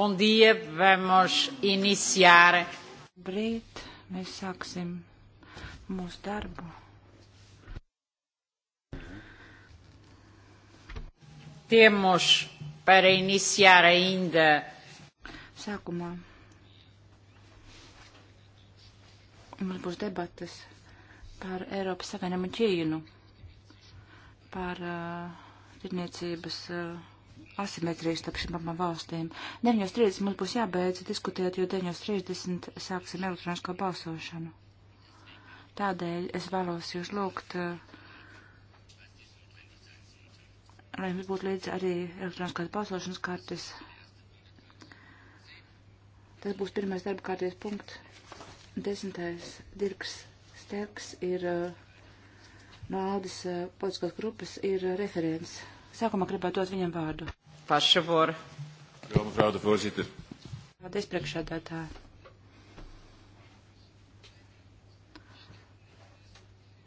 Bom dia, vamos iniciar. Brīt, mēs sāksim mūsu darbu. Temos para iniciar ainda. Sākumā mums būs debatas par Eiropas Savienību un Ķīnu, par uh, tirniecības. Uh, asimetrijas starp šīm abām valstīm. 9.30 mums būs jābeidz diskutēt, jo 9.30 sāksim elektronisko balsošanu. Tādēļ es vēlos jūs lūgt, eh, lai jums būtu līdz arī elektroniskās balsošanas kartes. Tas būs pirmais darba kārties punkts. Desmitais Dirks Sterks ir eh, no Aldis eh, politiskās grupas ir referents. Sākumā gribētu dot viņam vārdu paša vora. Jā, mevrouw de voorzitter. Paldies, priekšādātāji.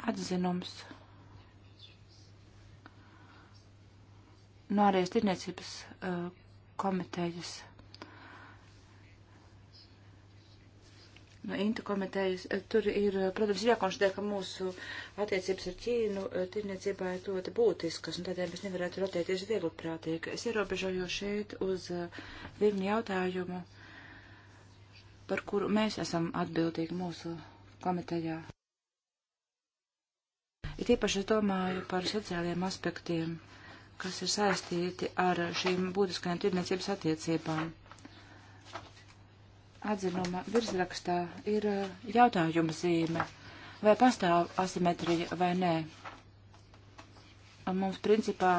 Atzinums. No ārējas tirniecības uh, komitejas no Intu komitejas. Eh, tur ir, eh, protams, jākonstatē, ka mūsu attiecības ar Ķīnu eh, tirniecībā ir ļoti būtiskas, un tādēļ mēs nevarētu rotēties viegli prātīgi. Es ierobežoju šeit uz virkni jautājumu, par kuru mēs esam atbildīgi mūsu komitejā. It īpaši es domāju par sociālajiem aspektiem, kas ir saistīti ar šīm būtiskajām tirniecības attiecībām atzinuma virsrakstā ir uh, jautājuma zīme, vai pastāv asimetrija vai nē. Un mums principā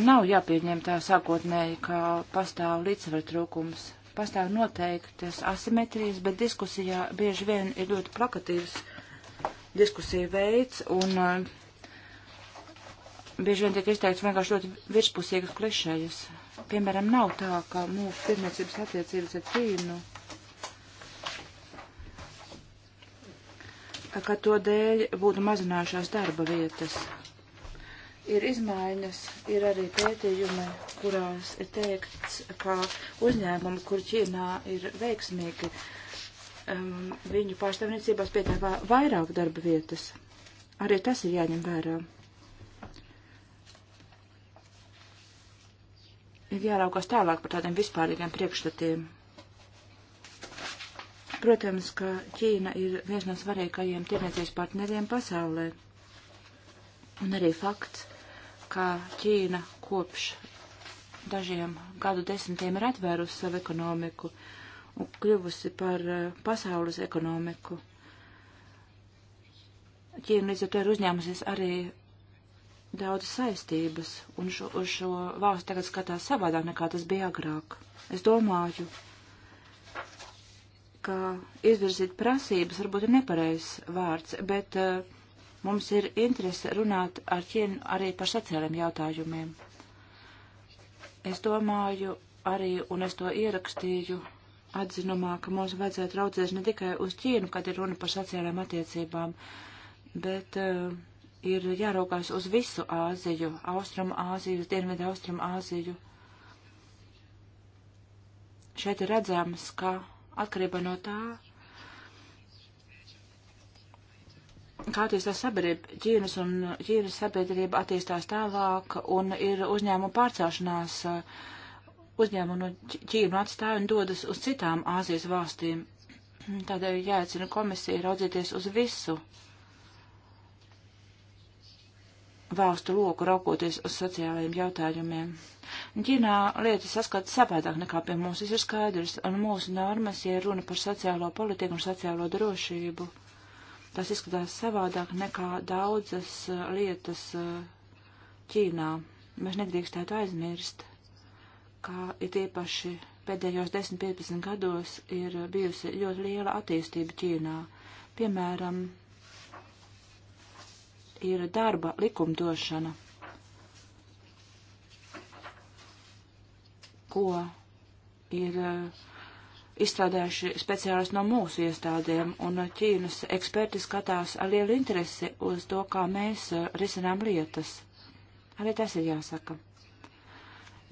nav jāpieņem tā sākotnēji, ka pastāv līdzsver trūkums. Pastāv noteiktas asimetrijas, bet diskusijā bieži vien ir ļoti plakatīvs diskusija veids un uh, bieži vien tiek izteikts vienkārši ļoti virspusīgas klišejas piemēram, nav tā, ka mūsu tirniecības attiecības ar Ķīnu, ka to dēļ būtu mazinājušās darba vietas. Ir izmaiņas, ir arī pētījumi, kurās ir teikts, ka uzņēmumi, kur Ķīnā ir veiksmīgi, um, viņu pārstāvniecībās piedāvā vairāk darba vietas. Arī tas ir jāņem vērā. ir jāraukās tālāk par tādiem vispārīgiem priekšstatiem. Protams, ka Ķīna ir viens no svarīgākajiem tirniecības partneriem pasaulē. Un arī fakts, ka Ķīna kopš dažiem gadu desmitiem ir atvērusi savu ekonomiku un kļuvusi par eh, pasaules ekonomiku. Ķīna līdz ar to ir uzņēmusies arī daudz saistības, un šo, uz šo valstu tagad skatās savādāk nekā tas bija agrāk. Es domāju, ka izvirzīt prasības varbūt ir nepareizs vārds, bet uh, mums ir interese runāt ar Ķīnu arī par sociāliem jautājumiem. Es domāju arī, un es to ierakstīju atzinumā, ka mums vajadzētu raudzēties ne tikai uz Ķīnu, kad ir runa par sociālām attiecībām, bet uh, ir jāraugās uz visu Āziju, Austrumu Āziju, Dienvidu Austrumu Āziju. Šeit ir redzams, ka atkarībā no tā, kā attīstās sabiedrība, ķīnas un ķīnas sabiedrība attīstās tālāk un ir uzņēmuma pārcelšanās, uzņēmumu no Ķīnu atstāju un dodas uz citām Āzijas valstīm. Tādēļ jāicina komisija raudzīties uz visu vārstu loku raukoties uz sociālajiem jautājumiem. Ķīnā lietas saskata savādāk nekā pie mums, tas ir skaidrs, un mūsu normas, ja runa par sociālo politiku un sociālo drošību, tas izskatās savādāk nekā daudzas uh, lietas uh, Ķīnā. Mēs nedrīkstētu aizmirst, kā ir tiepaši pēdējos 10-15 gados ir bijusi ļoti liela attīstība Ķīnā. Piemēram, ir darba likumdošana, ko ir uh, izstrādājuši speciālisti no mūsu iestādēm, un Ķīnas eksperti skatās ar lielu interesi uz to, kā mēs uh, risinām lietas. Arī tas ir jāsaka.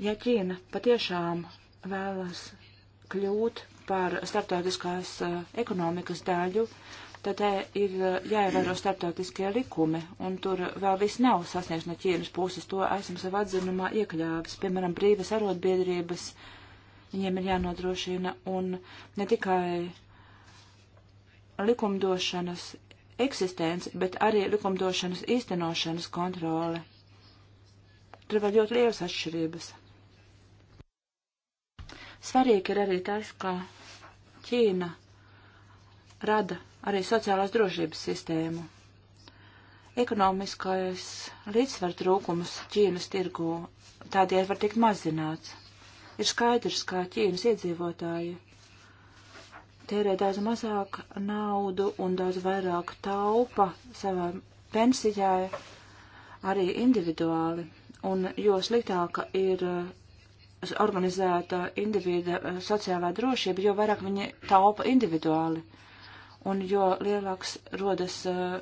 Ja Ķīna patiešām vēlas kļūt par starptautiskās uh, ekonomikas daļu, uh, tad eh, ir eh, jāievēro starptautiskie likumi, un tur vēl viss nav sasniegts no Ķīnas puses. To esam savā atzinumā iekļāvis, piemēram, brīvas arotbiedrības, viņiem ir jānodrošina, un ne tikai likumdošanas eksistence, bet arī likumdošanas īstenošanas kontrole. Tur vēl ļoti lielas atšķirības. Svarīgi ir arī tas, ka Ķīna rada arī sociālās drošības sistēmu. Ekonomiskais līdzsvar trūkums Ķīnas tirgū tādēļ var tikt mazināts. Ir skaidrs, ka Ķīnas iedzīvotāji tērē daudz mazāk naudu un daudz vairāk taupa savā pensijai, arī individuāli. Un jo sliktāka ir uh, organizēta individa uh, sociālā drošība, jo vairāk viņi taupa individuāli. Uh, un jo lielāks rodas uh,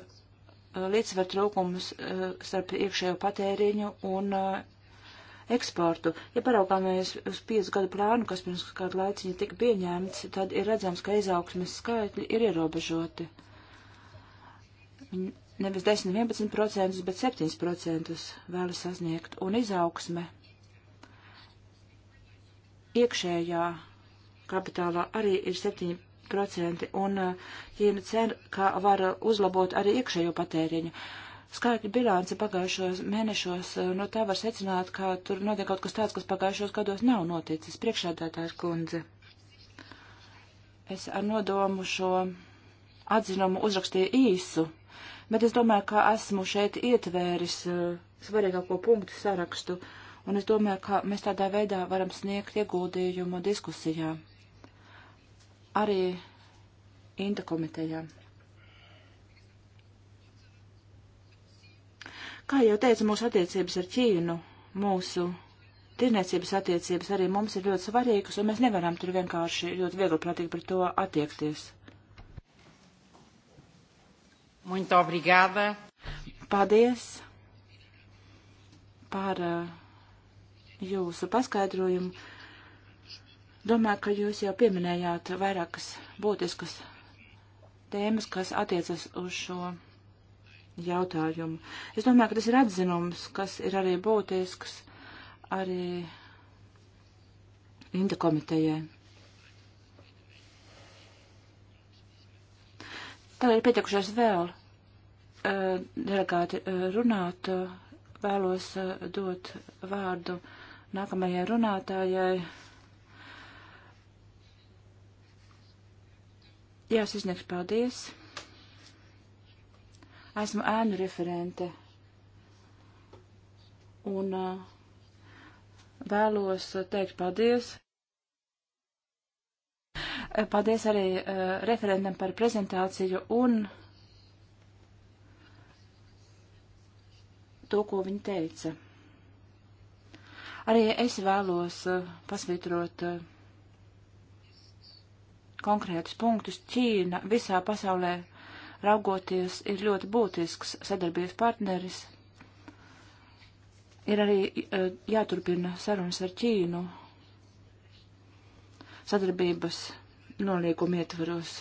līdzsver trūkums uh, starp iekšējo patēriņu un uh, eksportu. Ja paraugāmies uz piecu gadu plānu, kas pirms kādu laiciņu tika pieņemts, tad ir redzams, ka izaugsmes skaitļi ir ierobežoti. Nevis 10-11%, bet 7% vēlas sasniegt. Un izaugsme iekšējā kapitālā arī ir 7 procenti, un eh, ķīna cer, ka var uzlabot arī iekšējo patēriņu. Skaitļu bilance pagājušos mēnešos, eh, no tā var secināt, ka tur notiek kaut kas tāds, kas pagājušos gados nav noticis. Priekšādātājs kundze. Es ar nodomu šo atzinumu uzrakstīju īsu, bet es domāju, ka esmu šeit ietvēris eh, svarīgāko punktu sarakstu, un es domāju, ka mēs tādā veidā varam sniegt ieguldījumu diskusijām arī Inta komitejā. Kā jau teicu, mūsu attiecības ar Ķīnu, mūsu tirniecības attiecības arī mums ir ļoti svarīgas, un mēs nevaram tur vienkārši ļoti viegli prātīgi par to attiekties. Muito obrigada. Paldies par uh, jūsu paskaidrojumu. Domāju, ka jūs jau pieminējāt vairākas būtiskas tēmas, kas attiecas uz šo jautājumu. Es domāju, ka tas ir atzinums, kas ir arī būtisks arī Inta komitejai. Tagad ir pietiekušies vēl uh, delegāti uh, runāt. Uh, vēlos eh, dot vārdu nākamajai runātājai. Jā, Sisnieks, paldies. Esmu ēnu referente. Un uh, vēlos teikt paldies. Paldies arī uh, referentam par prezentāciju un to, ko viņi teica. Arī es vēlos uh, pasvitrot uh, konkrētus punktus, Ķīna visā pasaulē raugoties ir ļoti būtisks sadarbības partneris. Ir arī e, jāturpina sarunas ar Ķīnu sadarbības nolīguma ietvaros.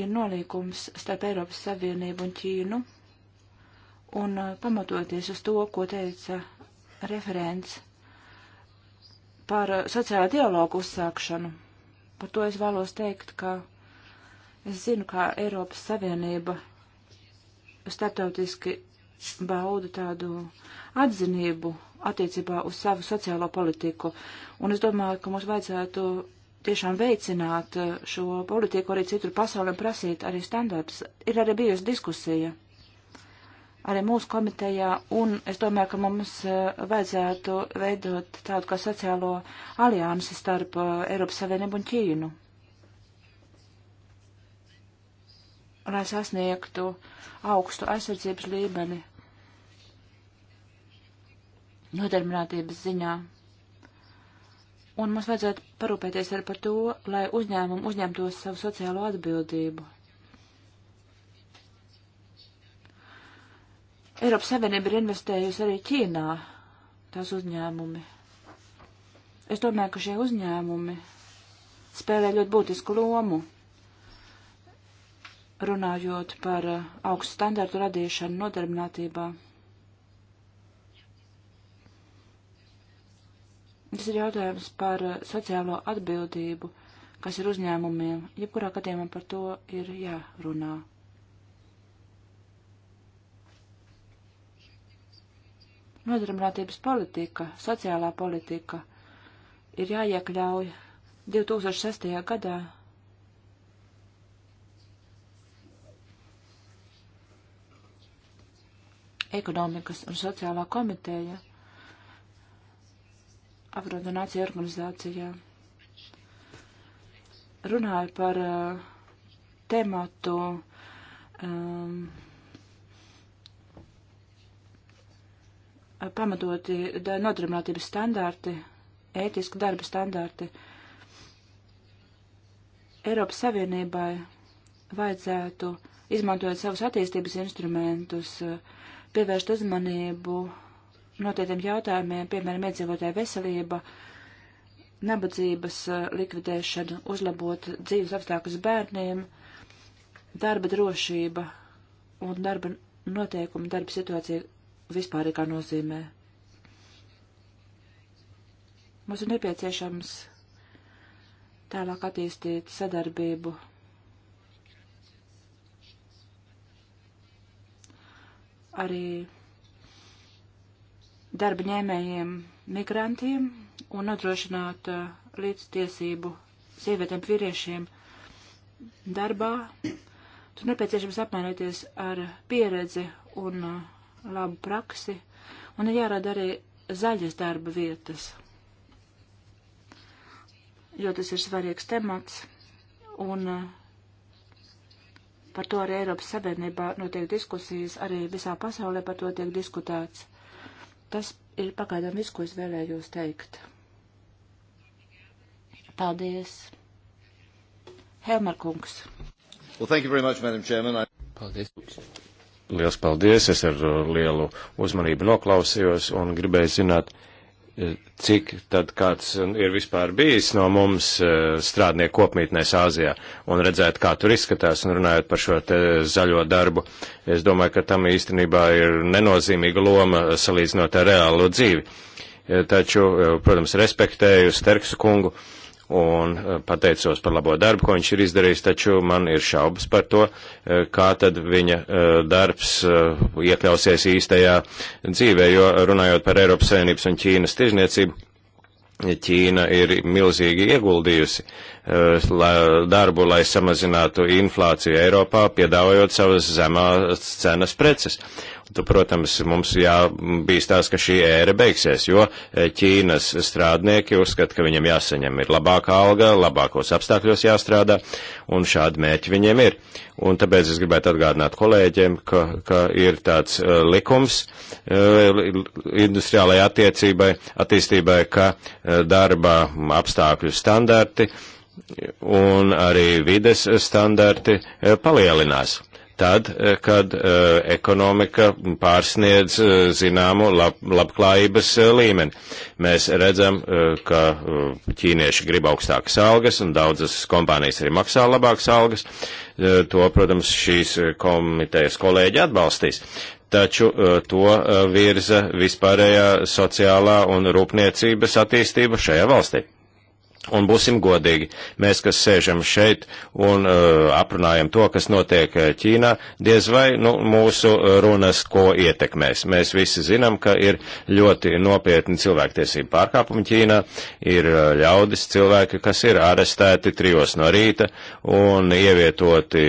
Ir nolīgums starp Eiropas Savienību un Ķīnu, un e, pamatoties uz to, ko teica referents par eh, sociālā dialogu uzsākšanu. Par to es vēlos teikt, ka es zinu, kā Eiropas Savienība starptautiski bauda tādu atzinību attiecībā uz savu sociālo politiku. Un es domāju, ka mums vajadzētu tiešām veicināt eh, šo politiku arī citur pasaulē prasīt arī standartus. Ir arī bijusi diskusija arī mūsu komitejā, un es domāju, ka mums eh, vajadzētu veidot tādu kā sociālo aliansi starp eh, Eiropas Savienību un Ķīnu, lai sasniegtu augstu aizsardzības līmeni nodarbinātības ziņā. Un mums vajadzētu parūpēties arī par to, lai uzņēmumu uzņemtos savu sociālo atbildību Eiropas Savienība ir investējusi arī Ķīnā tās uzņēmumi. Es domāju, ka šie uzņēmumi spēlē ļoti būtisku lomu, runājot par uh, augstu standartu radīšanu nodarbinātībā. Tas ir jautājums par uh, sociālo atbildību, kas ir uzņēmumiem. Jebkurā gadījumā par to ir jārunā. Ja Nodarbinātības politika, sociālā politika ir jāiekļauj 2006. gadā. Ekonomikas un sociālā komiteja apvienoto nāciju organizācijā runāja par uh, tematu um, pamatoti nodarbinātības standarti, ētiski darba standarti. Eiropas Savienībai vajadzētu, izmantojot savus attīstības instrumentus, pievērst uzmanību noteiktiem jautājumiem, piemēram, iedzīvotāja veselība, nabadzības likvidēšana, uzlabot dzīves apstākļus bērniem, darba drošība un darba noteikumi, darba situācija vispārīgā nozīmē. Mums ir nepieciešams tālāk attīstīt sadarbību arī darba ņēmējiem, migrantiem un nodrošināt uh, līdztiesību sievietēm, vīriešiem darbā. Tur nepieciešams apmainīties ar pieredzi un uh, labu praksi, un ir jārada arī zaļas darba vietas, jo tas ir svarīgs temats, un eh, par to arī Eiropas Savienībā notiek diskusijas, arī visā pasaulē par to tiek diskutēts. Tas ir pagaidām viss, ko es vēlējos teikt. Paldies. Helmer kungs. Well, thank you very much, Madam Chairman. I... Paldies. Liels paldies, es ar uh, lielu uzmanību noklausījos un gribēju zināt, uh, cik tad kāds uh, ir vispār bijis no mums strādnieku kopmītnēs Āzijā un redzēt, kā tur izskatās un runājot par šo te zaļo darbu. Es domāju, ka tam īstenībā ir nenozīmīga loma salīdzinot ar reālo dzīvi. Taču, protams, respektēju Sterksu kungu un eh, pateicos par labo darbu, ko viņš ir izdarījis, taču man ir šaubas par to, eh, kā tad viņa eh, darbs iekļausies īstajā dzīvē, jo runājot par Eiropas Savienības un Ķīnas tirzniecību, Ķīna ir milzīgi ieguldījusi darbu, lai samazinātu inflāciju Eiropā, piedāvājot savas zemās cenas preces tu, protams, mums jābīstās, ka šī ēra beigsies, jo eh, Ķīnas strādnieki uzskata, ka viņam jāsaņem ir labākā alga, labākos apstākļos jāstrādā, un šādi mērķi viņiem ir. Un tāpēc es gribētu atgādināt kolēģiem, ka, ka ir tāds uh, likums uh, industriālajai attiecībai, attīstībai, ka uh, darba apstākļu standarti un arī vides standarti palielinās tad, eh, kad eh, ekonomika pārsniedz eh, zināmu lab, labklājības līmeni. Mēs redzam, ka ķīnieši grib augstākas algas un daudzas kompānijas arī maksā labākas algas. To, protams, šīs komitejas kolēģi atbalstīs. Taču to virza vispārējā sociālā un rūpniecības attīstība šajā valstī. Un būsim godīgi, mēs, kas sēžam šeit un uh, aprunājam to, kas notiek uh, Ķīnā, diez vai nu, mūsu uh, runas ko ietekmēs. Mēs visi zinām, ka ir ļoti nopietni cilvēktiesību pārkāpumi Ķīnā, ir uh, ļaudis cilvēki, kas ir arestēti trijos no rīta un ievietoti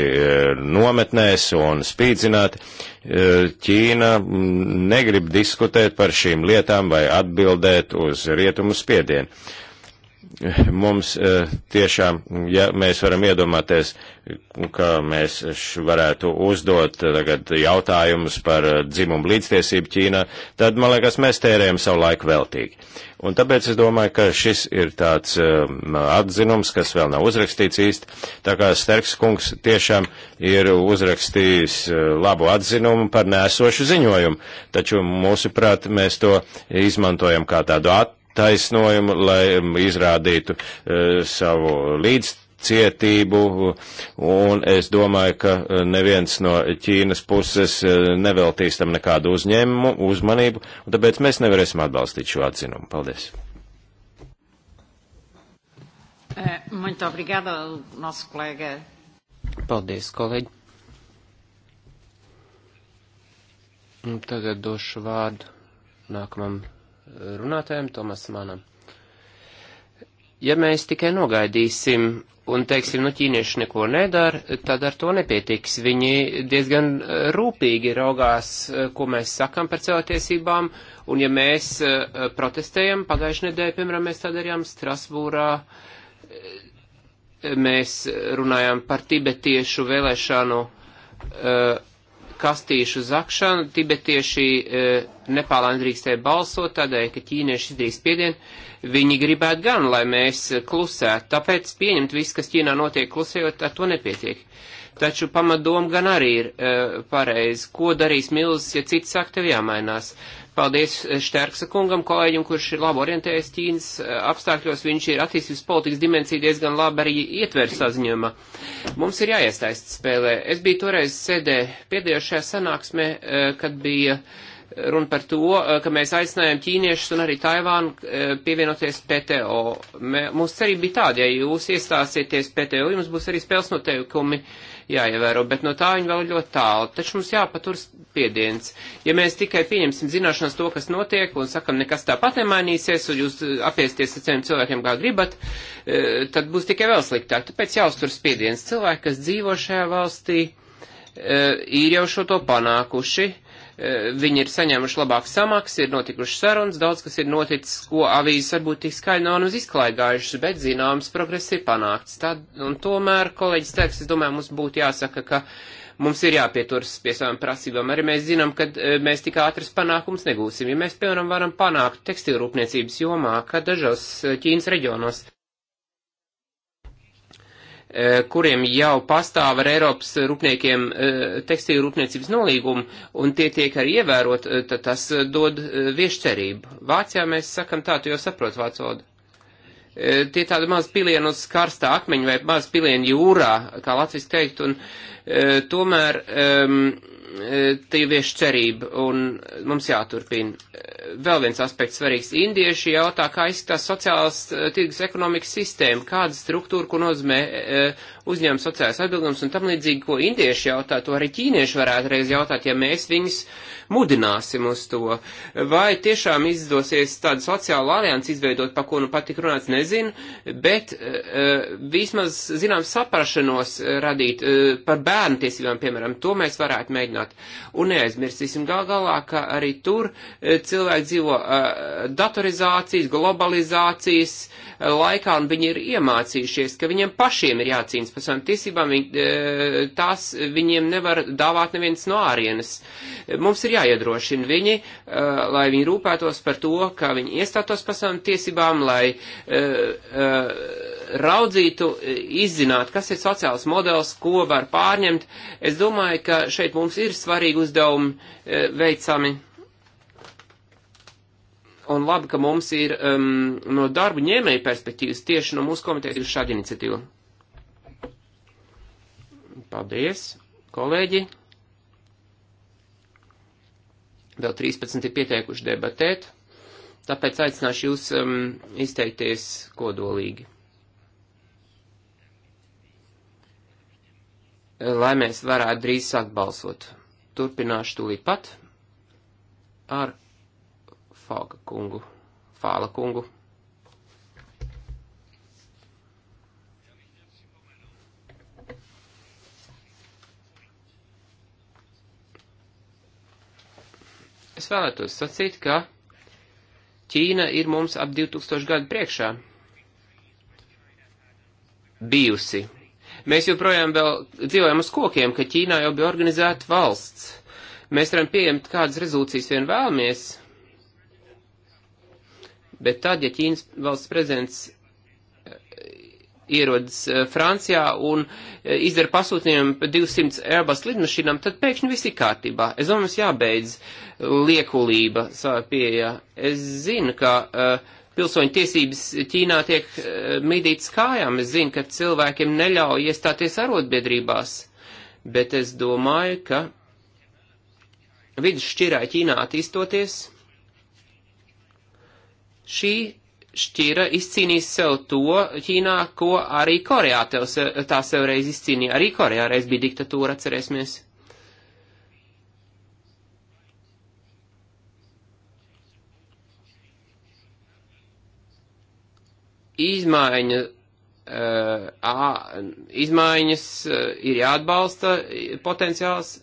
nometnēs un spīdzināti. Ķīna mm, negrib diskutēt par šīm lietām vai atbildēt uz rietumu spiedienu mums e, tiešām, ja mēs varam iedomāties, ka mēs varētu uzdot e, tagad jautājumus par e, dzimumu līdztiesību Ķīnā, tad, man liekas, mēs tērējam savu laiku veltīgi. Un tāpēc es domāju, ka šis ir tāds atzinums, kas vēl nav uzrakstīts īsti. Tā kā Sterks kungs tiešām ir uzrakstījis labu atzinumu par nēsošu ziņojumu, taču mūsuprāt mēs to izmantojam kā tādu atzinumu taisnojumu, lai um, izrādītu uh, savu līdz cietību, un es domāju, ka uh, neviens no Ķīnas puses uh, neveltīs tam nekādu uzņēmumu, uzmanību, un tāpēc mēs nevarēsim atbalstīt šo atzinumu. Paldies! Eh, muito obrigada, nosso colega. Paldies, kolēģi. Un tagad došu vārdu nākamam runātājiem, Tomas Manam. Ja mēs tikai nogaidīsim un teiksim, nu ķīnieši neko nedara, tad ar to nepietiks. Viņi diezgan e, rūpīgi raugās, e, ko mēs sakam par cilvēktiesībām, un ja mēs e, protestējam, pagājušajā nedēļā, piemēram, mēs tā darījām Strasbūrā, mēs runājām par tibetiešu vēlēšanu uh, kastīšu zakšanu. Tibetieši e, Nepālā nedrīkstēja balsot, tādēļ, ka ķīnieši izdarīja spiedienu. Viņi gribētu gan, lai mēs klusētu, tāpēc pieņemt visu, kas Ķīnā notiek klusējot, ar to nepietiek. Taču pamatdoma gan arī ir e, pareizi, ko darīs milzis, ja cits saka, tev jāmainās. E, Paldies eh, Šterksa kungam, kolēģim, kurš ir labi orientējies Ķīnas eh, apstākļos. Viņš ir attīstības politikas dimensija diezgan labi arī ietver saziņojumā. Mums ir jāiestaist spēlē. Es biju toreiz sēdē pēdējošajā sanāksmē, eh, kad bija runa par to, ka mēs aicinājām ķīniešus un arī Taivānu pievienoties PTO. Mūsu cerība bija tāda, ja jūs iestāsieties PTO, jums būs arī spēles noteikumi. No jāievēro, bet no tā viņi vēl ļoti tālu. Taču mums jāpatur spiediens. Ja mēs tikai pieņemsim zināšanas to, kas notiek, un sakam, nekas tāpat nemainīsies, un jūs uh, apiesties ar citiem cilvēkiem, kā gribat, uh, tad būs tikai vēl sliktāk. Tāpēc jāuztur spiediens. Cilvēki, kas dzīvo šajā valstī, uh, ir jau šo to panākuši Eh, viņi ir saņēmuši labāk samaks, ir notikuši sarunas, daudz kas ir noticis, ko avīzes varbūt tik skaļi nav uz izklaigājušas, bet zināms progress ir panākts. Tad, un tomēr, kolēģis teiks, es domāju, mums būtu jāsaka, ka mums ir jāpieturas pie savām prasībām. Arī mēs zinām, ka eh, mēs tik ātras panākums negūsim. Ja mēs, piemēram, varam panākt tekstilrūpniecības jomā, ka dažos eh, Ķīnas reģionos E, kuriem jau pastāv ar Eiropas rūpniekiem e, tekstīlu rūpniecības nolīgumu, un tie tiek arī ievērot, e, tad tas dod viešcerību. Vācijā mēs sakam tā, tu jau saproti vācu valodu. Tie tādi mazi pilieni uz karstā akmeņa vai mazi pilieni jūrā, kā latviski teikt, un tomēr um, tie vieši cerība, un mums jāturpina. Vēl viens aspekts svarīgs. Indieši jautā, kā izskatās sociālās eh, tirgus ekonomikas sistēma, kāda struktūra, ko nozīmē eh, uzņēma sociālās atbildums un tam līdzīgi, ko indieši jautā, to arī ķīnieši varētu reiz jautāt, ja mēs viņus mudināsim uz to. Vai tiešām izdosies tādu sociālu aliansu izveidot, pa ko nu patik runāts, nezinu, bet uh, vismaz, zinām, saprašanos radīt uh, par bērnu tiesībām, piemēram, to mēs varētu mēģināt. Un neaizmirsīsim gal galā, ka arī tur uh, cilvēki dzīvo uh, datorizācijas, globalizācijas uh, laikā un viņi ir iemācījušies, ka viņiem pašiem ir jācīnas uz personām tiesībām, viņi, e, tās viņiem nevar dāvāt neviens no ārienes. Mums ir jāiedrošina viņi, e, lai viņi rūpētos par to, ka viņi iestātos personām tiesībām, lai e, raudzītu, izzinātu, kas ir sociāls modelis, ko var pārņemt. Es domāju, ka šeit mums ir svarīgi uzdevumi veicami un labi, ka mums ir um, no darba ņēmēja perspektīvas tieši no mūsu komitejas šāda iniciatīva. Paldies, kolēģi! Vēl 13 ir pieteikuši debatēt, tāpēc aicināšu jūs um, izteikties kodolīgi. Lai mēs varētu drīz sākt balsot. Turpināšu tūlīt pat ar Fāga kungu, Fāla kungu. Es vēlētos sacīt, ka Ķīna ir mums ap 2000 gadu priekšā bijusi. Mēs joprojām vēl dzīvojam uz kokiem, ka Ķīnā jau bija organizēta valsts. Mēs varam pieņemt kādas rezolūcijas vien vēlamies, bet tad, ja Ķīnas valsts prezidents ierodas eh, Francijā un eh, izdara pasūtījumu par 200 Airbus lidmašīnām, tad pēkšņi viss ir kārtībā. Es domāju, mums jābeidz eh, liekulība savā pieejā. Es zinu, ka uh, pilsoņu tiesības Ķīnā tiek uh, midītas kājām. Es zinu, ka cilvēkiem neļauj iestāties arotbiedrībās, bet es domāju, ka vidusšķirā Ķīnā attīstoties, šī šķira izcīnīs sev to Ķīnā, ko arī Korejā tev, tā sev reiz izcīnīja. Arī Korejā reiz bija diktatūra, atcerēsimies. Izmaiņa, uh, ā, izmaiņas uh, ir jāatbalsta potenciāls,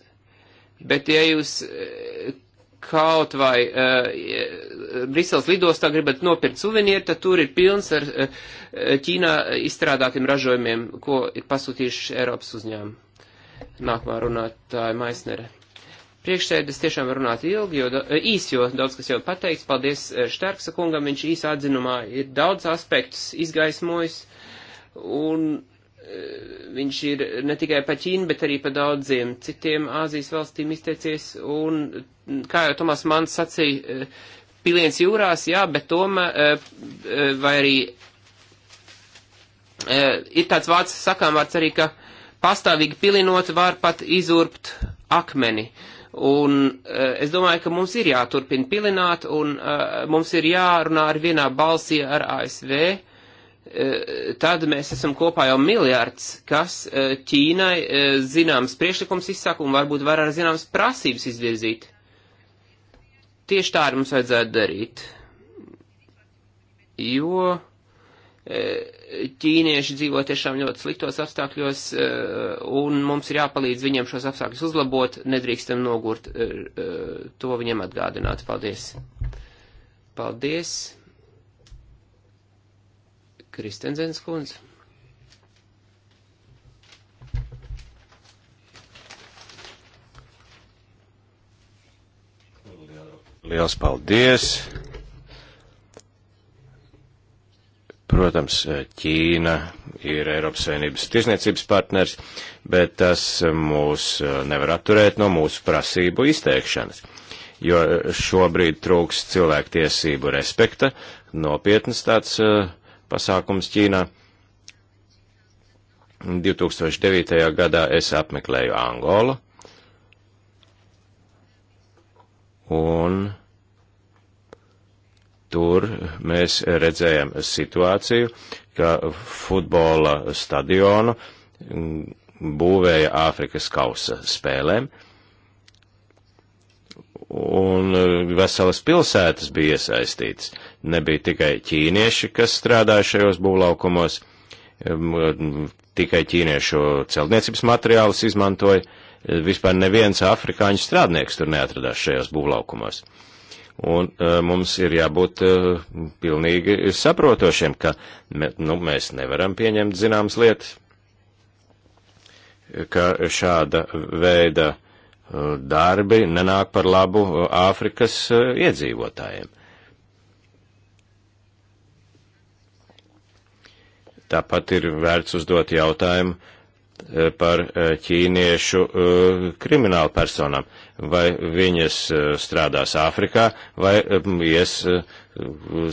bet ja jūs uh, kaut vai uh, eh, Briseles lidostā gribat nopirkt suvenīru, tad tur ir pilns ar uh, Ķīnā izstrādātiem ražojumiem, ko ir pasūtījuši Eiropas uzņēmumi. Nākamā runātāja Maisnere. Priekšsēdē es tiešām runātu ilgi, jo, da, eh, īs, jo daudz kas jau pateiks. Paldies Štērksa kungam, viņš īsā atzinumā ir daudz aspektus izgaismojis. Un Eh, viņš ir ne tikai pa Ķīnu, bet arī pa daudziem citiem Āzijas valstīm izteicies, un, kā jau Tomas Mans sacīja, eh, piliens jūrās, jā, bet tomēr, eh, vai arī ir tāds vārds sakām vārds arī, ka pastāvīgi pilinot var pat izurpt akmeni. Un es domāju, ka mums ir jāturpina pilināt, un mums ir jārunā ar vienā balsī ar ASV Eh, tad mēs esam kopā jau miljards, kas eh, Ķīnai eh, zināms priekšlikums izsaka un varbūt var ar zināms prasības izvirzīt. Tieši tā arī mums vajadzētu darīt. Jo ķīnieši dzīvo tiešām ļoti sliktos apstākļos, un mums ir jāpalīdz viņiem šos apstākļus uzlabot, nedrīkstam nogurt to viņiem atgādināt. Paldies! Paldies! Kristensens kundze. Liels paldies! Protams, Ķīna ir Eiropas Savienības tirzniecības partners, bet tas mūs eh, nevar atturēt no mūsu prasību izteikšanas, jo šobrīd trūks cilvēktiesību respekta, nopietnas tāds uh, pasākums Ķīnā. 2009. gadā es apmeklēju Angolu un tur mēs redzējām situāciju, ka futbola stadionu būvēja Āfrikas kausa spēlēm. Uh, un eh, veselas pilsētas bija iesaistītas. Nebija tikai ķīnieši, kas strādāja šajos būvlaukumos, tikai ķīniešu celtniecības materiālus izmantoja, eh, vispār neviens afrikāņu strādnieks tur neatradās šajos būvlaukumos. Un eh, mums ir jābūt pilnīgi saprotošiem, ka nu, mēs nevaram pieņemt zināmas lietas, ka šāda veida uh, darbi nenāk par labu uh, Āfrikas uh, iedzīvotājiem. Tāpat ir vērts uzdot jautājumu uh, par ķīniešu kriminālu personām. Vai viņas strādās Āfrikā, vai um, ies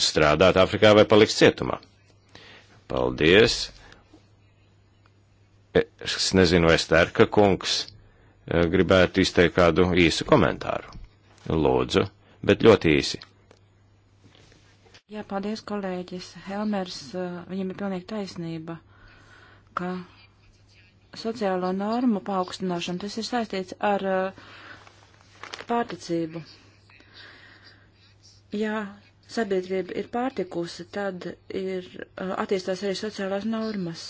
strādāt Āfrikā, vai paliks cietumā? Paldies! Es nezinu, vai Sterka kungs Eh, gribētu izteikt kādu īsu komentāru. Lūdzu, bet ļoti īsi. Jā, paldies, kolēģis. Helmers, eh, viņam ir pilnīgi taisnība, ka sociālo normu paaugstināšana, tas ir saistīts ar eh, pārticību. Jā, sabiedrība ir pārtikusi, tad ir attīstās arī sociālās normas.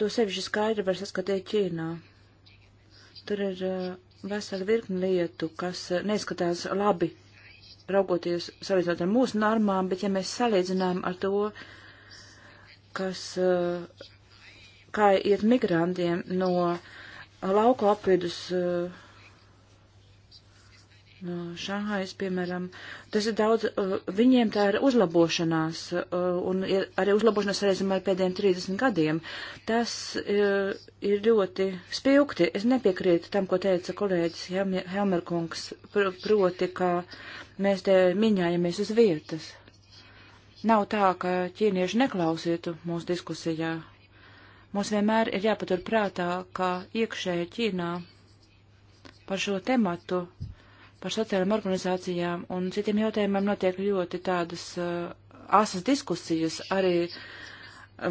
To sevišķi skaidri var saskatīt Ķīnā. Tur ir eh, vesela virkni lietu, kas eh, neskatās labi, raugoties salīdzinot ar mūsu normām, bet ja mēs salīdzinām ar to, kas, eh, kā iet migrantiem no lauku apvidus, uh, no Šanhājas, piemēram, tas ir daudz, uh, viņiem tā ir uzlabošanās, uh, un ir arī uzlabošanās reizēm ar pēdējiem 30 gadiem. Tas uh, ir ļoti spilgti. Es nepiekrītu tam, ko teica kolēģis Helmerkungs, proti, ka mēs te miņājamies uz vietas. Nav tā, ka ķīnieši neklausītu mūsu diskusijā. Mums vienmēr ir jāpatur prātā, ka iekšēji Ķīnā par šo tematu par sociālajām organizācijām un citiem jautājumiem notiek ļoti tādas uh, asas diskusijas arī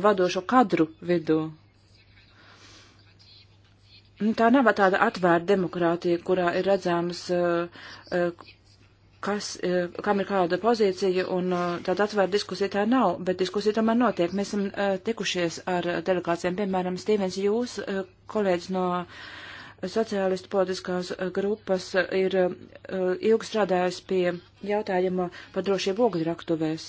vadošo kadru vidū. Nu, tā nav tāda atvērta demokrātija, kurā ir redzams, uh, uh, kas, uh, kam ir kāda pozīcija, un tāda atvērta diskusija tā nav, bet diskusija tomēr notiek. Mēs esam tikušies ar delegācijām, piemēram, Stīvens, jūs, kolēģis no uh, sociālistu politiskās eh, grupas eh, ir eh, ilgi strādājis pie jautājuma par drošību ogļraktuvēs.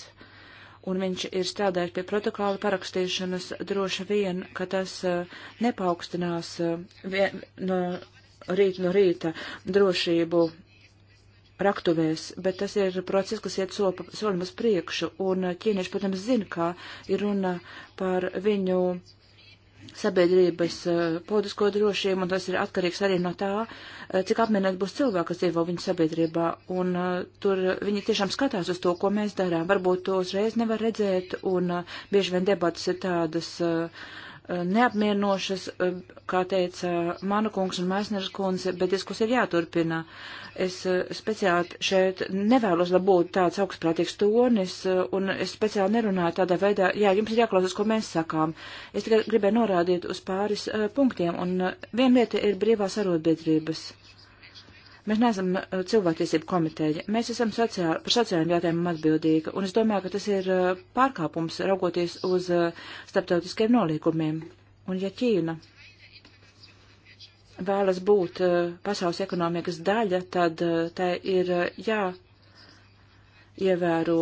Un viņš ir strādājis pie protokola parakstīšanas droši vien, ka tas nepaukstinās vien, no rīta no rīta drošību raktuvēs, bet tas ir process, kas iet soli, solim uz priekšu, un ķīnieši, protams, zina, kā ir runa par viņu sabiedrības eh, politisko drošību, un tas ir atkarīgs arī no tā, eh, cik apmienīgi būs cilvēki, kas dzīvo viņu sabiedrībā. Un eh, tur viņi tiešām skatās uz to, ko mēs darām. Varbūt to uzreiz nevar redzēt, un bieži vien debatas ir tādas. Uh, Eh, neapmierinošas, eh, kā teica mana kungs un maisneras kundze, bet diskusija ir jāturpina. Es eh, speciāli šeit nevēlos, lai būtu tāds augstprātīgs tonis, un es speciāli nerunāju tādā veidā, jā, jums ir jāklausās, ko mēs sakām. Es tikai gribēju norādīt uz pāris punktiem, un viena lieta ir brīvās arotbiedrības. Mēs neesam uh, cilvēktiesību komiteja, mēs esam sociāli, par sociālajiem jautājumiem atbildīgi, un es domāju, ka tas ir uh, pārkāpums raugoties uz uh, starptautiskiem nolīgumiem. Un ja Ķīna vēlas būt pasaules ekonomikas daļa, tad tai ir jāievēro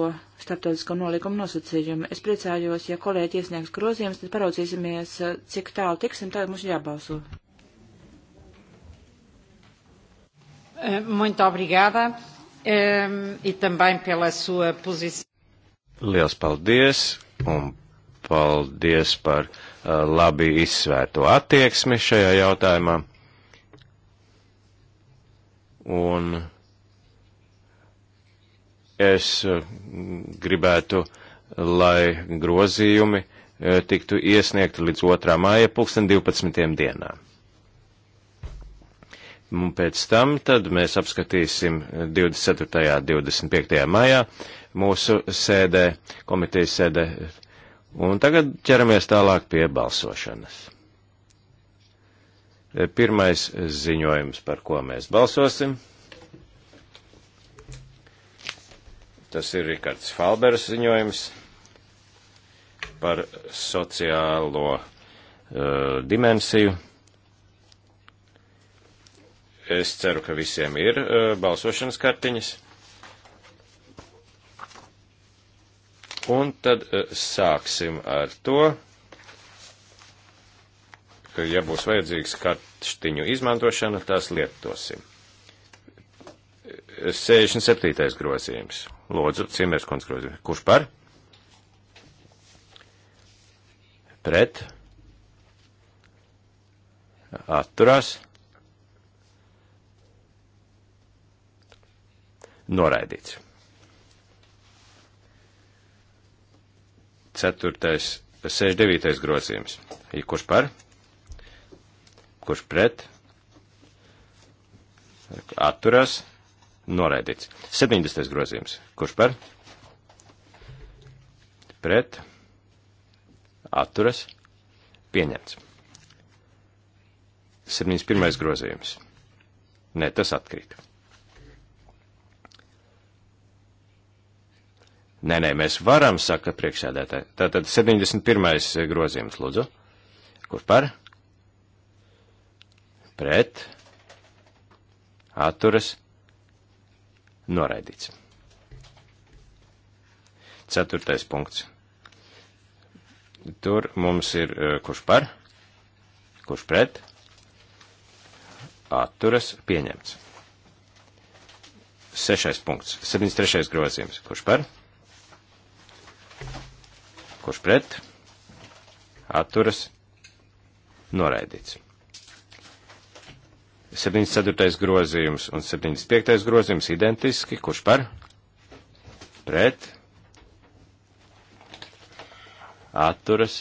starptautisko nolīgumu nosacījumi. Es priecājos, ja kolēģi iesniegs grozījumus, tad paraudzīsimies, cik tālu tiksim, tad mums jābalso. Eh, muito obrigada ehm, e também pela sua posição. Liels paldies un paldies par eh, labi izsvērto attieksmi šajā jautājumā. Un es eh, gribētu, lai grozījumi tiktu iesniegti līdz 2. māja pulksten 12. dienām. Un pēc tam tad mēs apskatīsim 24. un 25. maijā mūsu sēdē, komitejas sēdē. Un tagad ķeramies tālāk pie balsošanas. Pirmais ziņojums, par ko mēs balsosim, tas ir Rikards Falbers ziņojums par sociālo uh, dimensiju. Es ceru, ka visiem ir e, balsošanas kartiņas. Un tad e, sāksim ar to, ka, ja būs vajadzīgs kartiņu izmantošana, tās lietosim. 67. grozījums. Lūdzu, Cimers kundz grozījums. Kurš par? Pret? Atturās? Noraidīts. Ceturtais, 69. grozījums. Ja kurš par? Kurš pret? Atturās. Noraidīts. 70. grozījums. Kurš par? Pret. Atturas. Pieņemts. 71. grozījums. Nē, tas atkrīt. Nē, nē, mēs varam, saka priekšsēdētāji. Tātad 71. grozījums, lūdzu. Kur par? Pret. Atturas. Noraidīts. Ceturtais punkts. Tur mums ir eh, kurš par, kurš pret, atturas pieņemts. Sešais punkts, 73. grozījums. Kurš par? Kurš pret? Atturas. Noraidīts. 74. grozījums un 75. grozījums identiski. Kurš par? Pret. Atturas.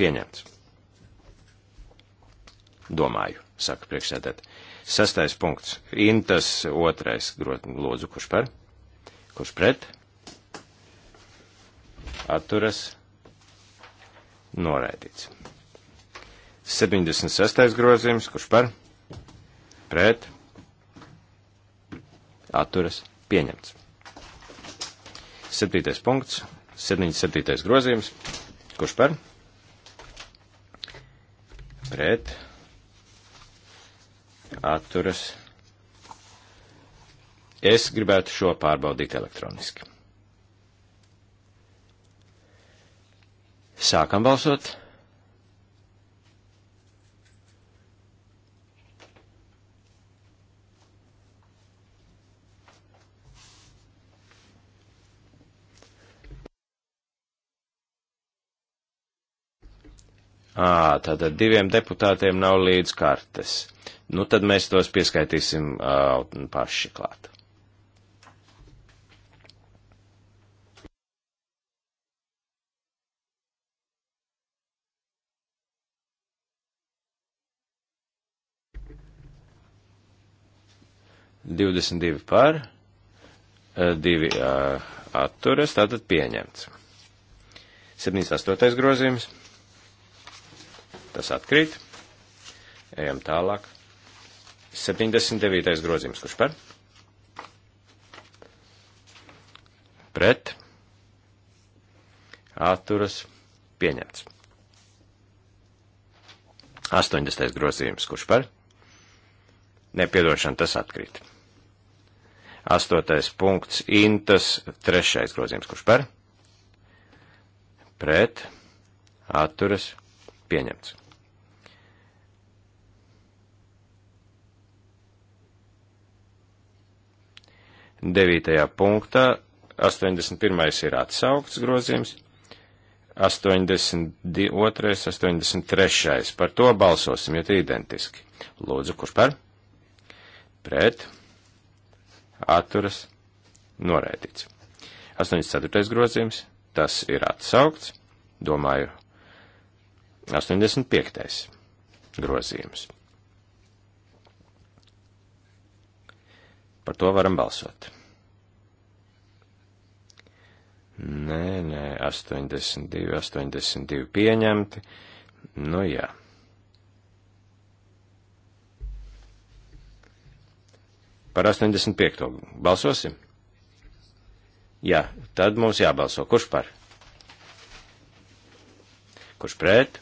Pieņemts. Domāju, saka priekšsēdēt. Sastais punkts. Intas otrais, lūdzu, kurš par? Kurš pret? atturas noraidīts. 76. grozījums, kurš par, pret, atturas pieņemts. 7. punkts, 77. grozījums, kurš par, pret, atturas. Es gribētu šo pārbaudīt elektroniski. Sākam balsot. Ā, tātad diviem deputātiem nav līdz kartes. Nu, tad mēs tos pieskaitīsim uh, paši klāt. 22 par, 2 eh, eh, atturas, tātad pieņemts. 78. grozījums. Tas atkrīt. Ejam tālāk. 79. grozījums, kurš par? Pret. Atturas pieņemts. 80. grozījums, kurš par? Nepiedošana, tas atkrīt. Astotais punkts, intas, trešais grozījums, kurš par? Pret, atturas, pieņemts. Devītajā punktā 81. ir atsaukts grozījums, 82. 83. Par to balsosim, jo tie identiski. Lūdzu, kurš par? Pret atturas norēdīts. 84. grozījums, tas ir atsaukts, domāju, 85. grozījums. Par to varam balsot. Nē, nē, 82, 82 pieņemti. Nu jā. Par 85. Balsosim? Jā, tad mums jābalso. Kurš par? Kurš pret?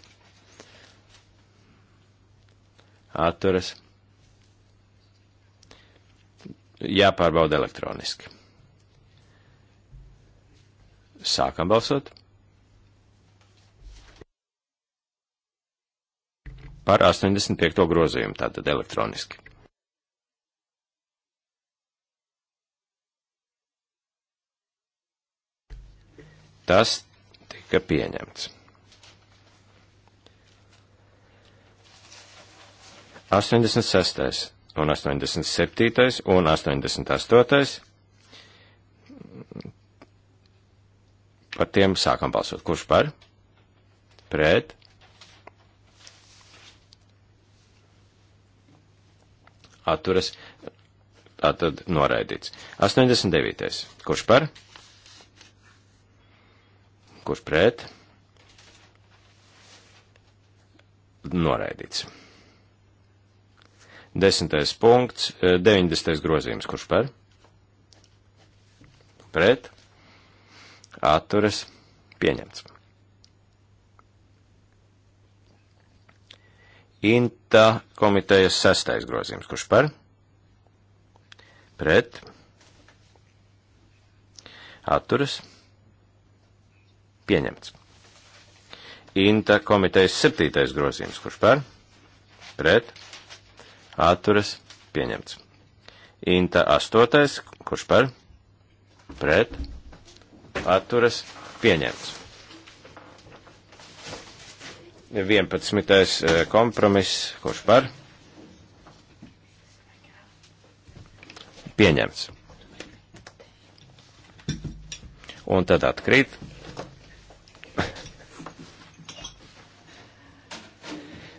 Atturas. Jāpārbauda elektroniski. Sākam balsot. Par 85. grozījumu tātad elektroniski. Tas tika pieņemts. 86. un 87. un 88. Par tiem sākam balsot. Kurš par? Pret? Atturas. Tātad noraidīts. 89. Kurš par? Pret? kurš pret, noraidīts. Desmitais punkts, 90. Eh, grozījums, kurš par, pret, atturas, pieņemts. Inta komitejas sestais grozījums, kurš par, pret, atturas, pieņemts. Pieņemts. Inta komitejas septītais grozījums, kurš par, pret, atturas, pieņemts. Inta astotais, kurš par, pret, atturas, pieņemts. 11. Eh, kompromiss, kurš par, pieņemts. Un tad atkrīt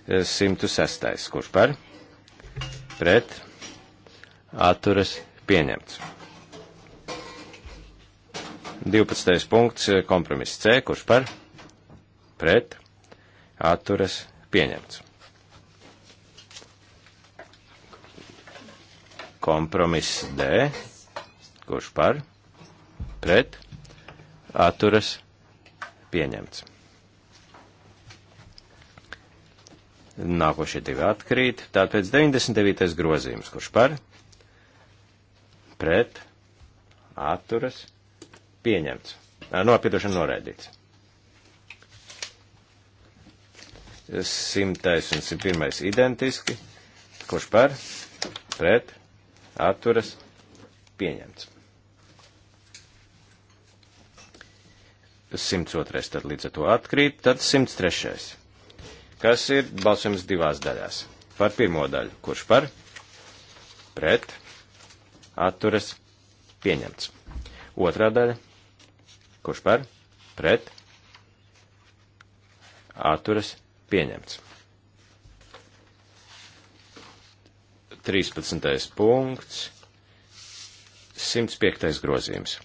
106. Kurš par? Pret. Atturas pieņemts. 12. punkts kompromiss C. Kurš par? Pret. Atturas pieņemts. Kompromiss D. Kurš par? Pret. Atturas pieņemts. Nākošie divi atkrīt. Tāpēc 99. grozījums, kurš par, pret, atturas, pieņemts. Nopietošana noraidīts. 100. un 101. identiski, kurš par, pret, atturas, pieņemts. 102. tad līdz ar to atkrīt, tad 103 kas ir balsojums divās daļās. Par pirmo daļu, kurš par, pret, atturas, pieņemts. Otrā daļa, kurš par, pret, atturas, pieņemts. 13. punkts, 105. grozījums.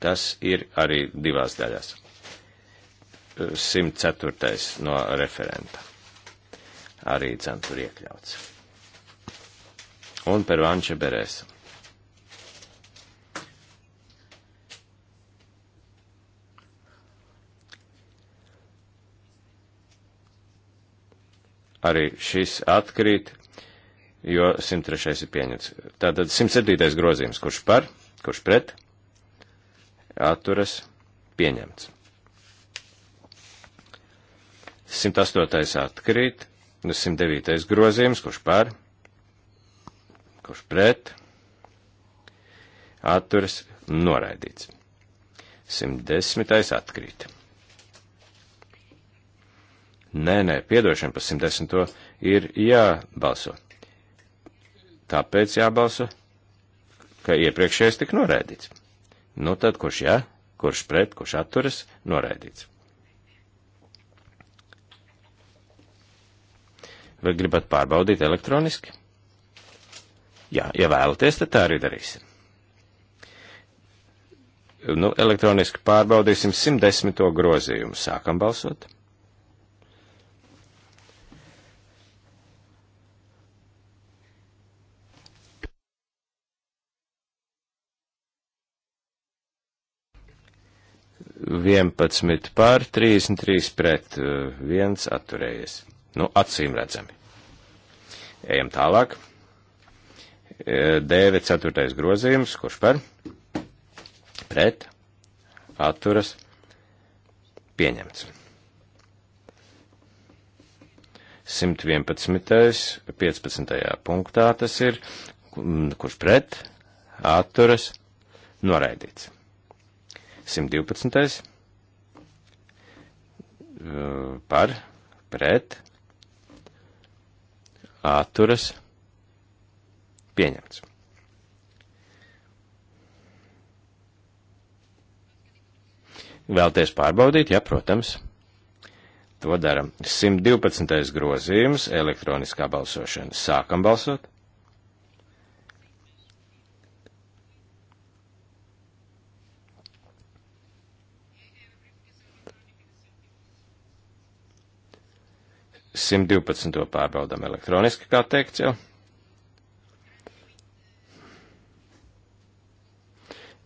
Tas ir arī divās daļās. 104. no referenta. Arī dzem tur iekļauts. Un par Vanče Berēsu. Arī šis atkrīt, jo 103. ir pieņemts. Tātad 107. grozījums, kurš par, kurš pret, atturas, pieņemts. 108. atkrīt, 109. Nu, grozījums, kurš par, kurš pret, atturas noraidīts. 110. atkrīt. Nē, nē, piedošana par 110. ir jābalso. Tāpēc jābalso, ka iepriekšējais tik noraidīts. Nu tad, kurš jā, kurš pret, kurš atturas, noraidīts. Vai gribat pārbaudīt elektroniski? Jā, ja vēlaties, tad tā arī darīsim. Nu, elektroniski pārbaudīsim 110. grozījumu. Sākam balsot. Vienpadsmit pār, trīsdesmit trīs pret, uh, viens atturējies. Nu, acīm redzami. Ejam tālāk. E, Dēvi ceturtais grozījums, kurš par? Pret. Atturas. Pieņemts. 111. 15. punktā tas ir, kurš pret, atturas, noraidīts. 112. E, par, pret, atturas pieņemts. Vēlties pārbaudīt? Jā, protams. To daram. 112. grozījums elektroniskā balsošana. Sākam balsot. 112. pārbaudām elektroniski, kā teikt jau.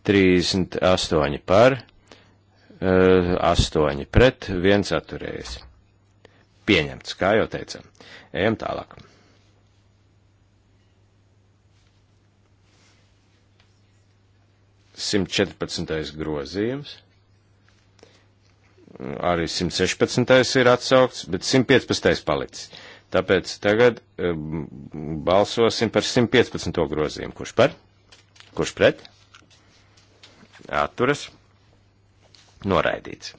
38 par, 8 eh, pret, 1 atturējis. Pieņemts, kā jau teicām. Ejam tālāk. Simt četrpadsmitais grozījums arī 116. ir atsaukts, bet 115. palicis. Tāpēc tagad eh, balsosim par 115. grozījumu. Kurš par? Kurš pret? Atturas. Noraidīts.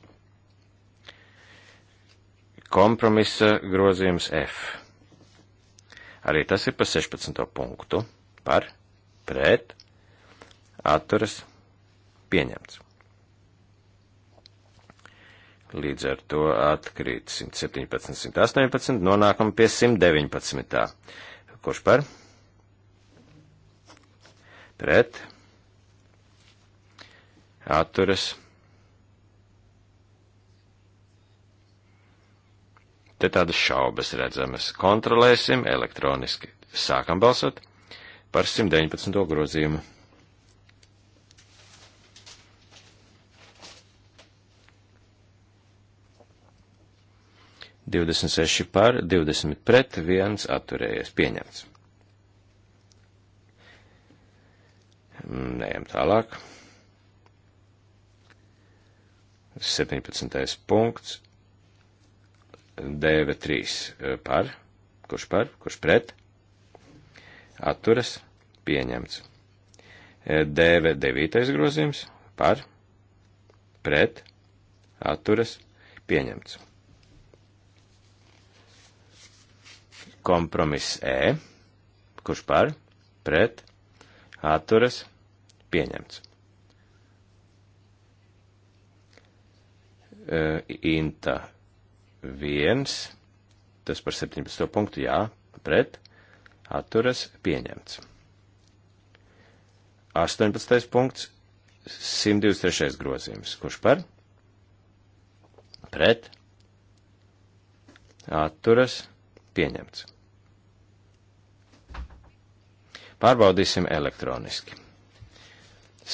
Kompromisa grozījums F. Arī tas ir par 16. punktu. Par, pret, atturas, pieņemts. Līdz ar to atkrīt 117, 118, nonākam pie 119. Kurš par? Pret. Atturas. Te tādas šaubas redzamas. Kontrolēsim elektroniski. Sākam balsot par 119. grozījumu. 26 par, 20 pret, 1 atturējies pieņemts. Mm, ejam tālāk. 17. punkts. DV3 e, par, kurš par, kurš pret, atturas, pieņemts. E, DV9 grozījums par, pret, atturas, pieņemts. Kompromiss E, kurš par, pret, atturas, pieņemts. E, Inta 1, tas par 17. punktu, jā, pret, atturas, pieņemts. 18. punkts, 123. grozījums, kurš par, pret, atturas, pieņemts. Pārbaudīsim elektroniski.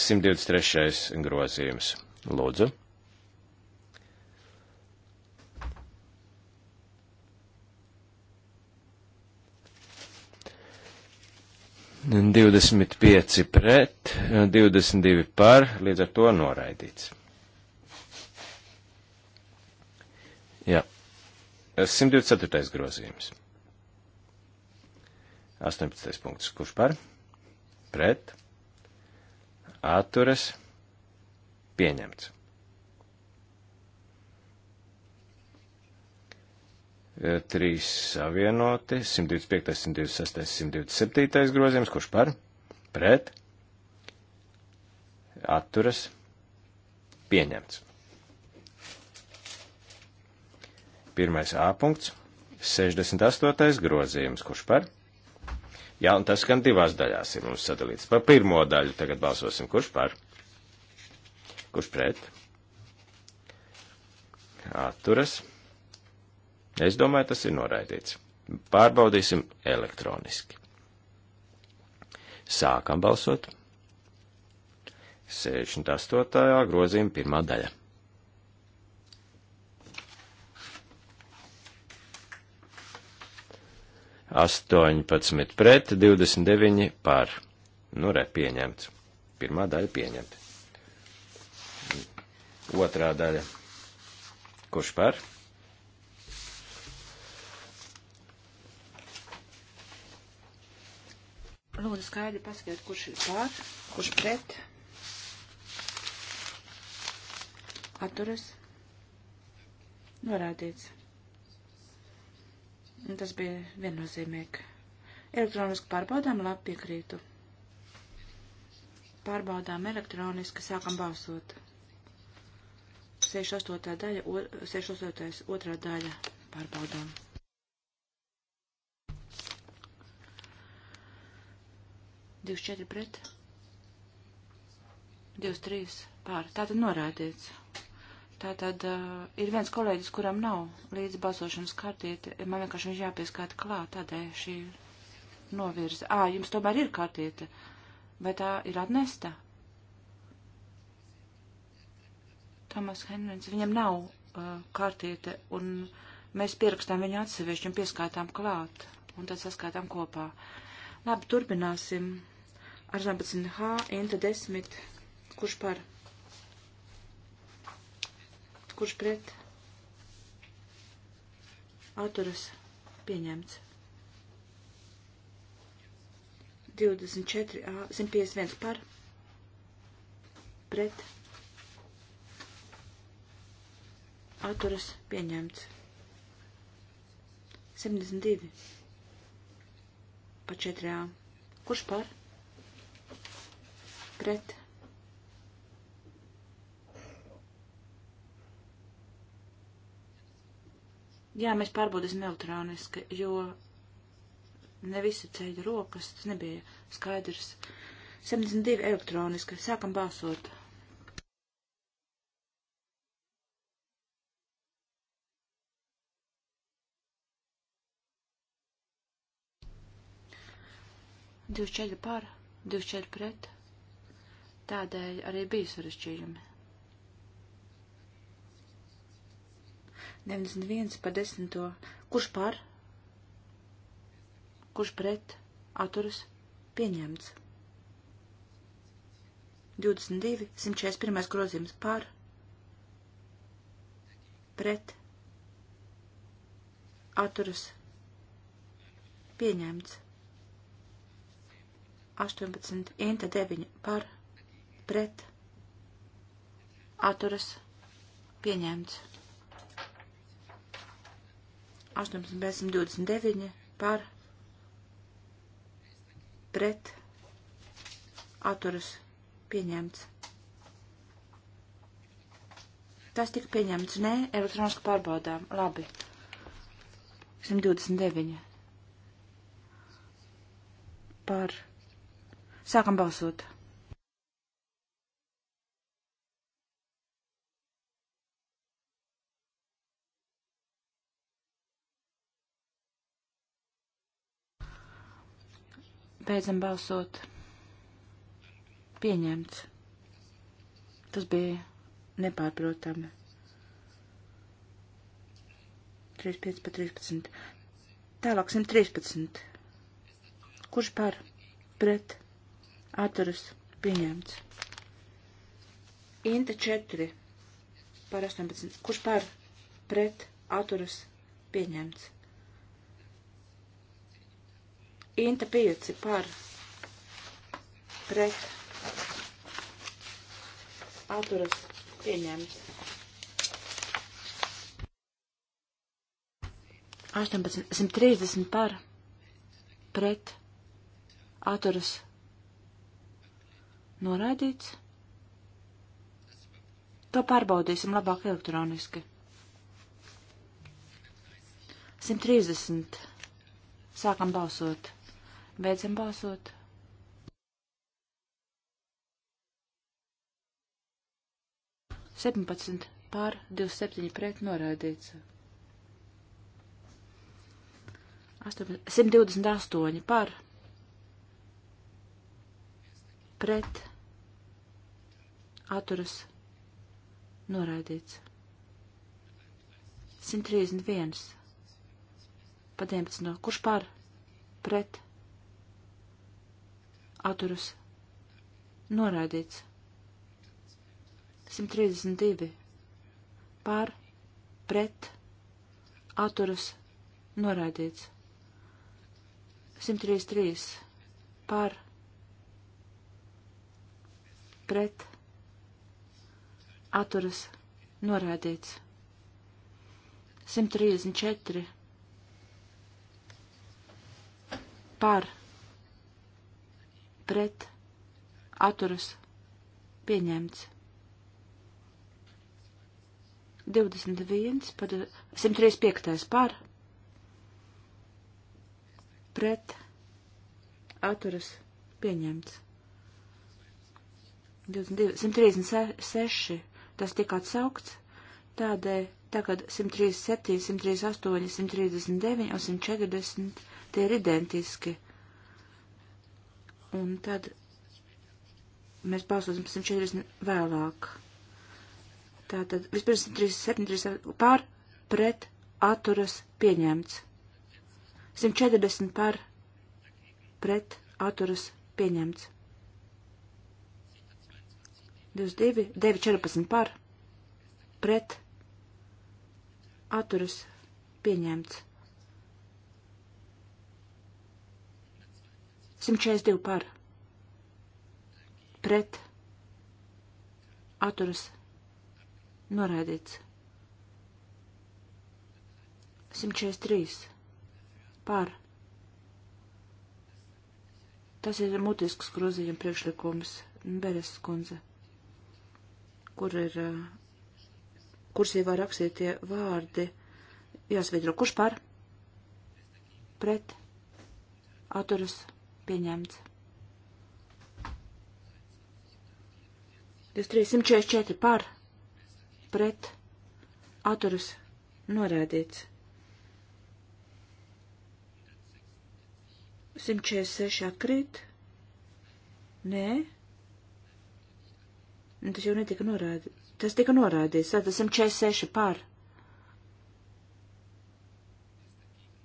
123. grozījums. Lūdzu. Divdesmit pieci pret, divdesmit divi par, līdz ar to noraidīts. Jā. 124. grozījums. 18. punkts. Kurš par? Pret. Atturas. Pieņemts. E, trīs savienoti. 125, 126, 127 grozījums. Kurš par? Pret. Atturas. Pieņemts. Pirmais A punkts. 68. grozījums. Kurš par? Jā, un tas gan divās daļās ir mums sadalīts. Par pirmo daļu tagad balsosim. Kurš par? Kurš pret? Atturas. Es domāju, tas ir noraidīts. Pārbaudīsim elektroniski. Sākam balsot. 68. grozījuma pirmā daļa. 18 pret, 29 par. Nu, re, pieņemts. Pirmā daļa pieņemta. Otrā daļa. Kurš par? Lūdzu, skaidri pasakiet, kurš ir pār, kurš pret. Atturas. Norādīts. Tas bija viennozīmīgi. Elektroniski pārbaudām, labi piekrītu. Pārbaudām elektroniski, sākam balsot. 68. daļa, 68. otrā daļa pārbaudām. Divas četri pret. Divas trīs pār. Tātad norādīts. Tātad uh, ir viens kolēģis, kuram nav līdz balsošanas kartīte. Man vienkārši viņš jāpieskaita klāt, tādēļ šī novirza. Ā, jums tomēr ir kartīte. Vai tā ir atnesta? Tomas Henrins, viņam nav uh, kartīte, un mēs pierakstām viņu atsevišķi un pieskaitām klāt, un tad saskaitām kopā. Labi, turpināsim ar 11H, Inta 10, kurš par? kurš pret atturas pieņemts. 24, 151 par pret atturas pieņemts. 72 par 4. Kurš par? Pret Jā, mēs pārbaudīsim elektroniski, jo ne visi ceļa rokas, tas nebija skaidrs. 72 elektroniski, sākam balsot. Divšķeļi par, divšķeļi pret. Tādēļ arī bija sarežģījumi. 91 par 10. Kurš par? Kurš pret? Atturas pieņemts. 22, 141 grozījums par, pret, atturas, pieņemts, 18, inta 9 par, pret, atturas, pieņemts. 18,29 par pret atturas pieņemts. Tas tika pieņemts, nē, elektroniski pārbaudām. Labi. 129. Par. Sākam balsot. 129. Beidzam balsot. Pieņemts. Tas bija nepārprotami. 35 pa 13. Tālāk 113. Kurš par? Pret. Atturas. Pieņemts. Inta 4. Par 18. Kurš par? Pret. Atturas. Pieņemts. Inta 5 par pret atturas pieņemts. 18, 130 par pret atturas noraidīts. To pārbaudīsim labāk elektroniski. 130. Sākam balsot. Beidzam balsot. Septiņpadsmit pār 27 pret noraidīts. 128 pār pret atturas noraidīts. 131 pa 19. Kurš pār pret atturas? atturas noraidīts. 132 pār pret atturas noraidīts. 133 pār pret atturas noraidīts. 134 par pret atturas pieņemts. 21, par 135 par pret atturas pieņemts. 22, 136 tas tika atsaukts, tādēļ tagad 137, 138, 139 un 140 tie ir identiski un tad mēs balsosim 140 vēlāk. Tātad vispirms 37 pār pret atturas pieņemts. 140 pār pret atturas pieņemts. 22, 9, 14 pār pret atturas pieņemts. 142 par. Pret. Atturas. Noraidīts. 143 par. Tas ir mutisks grozījuma priekšlikums Beres kundze, kur ir kursīvā rakstītie vārdi jāsvidro. Kurš par? Pret. Atturas. Pieņemts. 2344 par, pret, atturas, norādīts. 146 atkrīt. Nē. Un nu, tas jau netika norādīts. Tas tika norādīts. Tātad 146 par.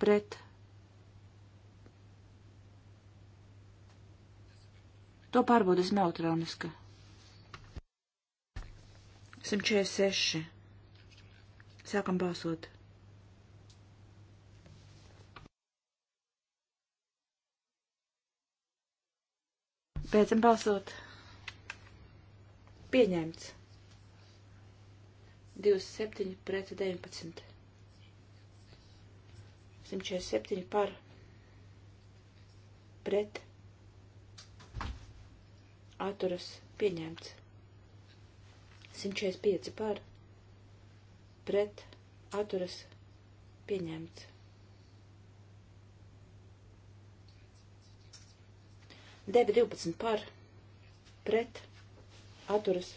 Pret. To pārbaudīsim elektroniski. 146. Sākam balsot. Beidzam balsot. Pieņemts. 27 pret 19. 147 par pret atturas pieņemts. 145 par pret atturas pieņemts. 912 par pret atturas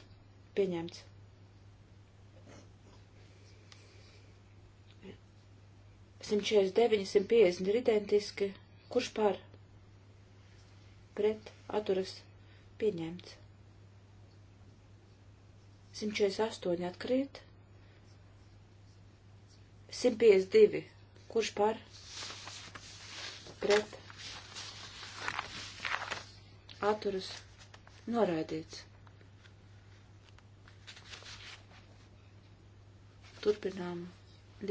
pieņemts. Simt šeit deviņi, simt piecdesmit ir identiski. Kurš par? Pret atturas pieņemts Pieņemts. 148 atkrīt. 152. Kurš par? Pret. Atturas. Noraidīts. Turpinām.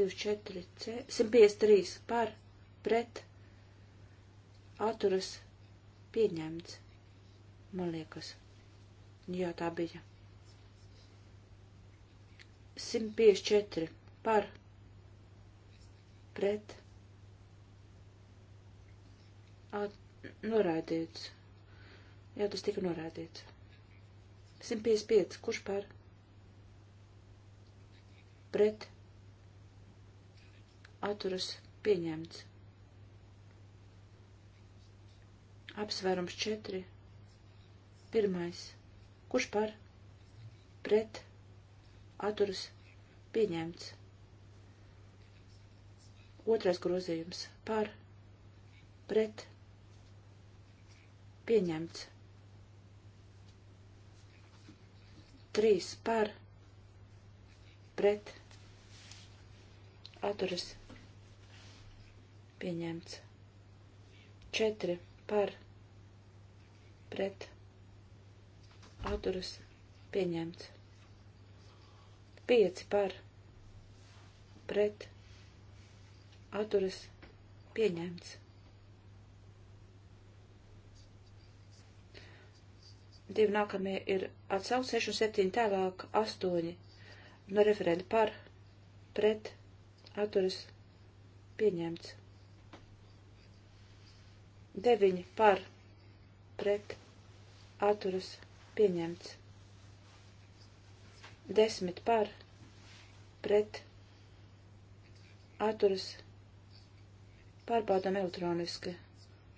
24, C, 153 par, pret, atturas, pieņemts man liekas. Jā, tā bija. 154 par pret at, noraidīts. Jā, tas tika noraidīts. 155, kurš par pret atturas pieņemts. Apsvērums 4. Pirmais. Kurš par? Pret. Atturas. Pieņemts. Otrais grozījums. Par. Pret. Pieņemts. Trīs. Par. Pret. Atturas. Pieņemts. Četri. Par. Pret atturas pieņemts. 5 par pret atturas pieņemts. 2 nākamie ir atsaukt 6 un 7 tālāk 8 no referenta par pret atturas pieņemts. 9 par pret atturas pieņemts pieņemts. Desmit par, pret, atturas, pārbaudām elektroniski.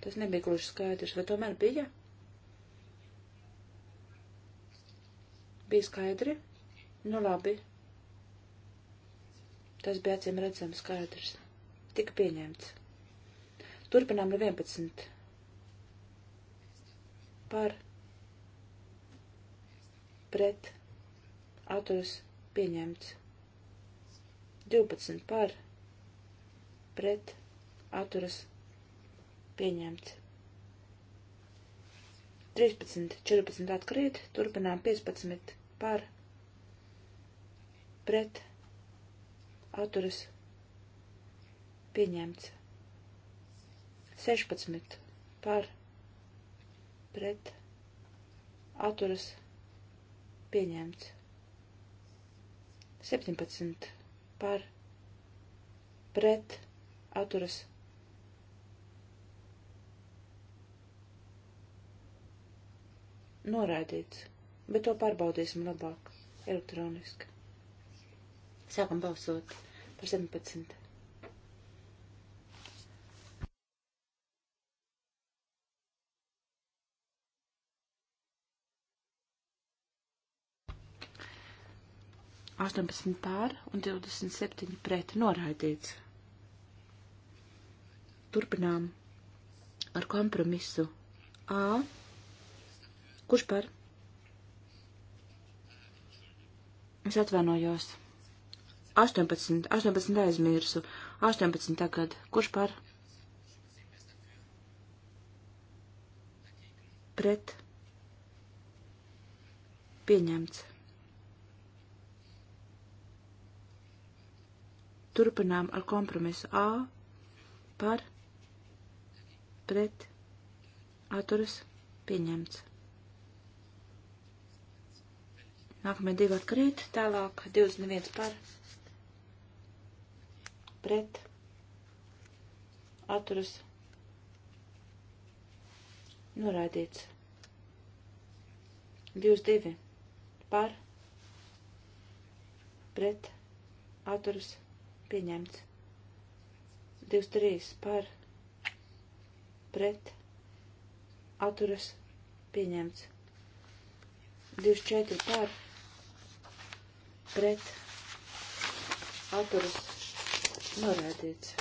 Tas nebija gluži skaidrs, vai tomēr bija? Bija skaidri? Nu labi. Tas bija acīm redzams skaidrs. Tika pieņemts. Turpinām ar 11. Par pret atturas pieņemts. 12 par pret atturas pieņemts. 13, 14 atkrīt, turpinām 15 par pret atturas pieņemts. 16 par pret atturas pieņemts pieņemts. 17 par pret atturas noraidīts, bet to pārbaudīsim labāk elektroniski. Sākam balsot par 17. 18 pār un 27 pret noraidīts. Turpinām ar kompromisu A. Kurš par? Es atvainojos. 18, 18 aizmirsu, 18 tagad. Kurš par? Pret. Pieņemts. Turpinām ar kompromisu A par pret atturas pieņemts. Nākamie divi atkrīt, tālāk 21 par pret atturas noraidīts. 22 par pret atturas noraidīts pieņemts. 23 par pret atturas pieņemts. 24 par pret atturas norēdīts.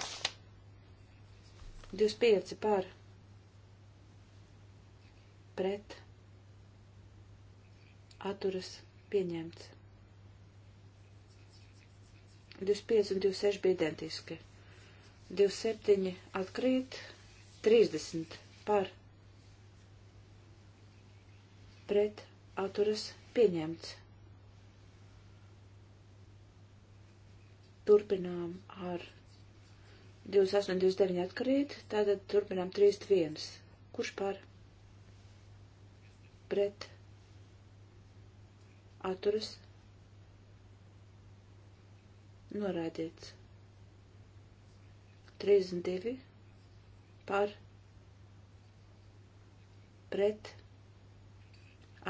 25 par pret atturas pieņemts. 25 un 26 bija identiski. 27 atkrīt, 30 par pret atturas pieņemts. Turpinām ar 28, 29 atkarīt, tātad turpinām 31. Kurš par? Pret atturas pieņemts noraidīts. 32 par pret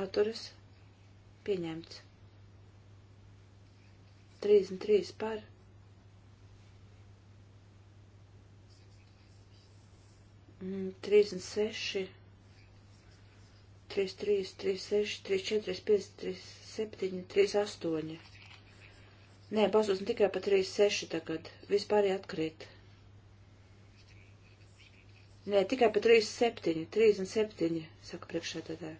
atturas pieņemts. 33 par mm, 36 3, 3, 3, 6, 3, 4, 5, 3, 7, 3, 8. Nē, balsosim tikai pa 3.6 tagad. Vispār atkrīt. Nē, tikai pa 3.7. 37, saka priekšētādē.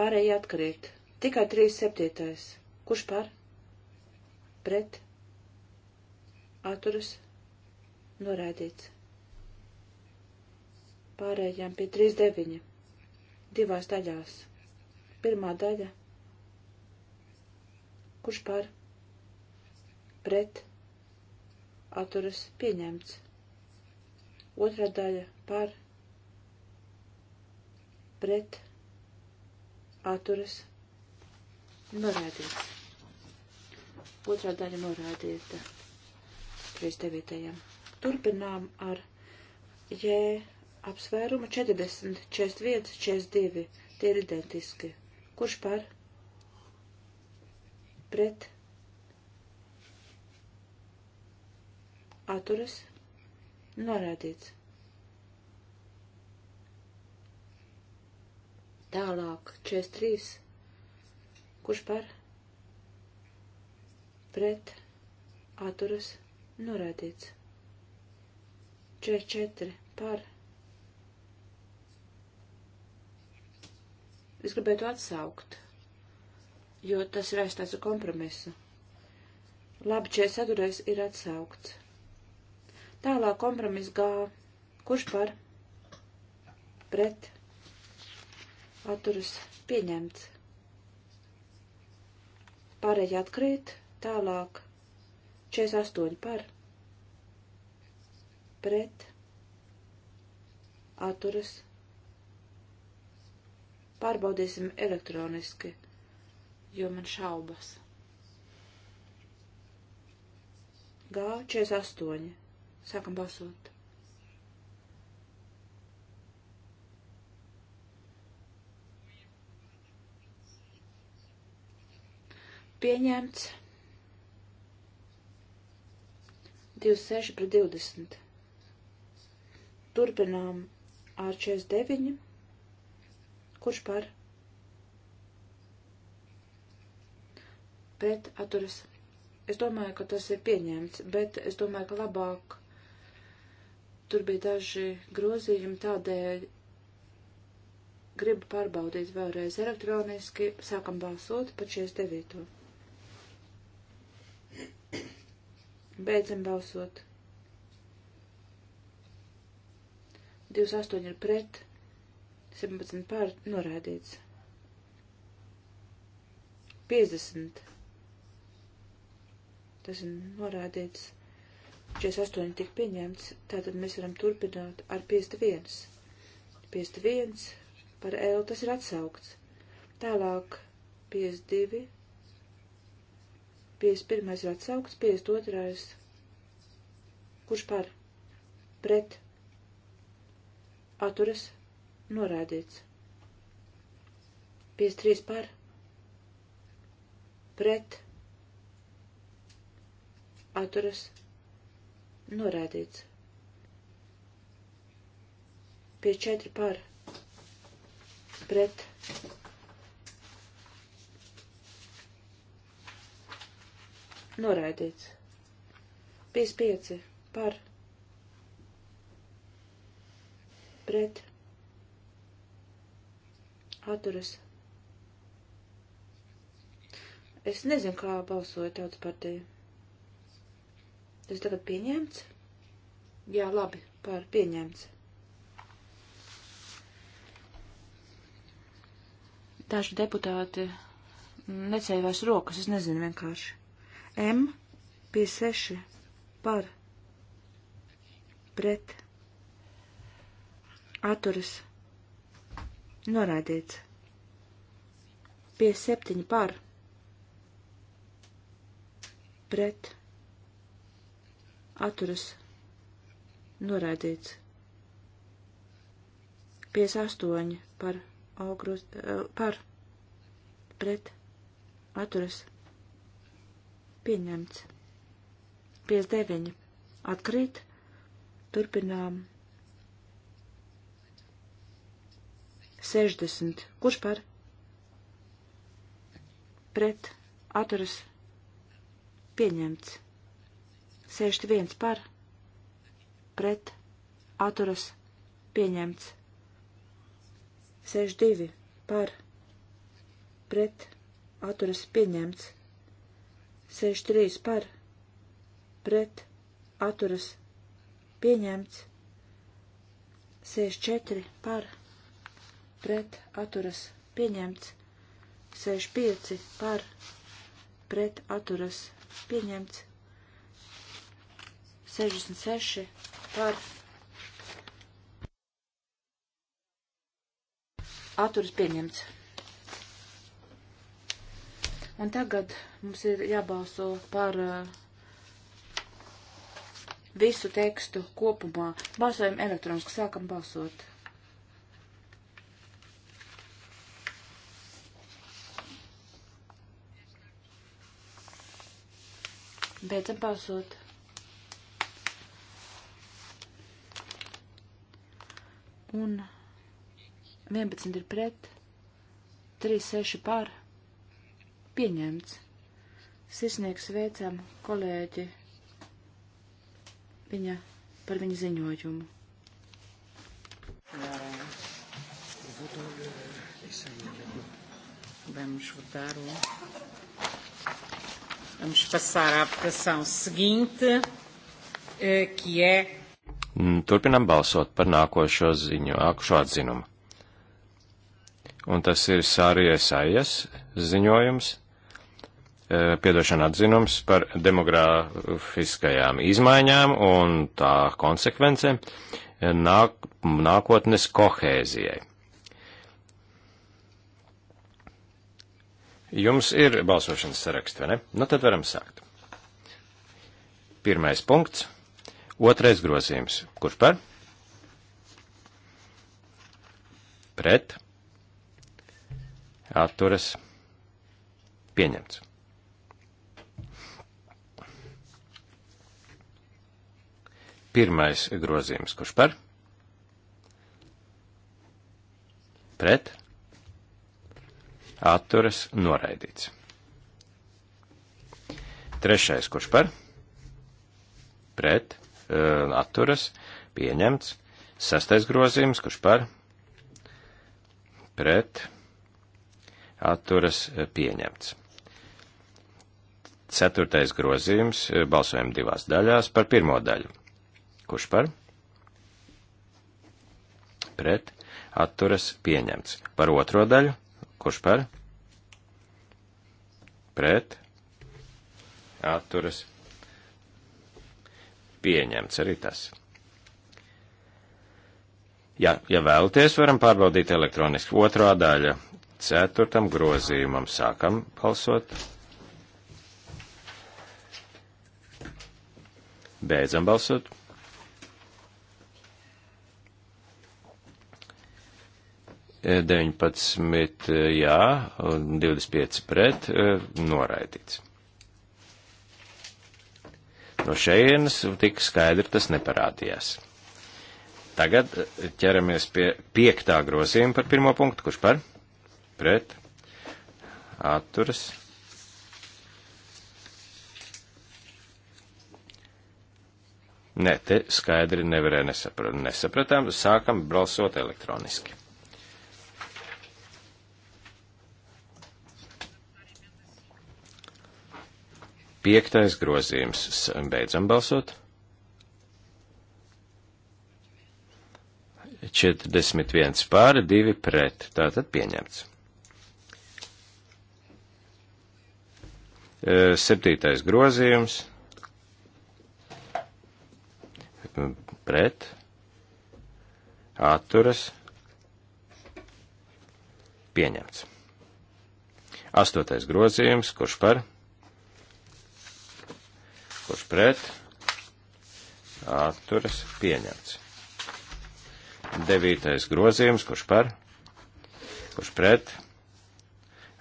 Pārējie atkrīt. Tikai 3.7. Kurš par? Pret? Atturas? Noraidīts. Pārējām pie 3.9. Divās daļās. Pirmā daļa. Kurš par? Pret. Atturas pieņemts. Otra daļa par. Pret. Atturas norādīts. Otrā daļa norādīta. 39. Turpinām ar J apsvērumu 40, 41, 42. Tie ir identiski. Kurš par? Pret. Atturas. Norādīts. Tālāk. 43. Kurš par? Pret. Atturas. Norādīts. 44. Par. es gribētu atsaukt, jo tas ir aizstāts ar kompromisu. Labi, 44 ir atsaukts. Tālāk kompromis gā. Kurš par? Pret. Atturas pieņemts. Pārējie atkrīt. Tālāk 48 par. Pret. Atturas pieņemts Pārbaudīsim elektroniski, jo man šaubas. G48. Sākam balsot. Pieņemts 26 pret 20. Turpinām ar 49. Kurš par? Pret atturas. Es domāju, ka tas ir pieņemts, bet es domāju, ka labāk. Tur bija daži grozījumi tādēļ. Gribu pārbaudīt vēlreiz elektroniski. Sākam balsot par 49. Beidzam balsot. 28 ir pret, 17 pār norādīts. 50. Tas ir norādīts. 48 tika pieņemts, tātad mēs varam turpināt ar 51. 51 par L tas ir atsaukts. Tālāk 52. 51 ir atsaukts, 52. Kurš par? Pret. Aturas. Norādīts. 53 par. Pret. Atturas. Norādīts. 54 par. Pret. Noraidīts. 55 par. Pret atturas. Es nezinu, kā balsoja tautas partija. Tas tagad pieņemts? Jā, labi, pār pieņemts. Daži deputāti necēja vairs rokas, es nezinu vienkārši. M pie seši par pret atturas. Noraidīts. 57 par. Pret. Atturas. Noraidīts. 58 par augrus, eh, par pret atturas pieņemts. 59 atkrīt, turpinām 60. Kurš par? Pret. Atturas. Pieņemts. 61 par. Pret. Atturas. Pieņemts. 62 par. Pret. Atturas. Pieņemts. 63 par. Pret. Atturas. Pieņemts. 64 par pret atturas pieņemts 65 par pret atturas pieņemts 66 par atturas pieņemts. Un tagad mums ir jābalso par uh, visu tekstu kopumā. Balsojam elektroniski, sākam balsot. Beidzam balsot. Un 11 ir pret, 3, 6 pār. Pieņemts. Sirsnieks veicam kolēģi viņa, par viņa ziņojumu. Vamos votar o. Vamos passar à votação seguinte, eh, que é. Mm, turpinam balsot par nākošo ziņu, nākošo atzinumu. Un tas ir Sārijas Aijas ziņojums, eh, piedošana atzinums par demogrāfiskajām izmaiņām un tā konsekvencēm eh, nāk, nākotnes kohēzijai. Jums ir balsošanas saraksts, vai ne? Nu, tad varam sākt. Pirmais punkts, otrais grozījums. Kurš par? Pret. Atturas. Pieņemts. Pirmais grozījums, kurš par? Pret atturas noraidīts. Trešais, kurš par, pret, uh, atturas, pieņemts. Sastais grozījums, kurš par, pret, atturas, uh, pieņemts. Ceturtais grozījums, uh, balsojam divās daļās par pirmo daļu. Kurš par? Pret, atturas, pieņemts. Par otro daļu, Kurš par? Pret. Atturas. Pieņemts arī tas. Ja, ja vēlaties, varam pārbaudīt elektroniski otrā daļa. Ceturtam grozījumam sākam balsot. Beidzam balsot. 19 jā, 25 pret, e, noraidīts. No šejienes tik skaidri tas neparādījās. Tagad e, ķeramies pie piektā grozījuma par pirmo punktu, kurš par? Pret, atturas. Nē, ne, te skaidri nevarēja nesaprat, nesapratām, sākam balsot elektroniski. Piektais grozījums. Beidzam balsot. 41 pār, 2 pret. Tātad pieņemts. E, septītais grozījums. Pret. Atturas. Pieņemts. Astotais grozījums. Kurš par? kurš pret, atturas pieņemts. Devītais grozījums, kurš par, kurš pret,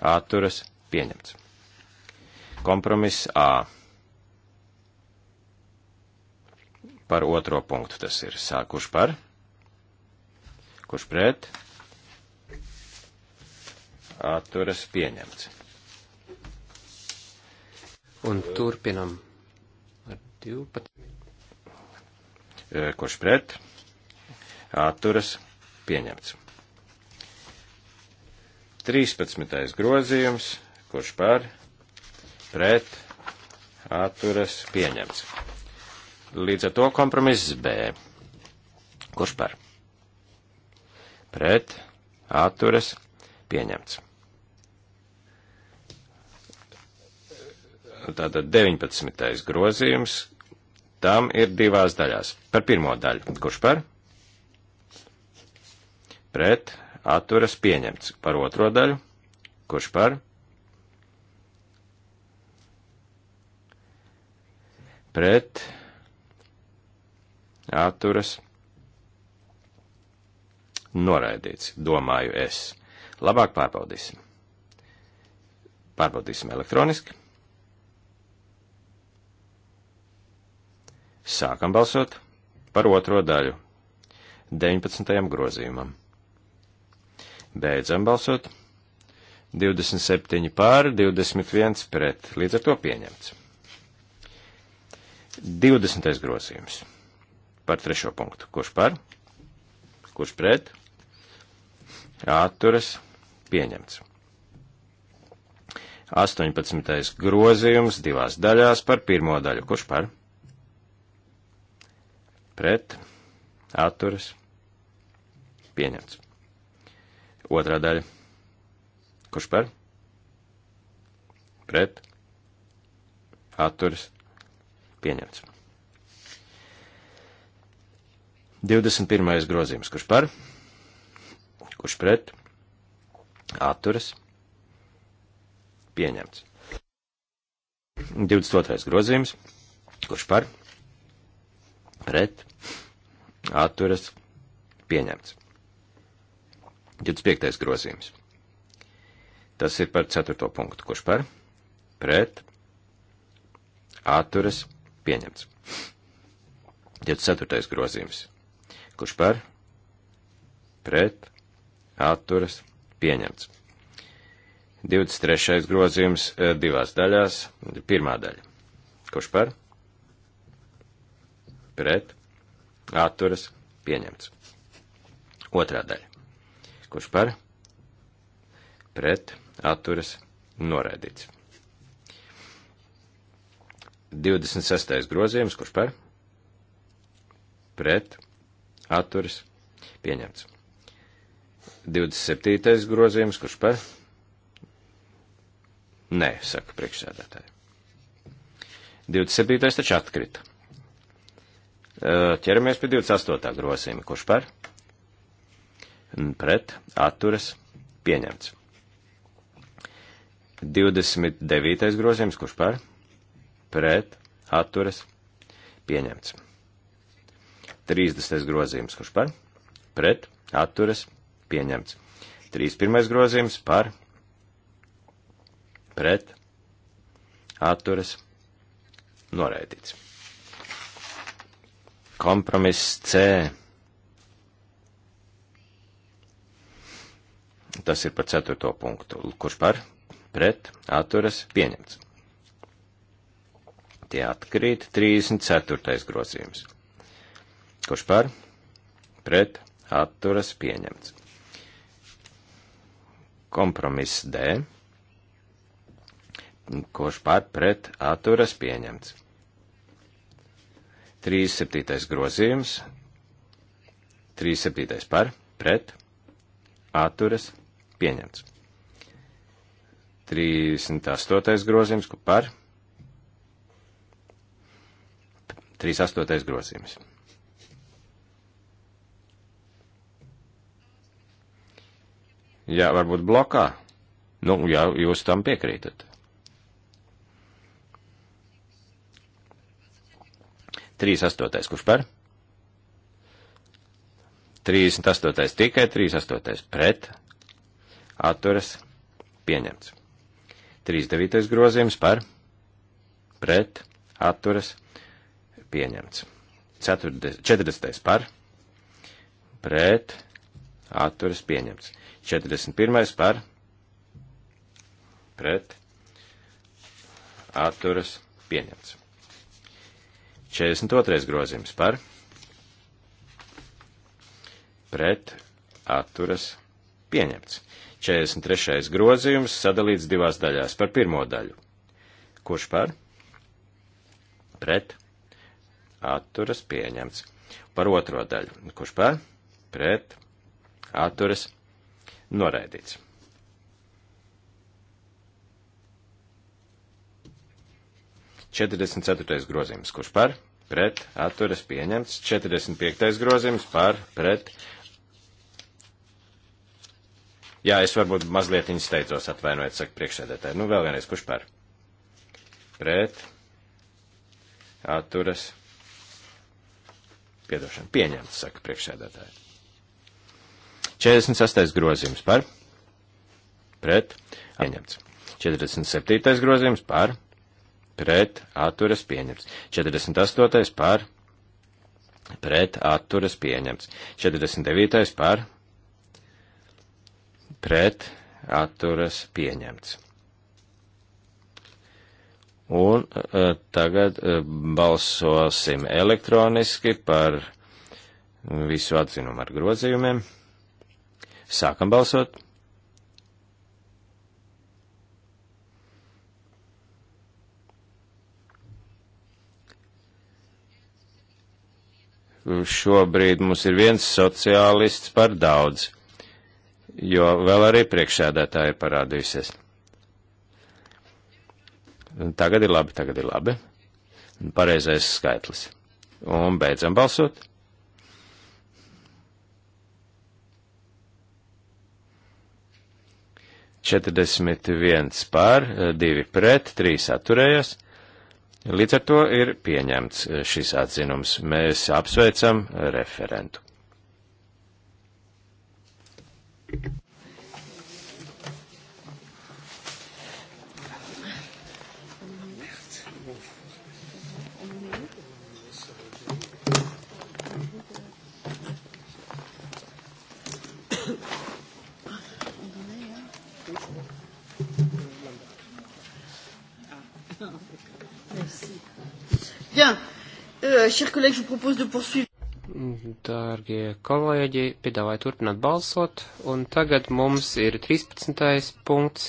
atturas pieņemts. Kompromiss A. Par otro punktu tas ir sākuši par, kurš pret, atturas pieņemts. Un turpinam 12. Kurš pret? Atturas pieņemts. 13. grozījums. Kurš par? Pret? Atturas pieņemts. Līdz ar to kompromiss B. Kurš par? Pret? Atturas pieņemts. Tātad 19. grozījums, Tam ir divās daļās. Par pirmo daļu. Kurš par? Pret. Atturas pieņemts. Par otro daļu. Kurš par? Pret. Atturas. Noraidīts, domāju es. Labāk pārbaudīsim. Pārbaudīsim elektroniski. Sākam balsot par otro daļu 19. grozījumam. Beidzam balsot 27 pār 21 pret, līdz ar to pieņemts. 20. grozījums par trešo punktu. Kurš par? Kurš pret? Atturas pieņemts. 18. grozījums divās daļās par pirmo daļu. Kurš par? pret, atturas, pieņemts. Otrā daļa. Kurš par? Pret, atturas, pieņemts. 21. grozījums. Kurš par? Kurš pret? Atturas. Pieņemts. 22. grozījums. Kurš par? pret, atturas, pieņemts. 25. grozījums. Tas ir par 4. punktu, kurš par, pret, atturas, pieņemts. 24. grozījums. Kurš par, pret, atturas, pieņemts. 23. grozījums eh, divās daļās. Pirmā daļa. Kurš par? pret, atturas, pieņemts. Otrā daļa. Kurš par, pret, atturas, noraidīts. 26. grozījums, kurš par, pret, atturas, pieņemts. 27. grozījums, kurš par, nē, saka priekšsēdētāji. 27. taču atkrita. Eh, ķeramies pie 28. grosījuma. Kurš par? Pret atturas pieņemts. 29. grozījums. Kurš par? Pret atturas pieņemts. 30. grozījums. Kurš par? Pret atturas pieņemts. 31. grozījums par pret atturas noraidīts. Kompromiss C. Tas ir par ceturto punktu. Kurš par? Pret, atturas, pieņemts. Tie atkrīt 34. grozījums. Kurš par? Pret, atturas, pieņemts. Kompromiss D. Kurš par? Pret, atturas, pieņemts. 37. grozījums, 37. par, pret, atturas, pieņemts. 38. grozījums, par, 38. grozījums. Jā, varbūt blokā. Nu, jā, jūs tam piekrītat. 38. kurš par? 38. tikai 38. pret. Atturas pieņemts. 39. grozījums par? Pret. Atturas pieņemts. 40. par? Pret. Atturas pieņemts. 41. par? Pret. Atturas pieņemts. 42. grozījums par pret atturas pieņemts. 43. grozījums sadalīts divās daļās par pirmo daļu. Kurš par? Pret atturas pieņemts. Par otro daļu. Kurš par? Pret atturas noraidīts. 44. grozījums, kurš par pret atturas pieņemts, 45. grozījums par pret. Jā, es varbūt mazliet viņas steidzos atvainojiet, saka priekšsēdētāji. Nu, vēl vienreiz, kurš par pret atturas piedošana pieņemts, saka priekšsēdētāji. 48. grozījums par pret pieņemts. 47. grozījums par pret pret atturas pieņemts. 48. par pret atturas pieņemts. 49. par pret atturas pieņemts. Un e, tagad e, balsosim elektroniski par visu atzinumu ar grozījumiem. Sākam balsot! šobrīd mums ir viens sociālists par daudz, jo vēl arī priekšēdētāja parādījusies. Tagad ir labi, tagad ir labi. Pareizais skaitlis. Un beidzam balsot. Četrdesmit viens pār, divi pret, trīs atturējās. Līdz ar to ir pieņemts eh, šis atzinums. Mēs apsveicam referentu. Euh, Dārgie kolēģi, piedāvāju turpināt balsot, un tagad mums ir 13. punkts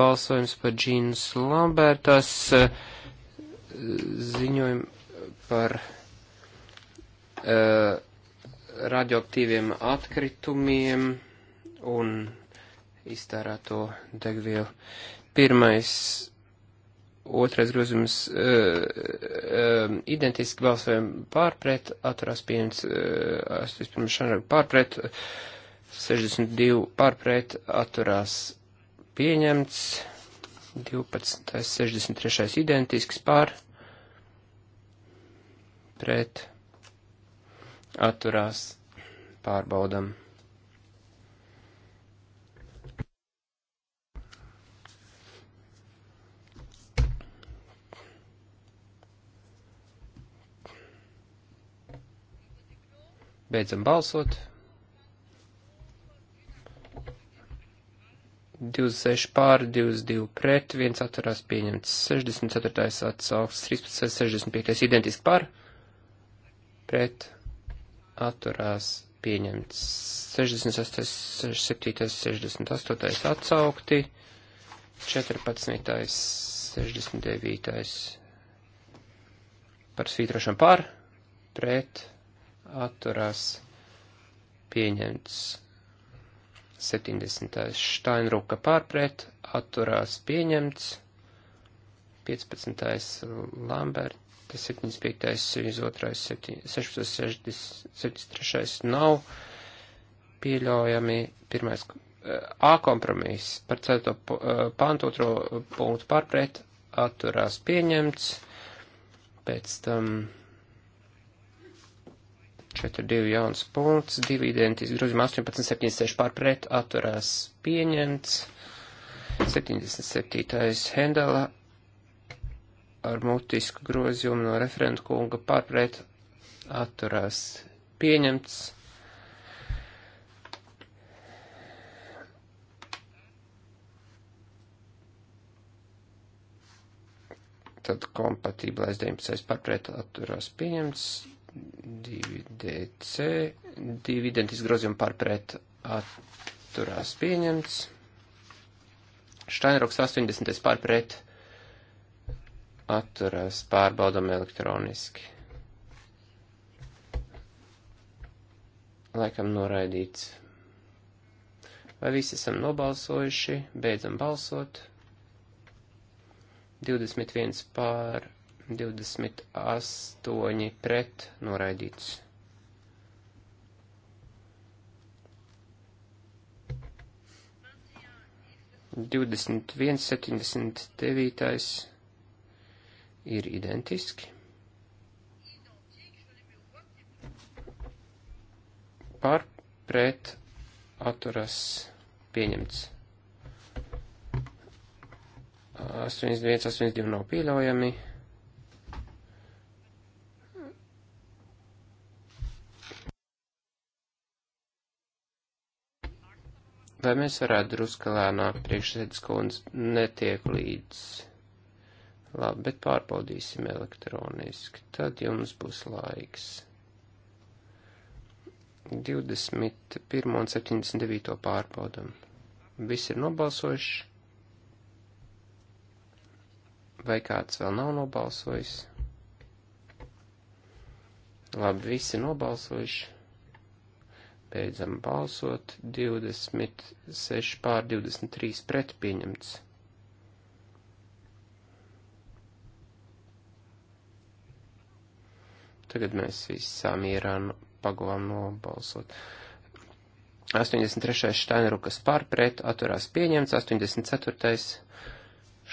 balsojums par Džīnas Lambertas eh, ziņojumu par uh, radioaktīviem atkritumiem un iztērēto degvielu. Pirmais Otrais grozījums e, e, identiski balsojam pārpret, atturās pieņemts 81. E, šanraga pārpret, 62 pārpret, atturās pieņemts 12. 63. identisks pār pret atturās pārbaudam. Beidzam balsot. 26 pār, 22 pret, 1 atturās pieņemts, 64 atsauks, 13, 65 identiski pār, pret, atturās pieņemts, 68, 67, 68 atsaukti, 14, 69 par svītrošanu pār, pret, atturās pieņemts 70. Štainruka pārpret atturās pieņemts 15. Lambert. 75. 72. 16. 63. nav pieļaujami pirmais eh, A kompromiss par 4. Eh, pantu 2. punktu pārpret atturās pieņemts, pēc tam 4, 2 jauns punkts, 2 identiski grozījumi 18, 76 pār pret atturās pieņemts, 77. Hendela ar mutisku grozījumu no referentu kunga pār pret atturās pieņemts. Tad kompatiblais 19. pārpret atturās pieņemts, Divi DC, divi identiski grozījumi par pret atturās pieņemts. Štainroks 80 par pret atturās pārbaudam elektroniski. Laikam noraidīts. Vai visi esam nobalsojuši? Beidzam balsot. 21 pār 28 pret noraidīts. Divdesmit viens, septiņdesmit devītais ir identiski. Par pret atturas pieņemts. 81, 82 nav pieļaujami. Vai mēs varētu drusku lēnāk priekšsēdus kundze netiek līdz? Labi, bet pārbaudīsim elektroniski. Tad jums būs laiks. 21. un 79. pārbaudam. Visi ir nobalsojuši. Vai kāds vēl nav nobalsojis? Labi, visi nobalsojuši. Beidzam balsot. 26 pār 23 pret pieņemts. Tagad mēs visā mierā pagavām nobalsot. 83. Steinrukas pārpret atturās pieņemts, 84.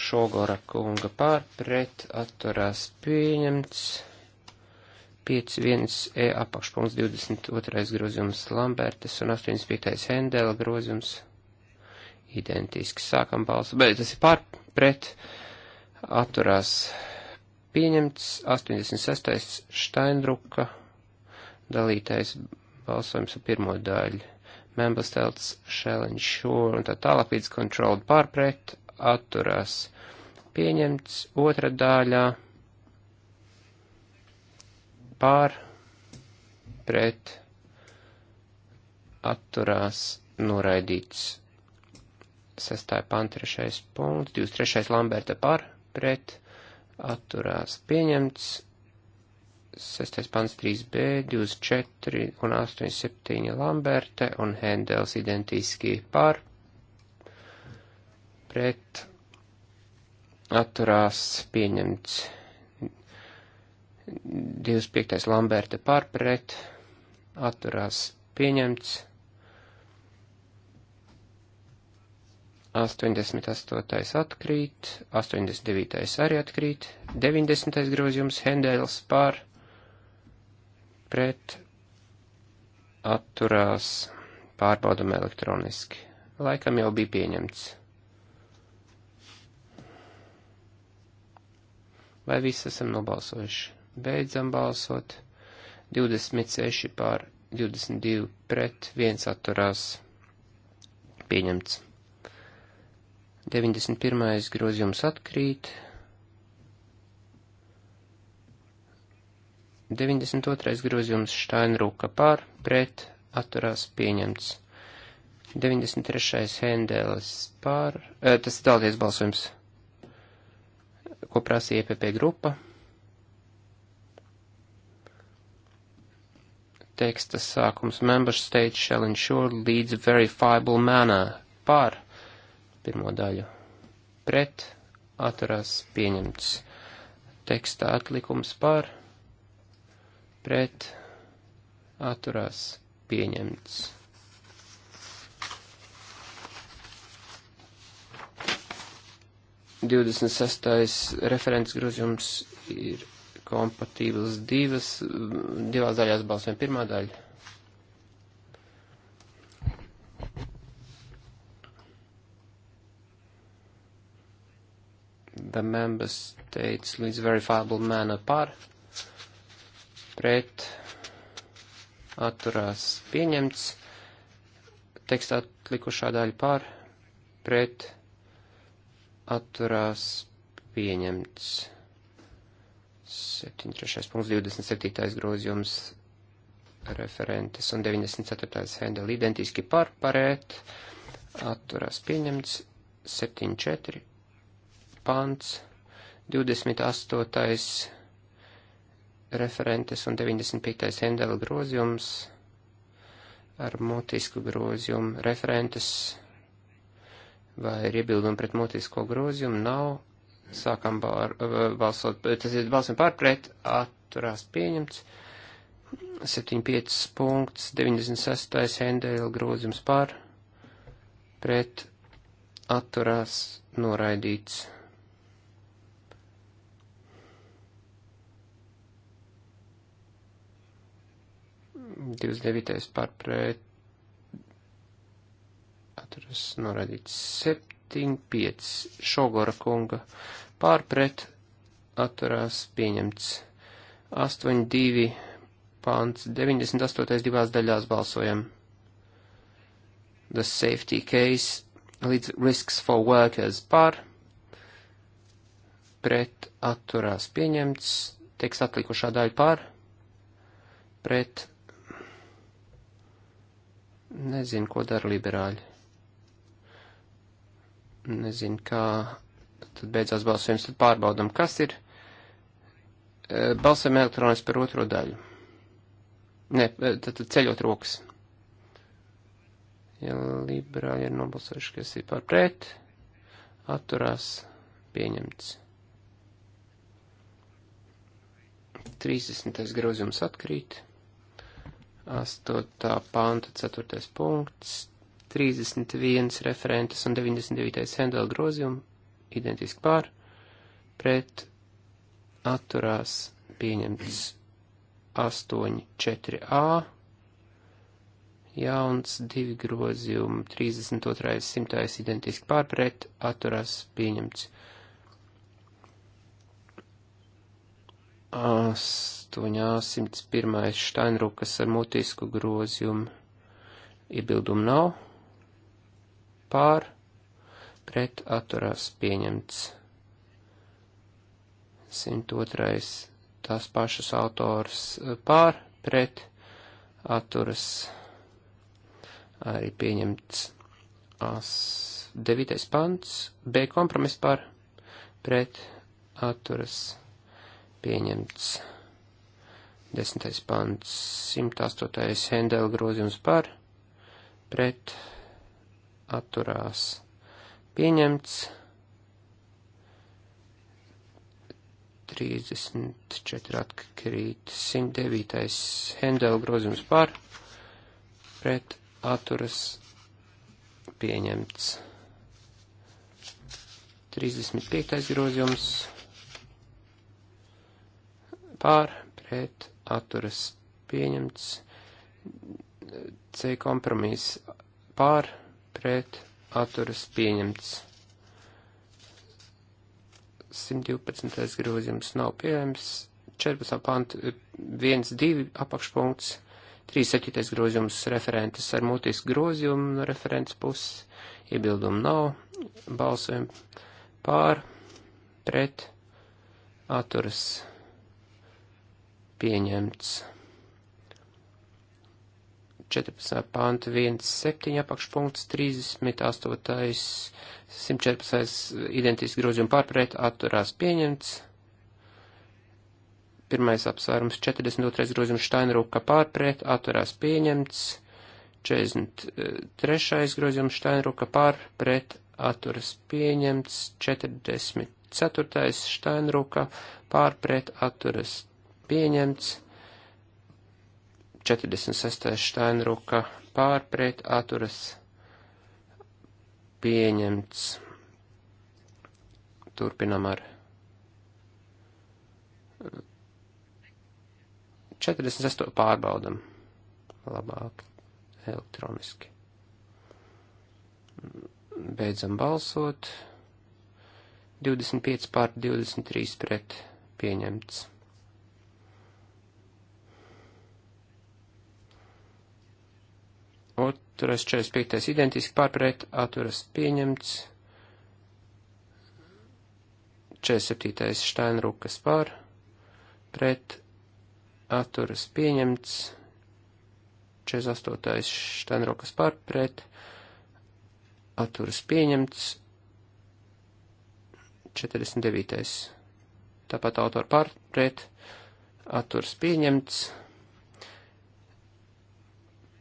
Šogora kunga pārpret atturās pieņemts. 51E apakšpunkts 22. grozījums Lambertes un 85. Hendela grozījums identiski. Sākam balsu, bet tas ir pār pret atturās pieņemts 86. Štaindruka dalītais balsojums ar pirmo daļu. Membelstēlts, Challenge Shore un tā tālāk līdz Controlled pārpret atturās pieņemts otra daļā pār, pret, atturās, noraidīts. Sestāja pānt, trešais punkts, 23. Lamberta par, pret, atturās, pieņemts. Sestais pants 3b, 24 un 87 Lamberte un Hendels identiski par, pret, atturās, pieņemts. 25. Lamberta pārpret, atturās pieņemts. 88. atkrīt, 89. arī atkrīt, 90. grozījums Hendels pār pret atturās pārbaudam elektroniski. Laikam jau bija pieņemts. Vai visi esam nobalsojuši? Beidzam balsot. 26 pār 22 pret 1 atturās. Pieņemts. 91. grozījums atkrīt. 92. grozījums Štainrūka pār, pret, atturās pieņemts. 93. Hendelis pār, e, tas ir dalties balsojums, ko prasīja EPP grupa. teksta sākums Member States shall ensure leads verifiable manner par pirmo daļu pret atturās pieņemts teksta atlikums par pret atturās pieņemts. Divdesmit sastais referents grozījums ir kompatibls divas, mm, divās daļās balsojam. Pirmā daļa. The member states leads verifiable manner par pret atturās pieņemts. Tekstā atlikušā daļa par pret atturās pieņemts. 73. punkts, 27. grozījums referentes un 94. hendel identiski par parēt, atturās pieņemts 74. pants, 28. referentes un 95. hendel grozījums ar motisku grozījumu referentes vai ir iebildumi pret motisko grozījumu nav Sākam bār, eh, balsot, eh, tas ir balsam pār pret, atturās pieņemts. 75 punkts, 96. Hendēla grozījums pār pret, atturās noraidīts. Divas devītais pār pret, atturas noraidīts. Sept, 775 Šogora kunga pārpret atturās pieņemts 82 pants 98. divās daļās balsojam. The safety case līdz risks for workers par pret atturās pieņemts, teiks atlikušā daļa par pret nezinu, ko dara liberāļi. Nezinu, kā tad beidzās balsojums, tad pārbaudam, kas ir. E, Balsam elektronis par otro daļu. Nē, e, tad, tad ceļot rokas. Ja liberāļi ir nobalsojuši, kas ir par pret, atturās pieņemts. 30. grozījums atkrīt. 8. panta 4. punkts, 31 referentes un 99. Hendela grozījumu identiski pār, pret atturās pieņemts 84A, jauns divi grozījumi, 32. simtais identiski pār, pret atturās pieņemts 801. Steinrukas ar mutisku grozījumu. Iebildumu nav pār, pret atturās pieņemts. 102. tās pašas autors eh, pār, pret atturas arī pieņemts. As, 9. pants, B kompromis pār, pret atturas pieņemts. 10. pants, 108. Hendela grozījums par, pret atturās pieņemts 34 atkrīt 109. Hendela grozījums par pret atturas pieņemts 35. grozījums par pret atturas pieņemts C kompromiss par pret pret atturas pieņemts. 112. grozījums nav pieejams. 14. pant 1, 2 apakšpunkts. 37. grozījums referentes ar mutisku grozījumu no referents puses. Iebildumu nav. Balsojam pār, pret, atturas pieņemts. 14. pānta 1.7. apakšpunkts 38. 114. identiski grozījumi pārpret atturās pieņemts. Pirmais apsvērums 42. grozījums Steinruka pārpret atturās pieņemts. 43. grozījums Steinruka pārpret atturas pieņemts. 44. Steinruka pārpret atturas pieņemts. 46. Steinruka pārpret atturas pieņemts. Turpinam ar 46. Eh, pārbaudam labāk elektroniski. Beidzam balsot. 25 pār 23 pret pieņemts. atturas 45. identiski pārpret, atturas pieņemts. 47. Štainrukas pār, pret, atturas pieņemts. 48. Štainrukas pār, pret, atturas pieņemts. 49. Tāpat autora pār, pret, atturas pieņemts.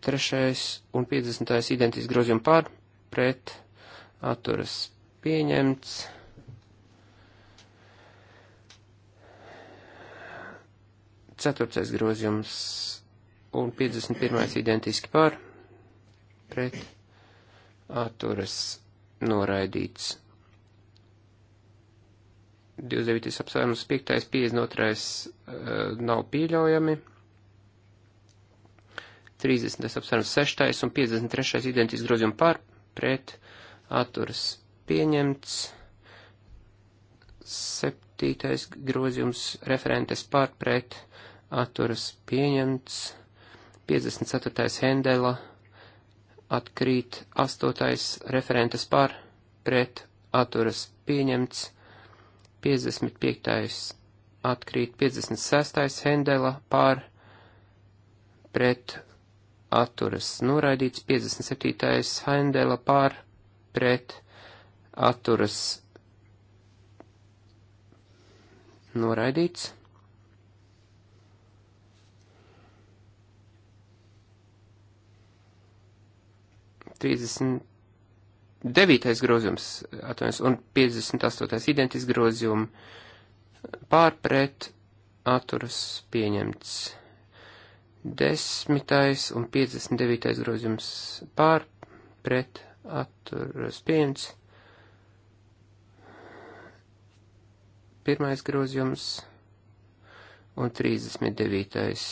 3. un 50. identiski grozījumi pār, pret, atturas pieņemts. Ceturtais grozījums un 51. identiski pār, pret, atturas noraidīts. 29. apsvērums 5. 52. Eh, nav pieļaujami. 30. apsvērums 6. un 53. identiski grozījumi par, pret, atturas pieņemts, 7. grozījums referentes par, pret, atturas pieņemts, 54. Hendela atkrīt, 8. referentes par, pret, atturas pieņemts, 55. atkrīt, 56. Hendela par, pret, atturas noraidīts, 57. Haindela pār pret atturas noraidīts. Trīsdesmit devītais grozījums, atvainojos, un 58. identiski grozījumi pārpret atturas pieņemts. Desmitais un 59. grozījums pār, pret, atturas pieņemts. Pirmais grozījums un 39.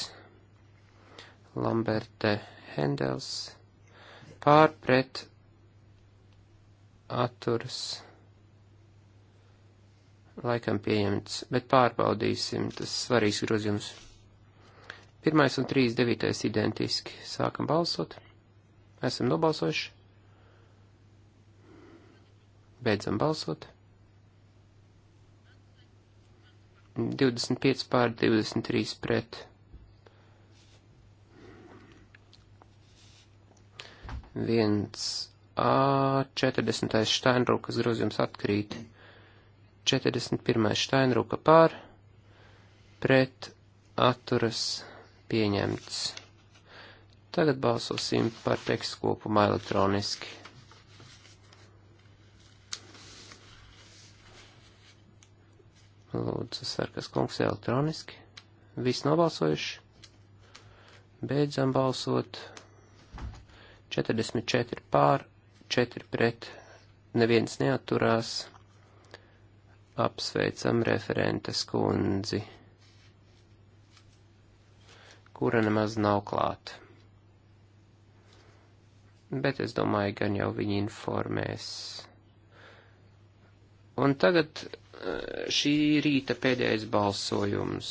Lamberte Hendels pār, pret, atturas pieņemts laikam pieņemts, bet pārbaudīsim, tas svarīgs grozījums. Pirmais un 39. identiski. Sākam balsot. Esam nobalsojuši. Beidzam balsot. 25 pār 23 pret. viens A, 40. Steinrukas grozījums atkrīt, 41. Steinruka pār, pret atturas pieņemts. Tagad balsosim par tekstu kopumā elektroniski. Lūdzu, sarkas kungs elektroniski. Viss nobalsojuši. Beidzam balsot. 44 pār, 4 pret. Neviens neaturās. Apsveicam referentes kundzi kura nemaz nav klāt. Bet es domāju, gan jau viņi informēs. Un tagad eh, šī rīta pēdējais balsojums.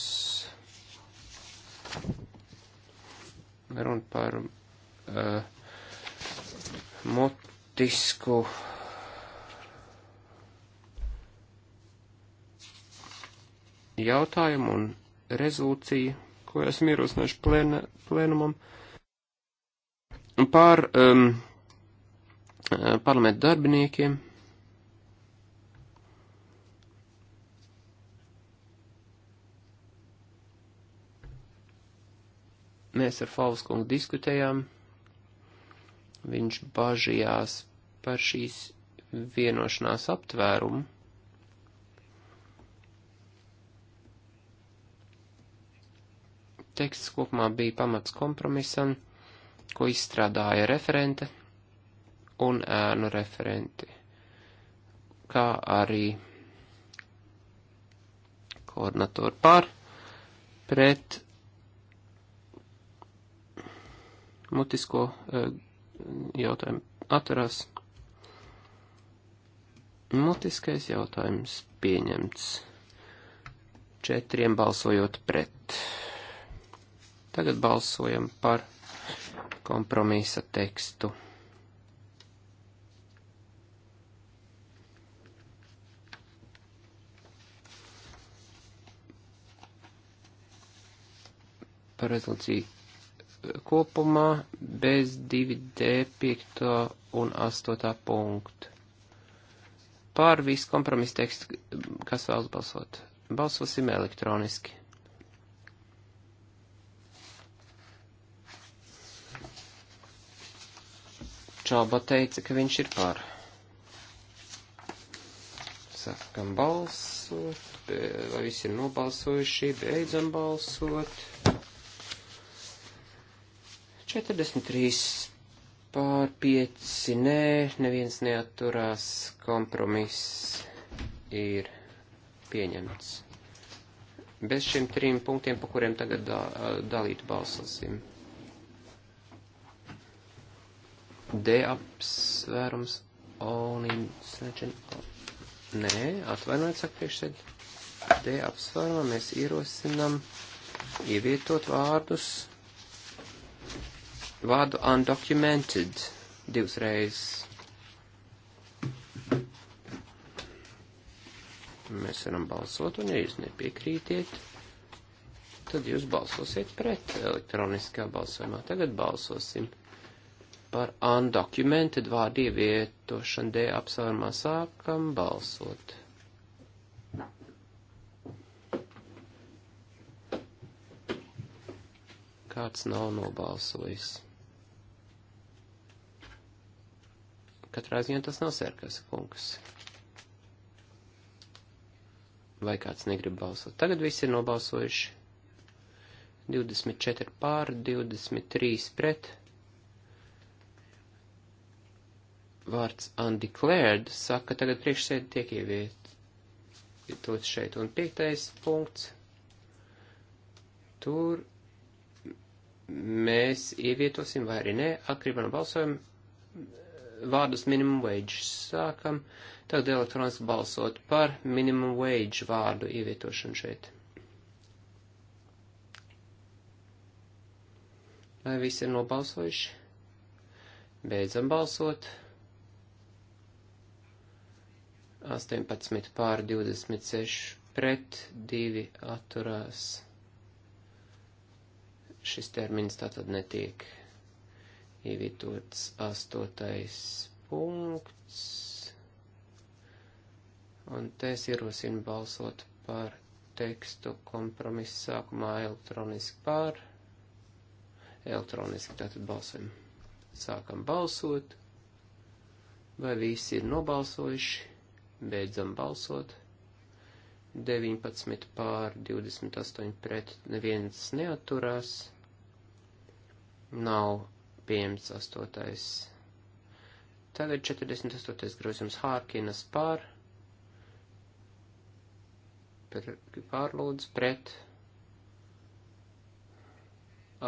Runa par uh, mutisku jautājumu un rezolūciju ko esam ierosinājuši plēna, plēnumam, par um, parlamentu darbiniekiem. Mēs ar Fauskungu diskutējām. Viņš bažījās par šīs vienošanās aptvērumu. teksts kopumā bija pamats kompromisam, ko izstrādāja referente un ēnu referenti, kā arī koordinatori pār pret mutisko e, jautājumu atverās. Mutiskais jautājums pieņemts. Četriem balsojot pret. Tagad balsojam par kompromisa tekstu. Par rezolūciju kopumā bez 2D, 5 un 8 punktu. Pār visu kompromisu tekstu, kas vēlas balsot. Balsosim elektroniski. Čāba teica, ka viņš ir pār. Sākam balsot, vai visi ir nobalsojuši, beidzam balsot. 43 pār 5, nē, neviens neaturās, kompromiss ir pieņemts. Bez šiem trim punktiem, pa kuriem tagad dalīt balsosim. D apsvērums Olinseņa. Nē, atvainojiet, saka priekšsēd. D apsvērumā mēs ierosinam ievietot vārdus. Vārdu undocumented divas reizes. Mēs varam balsot, un ja jūs nepiekrītiet, tad jūs balsosiet pret elektroniskā balsojumā. Tagad balsosim par undocumented vārdu ievietošanu D apsvērumā sākam balsot. Kāds nav nobalsojis. Katrā ziņā tas nav sērkas kungs. Vai kāds negrib balsot? Tagad visi ir nobalsojuši. 24 pār, 23 pret. vārds undeclared saka, ka tagad priekšsēdi tiek ievietots šeit. Un piektais punkts. Tur mēs ievietosim vai arī nē, atkarībā no balsojuma, vārdus minimum wage. Sākam tagad elektroniski balsot par minimum wage vārdu ievietošanu šeit. Vai visi ir nobalsojuši? Beidzam balsot. 18 pār 26 pret 2 atturās. Šis termins tātad netiek ievietots 8. punkts. Un te es ierosinu balsot par tekstu kompromisu sākumā elektroniski pār. Elektroniski tātad balsojam. Sākam balsot. Vai visi ir nobalsojuši? Beidzam balsot. 19 pār 28 pret neviens neaturās. Nav pieejams 8. Tagad 48. grozījums Hārkinas pār. Pārlūdz pret.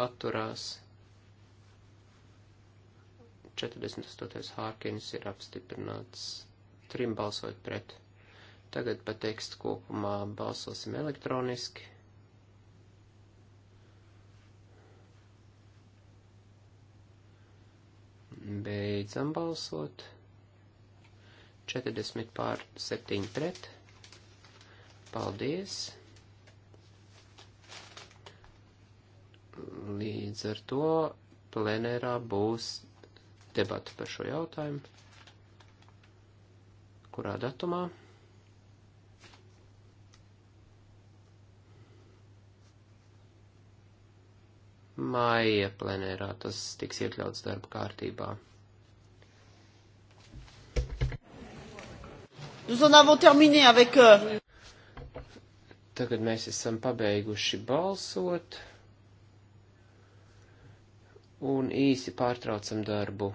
Atturās. 48. Hārkins ir apstiprināts trim balsot pret. Tagad pa tekstu kopumā balsosim elektroniski. Beidzam balsot. 40 pār 7 pret. Paldies! Līdz ar to plenērā būs debata par šo jautājumu kurā datumā. Māja plenērā tas tiks iekļauts darba kārtībā. Nous en avons terminé avec. Euh, Tagad mēs esam pabeiguši balsot un īsi pārtraucam darbu.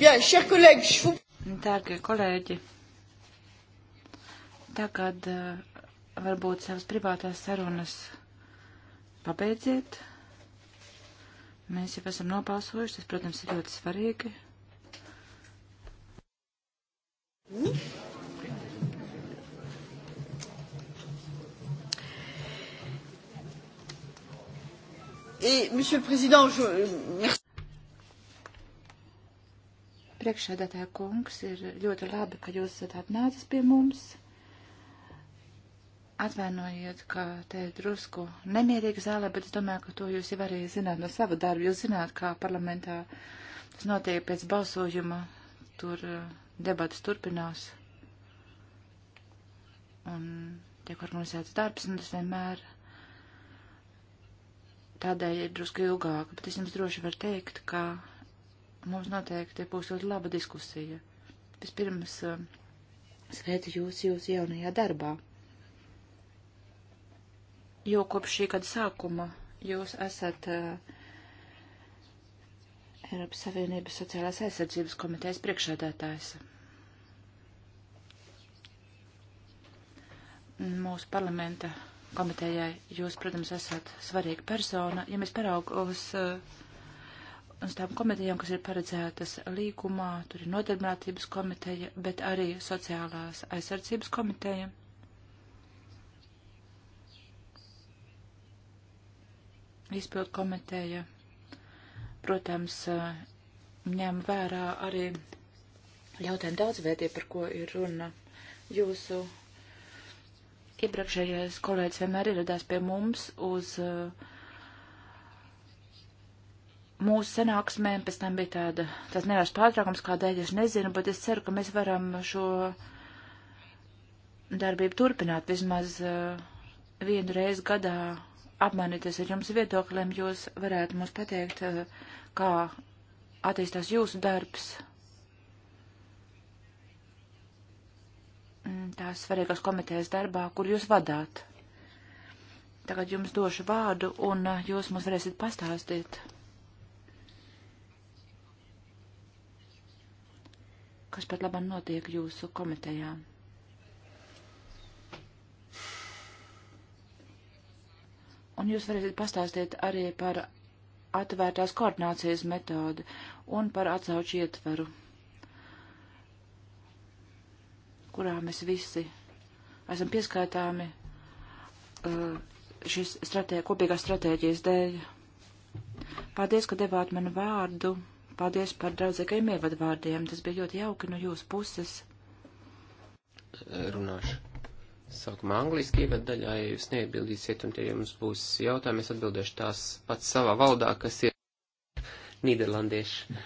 Jā, šie kolēģi. Šu... Dārgie kolēģi, tagad eh, varbūt savas privātās sarunas pabeidziet. Mēs jau esam nopalsojuši, tas, protams, ir ļoti svarīgi. Mm? Et, Monsieur le Président, je... merci. Priekšsēdētāja kungs, ir ļoti labi, ka jūs esat atnācis pie mums. Atvainojiet, ka te ir drusku nemierīga zālē, bet es domāju, ka to jūs jau arī zināt no sava darba. Jūs zināt, kā parlamentā tas notiek pēc balsojuma, tur eh, debatas turpinās. Un tiek organizēts darbs, un tas vienmēr tādēļ ir drusku ilgāk, bet es jums droši varu teikt, ka Mums noteikti būs ļoti laba diskusija. Vispirms eh, sveicu jūs jūsu jaunajā darbā. Jo kopš šī gada sākuma jūs esat uh, Eiropas Savienības sociālās aizsardzības komitejas priekšsēdētājs. Mūsu parlamenta komitejai jūs, protams, esat svarīga persona. Ja mēs paraug uz uh, eh, uz tām komitejām, kas ir paredzētas līgumā, tur ir nodarbinātības komiteja, bet arī sociālās aizsardzības komiteja. Izpildu komiteja, protams, ņem vērā arī jautājumu daudzveidību, par ko ir runa. Jūsu iepriekšējais kolēģis vienmēr ieradās pie mums uz uh, mūsu sanāksmēm, pēc tam bija tāda, tāds neliels pārtraukums, kādēļ es nezinu, bet es ceru, ka mēs varam šo darbību turpināt vismaz uh, vienu reizi gadā apmainīties ar jums viedokļiem, jūs varētu mums pateikt, uh, kā attīstās jūsu darbs. Mm, tās svarīgās komitejas darbā, kur jūs vadāt. Tagad jums došu vārdu, un uh, jūs mums varēsiet pastāstīt kas pat labam notiek jūsu komitejā. Un jūs varat pastāstīt arī par atvērtās koordinācijas metodi un par atsauču ietveru, kurā mēs visi esam pieskaitāmi eh, šīs stratē, kopīgās stratēģijas dēļ. Paldies, ka devāt man vārdu. Paldies par draudzīgajiem ievadvārdiem. Tas bija ļoti jauki no jūsu puses. Runāšu. Sākumā angliski ievad daļā, ja jūs neiebildīsiet, un tie jums būs jautājumi, es atbildēšu tās pats savā valdā, kas ir nīderlandieši.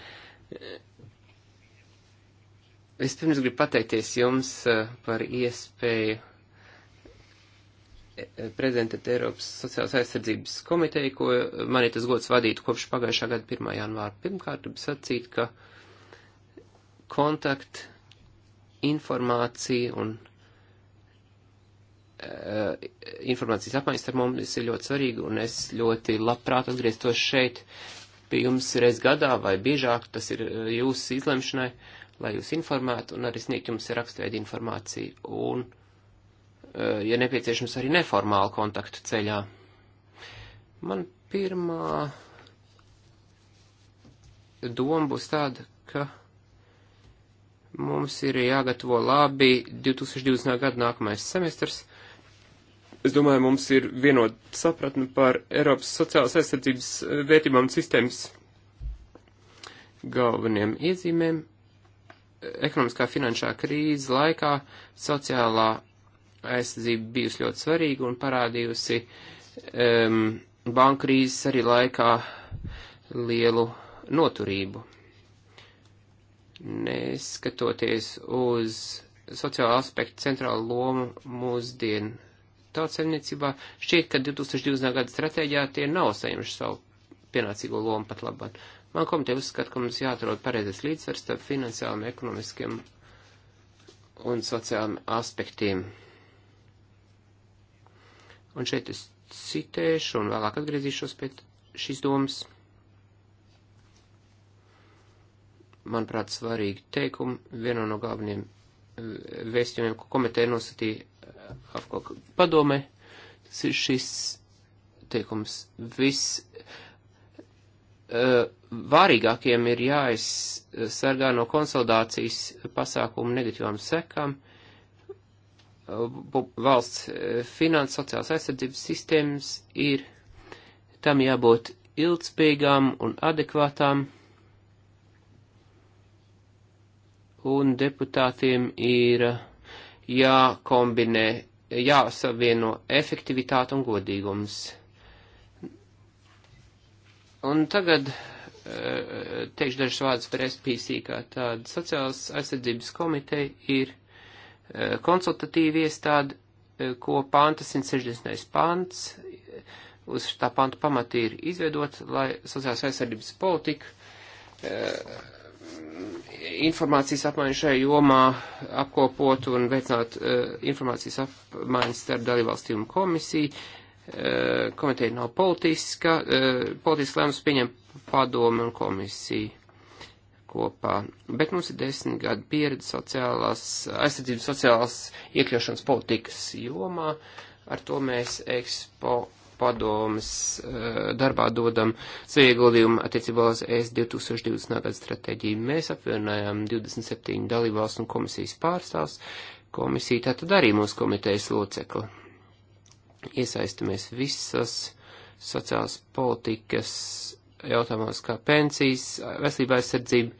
Es pirms gribu pateikties jums eh, par iespēju prezentēt Eiropas sociālās aizsardzības komiteju, ko man ir tas gods vadīt kopš pagājušā gada 1. janvāra. Pirmkārt, gribu sacīt, ka kontakt, informācija un uh, informācijas apmaiņas starp mums ir ļoti svarīga, un es ļoti labprāt atgrieztos šeit pie jums reiz gadā vai biežāk, tas ir e, jūsu izlemšanai, lai jūs informētu un arī sniegt jums rakstveida informāciju. Un, Eh, ja nepieciešams, arī neformālu kontaktu ceļā. Man pirmā doma būs tāda, ka mums ir jāgatavo labi 2020. gada nākamais semestrs. Es domāju, mums ir vienot sapratni par Eiropas sociālās aizsardzības eh, vērtībām sistēmas galveniem iezīmēm. Eh, ekonomiskā finanšā krīzes laikā sociālā aizsardzība bijusi ļoti svarīga un parādījusi um, bankrīzes arī laikā lielu noturību. Neskatoties uz sociālo aspektu centrālu lomu mūsdienu tautsaimniecībā, šķiet, ka 2020. gada stratēģijā tie nav saņemši savu pienācīgo lomu pat labāk. Man komiteja uzskata, ka mums jāatrod pareizais līdzsvars starp finansiāliem, ekonomiskiem un sociāliem aspektiem. Un šeit es citēšu un vēlāk atgriezīšos pie šīs domas. Manuprāt, svarīgi teikumi vienā no galveniem eh, vēstījumiem, ko komiteja nosatīja eh, Afko padome, tas ir šis teikums. Viss eh, vārīgākiem ir jāizsargā no konsolidācijas pasākumu negatīvām sekām, valsts e, finanses sociālās aizsardzības sistēmas ir tam jābūt ilgspējīgām un adekvātām, un deputātiem ir jākombinē, jāsavieno efektivitāte un godīgums. Un tagad e, teikšu dažas vārdas par SPC, kā tāda sociālās aizsardzības komiteja ir Eh, konsultatīvu iestādi, eh, ko panta 160. pants, uz tā panta pamatī ir izveidot, lai sociālās aizsardzības politika eh, informācijas apmaiņu šajā jomā apkopot un veicināt informācijas apmaiņas starp dalībvalstīm un komisiju. Komiteja nav politiska, politisks lēmums pieņem padomu un komisiju kopā. Bet mums ir desmit gadu pieredze sociālās, aizsardzības sociālās iekļaušanas politikas jomā. Ar to mēs ekspo padomas eh, darbā dodam savu ieguldījumu attiecībā uz ES 2020. gada stratēģiju. Mēs apvienojam 27 dalībvalstu un komisijas pārstāvs. Komisija tātad arī mūsu komitejas locekli. Iesaistamies visas sociālās politikas jautājumos kā pensijas, veselībā aizsardzība,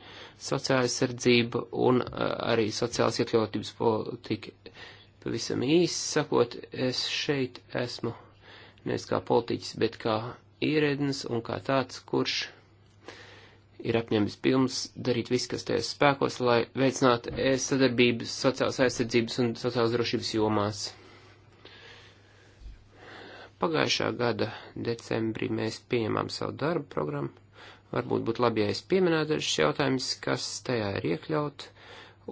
sociāla aizsardzība un uh, arī sociālas iekļautības politika. Pavisam īsi sakot, es šeit esmu nevis kā politiķis, bet kā ierēdnis un kā tāds, kurš ir apņēmis pilns darīt visu, kas tajā spēkos, lai veicinātu sadarbības sociālas aizsardzības un sociālas drošības jomās. Pagājušā gada decembrī mēs pieņemam savu darbu programmu. Varbūt būtu labi, ja es pieminētu dažus jautājumus, kas tajā ir iekļaut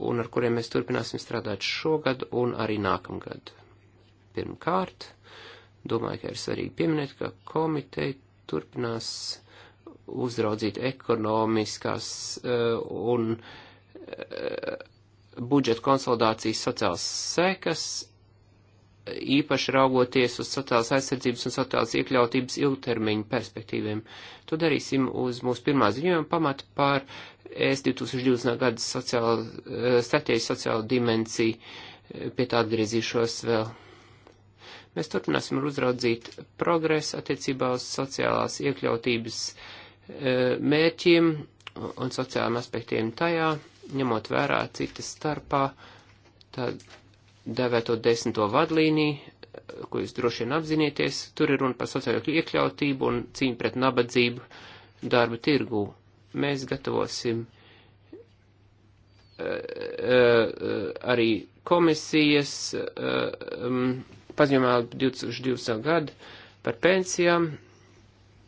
un ar kuriem mēs turpināsim strādāt šogad un arī nākamgad. Pirmkārt, domāju, ka ir svarīgi pieminēt, ka komiteja turpinās uzraudzīt ekonomiskās uh, un uh, budžeta konsolidācijas sociālas sekas īpaši raugoties uz sociālās aizsardzības un sociālās iekļautības ilgtermiņu perspektīviem. To darīsim uz mūsu pirmā ziņojuma pamata par ES 2020. gada sociāla, eh, strateģiju sociālo dimensiju. Eh, pie tā atgriezīšos vēl. Mēs turpināsim uzraudzīt progresu attiecībā uz sociālās iekļautības eh, mērķiem un sociālām aspektiem tajā, ņemot vērā citas starpā. Tad devēto desmito vadlīniju, ko jūs droši vien apzināties, tur ir runa par sociālo iekļautību un cīņu pret nabadzību darba tirgū. Mēs gatavosim uh, uh, arī komisijas uh, um, paziņojumā 2020. gadu par pensijām.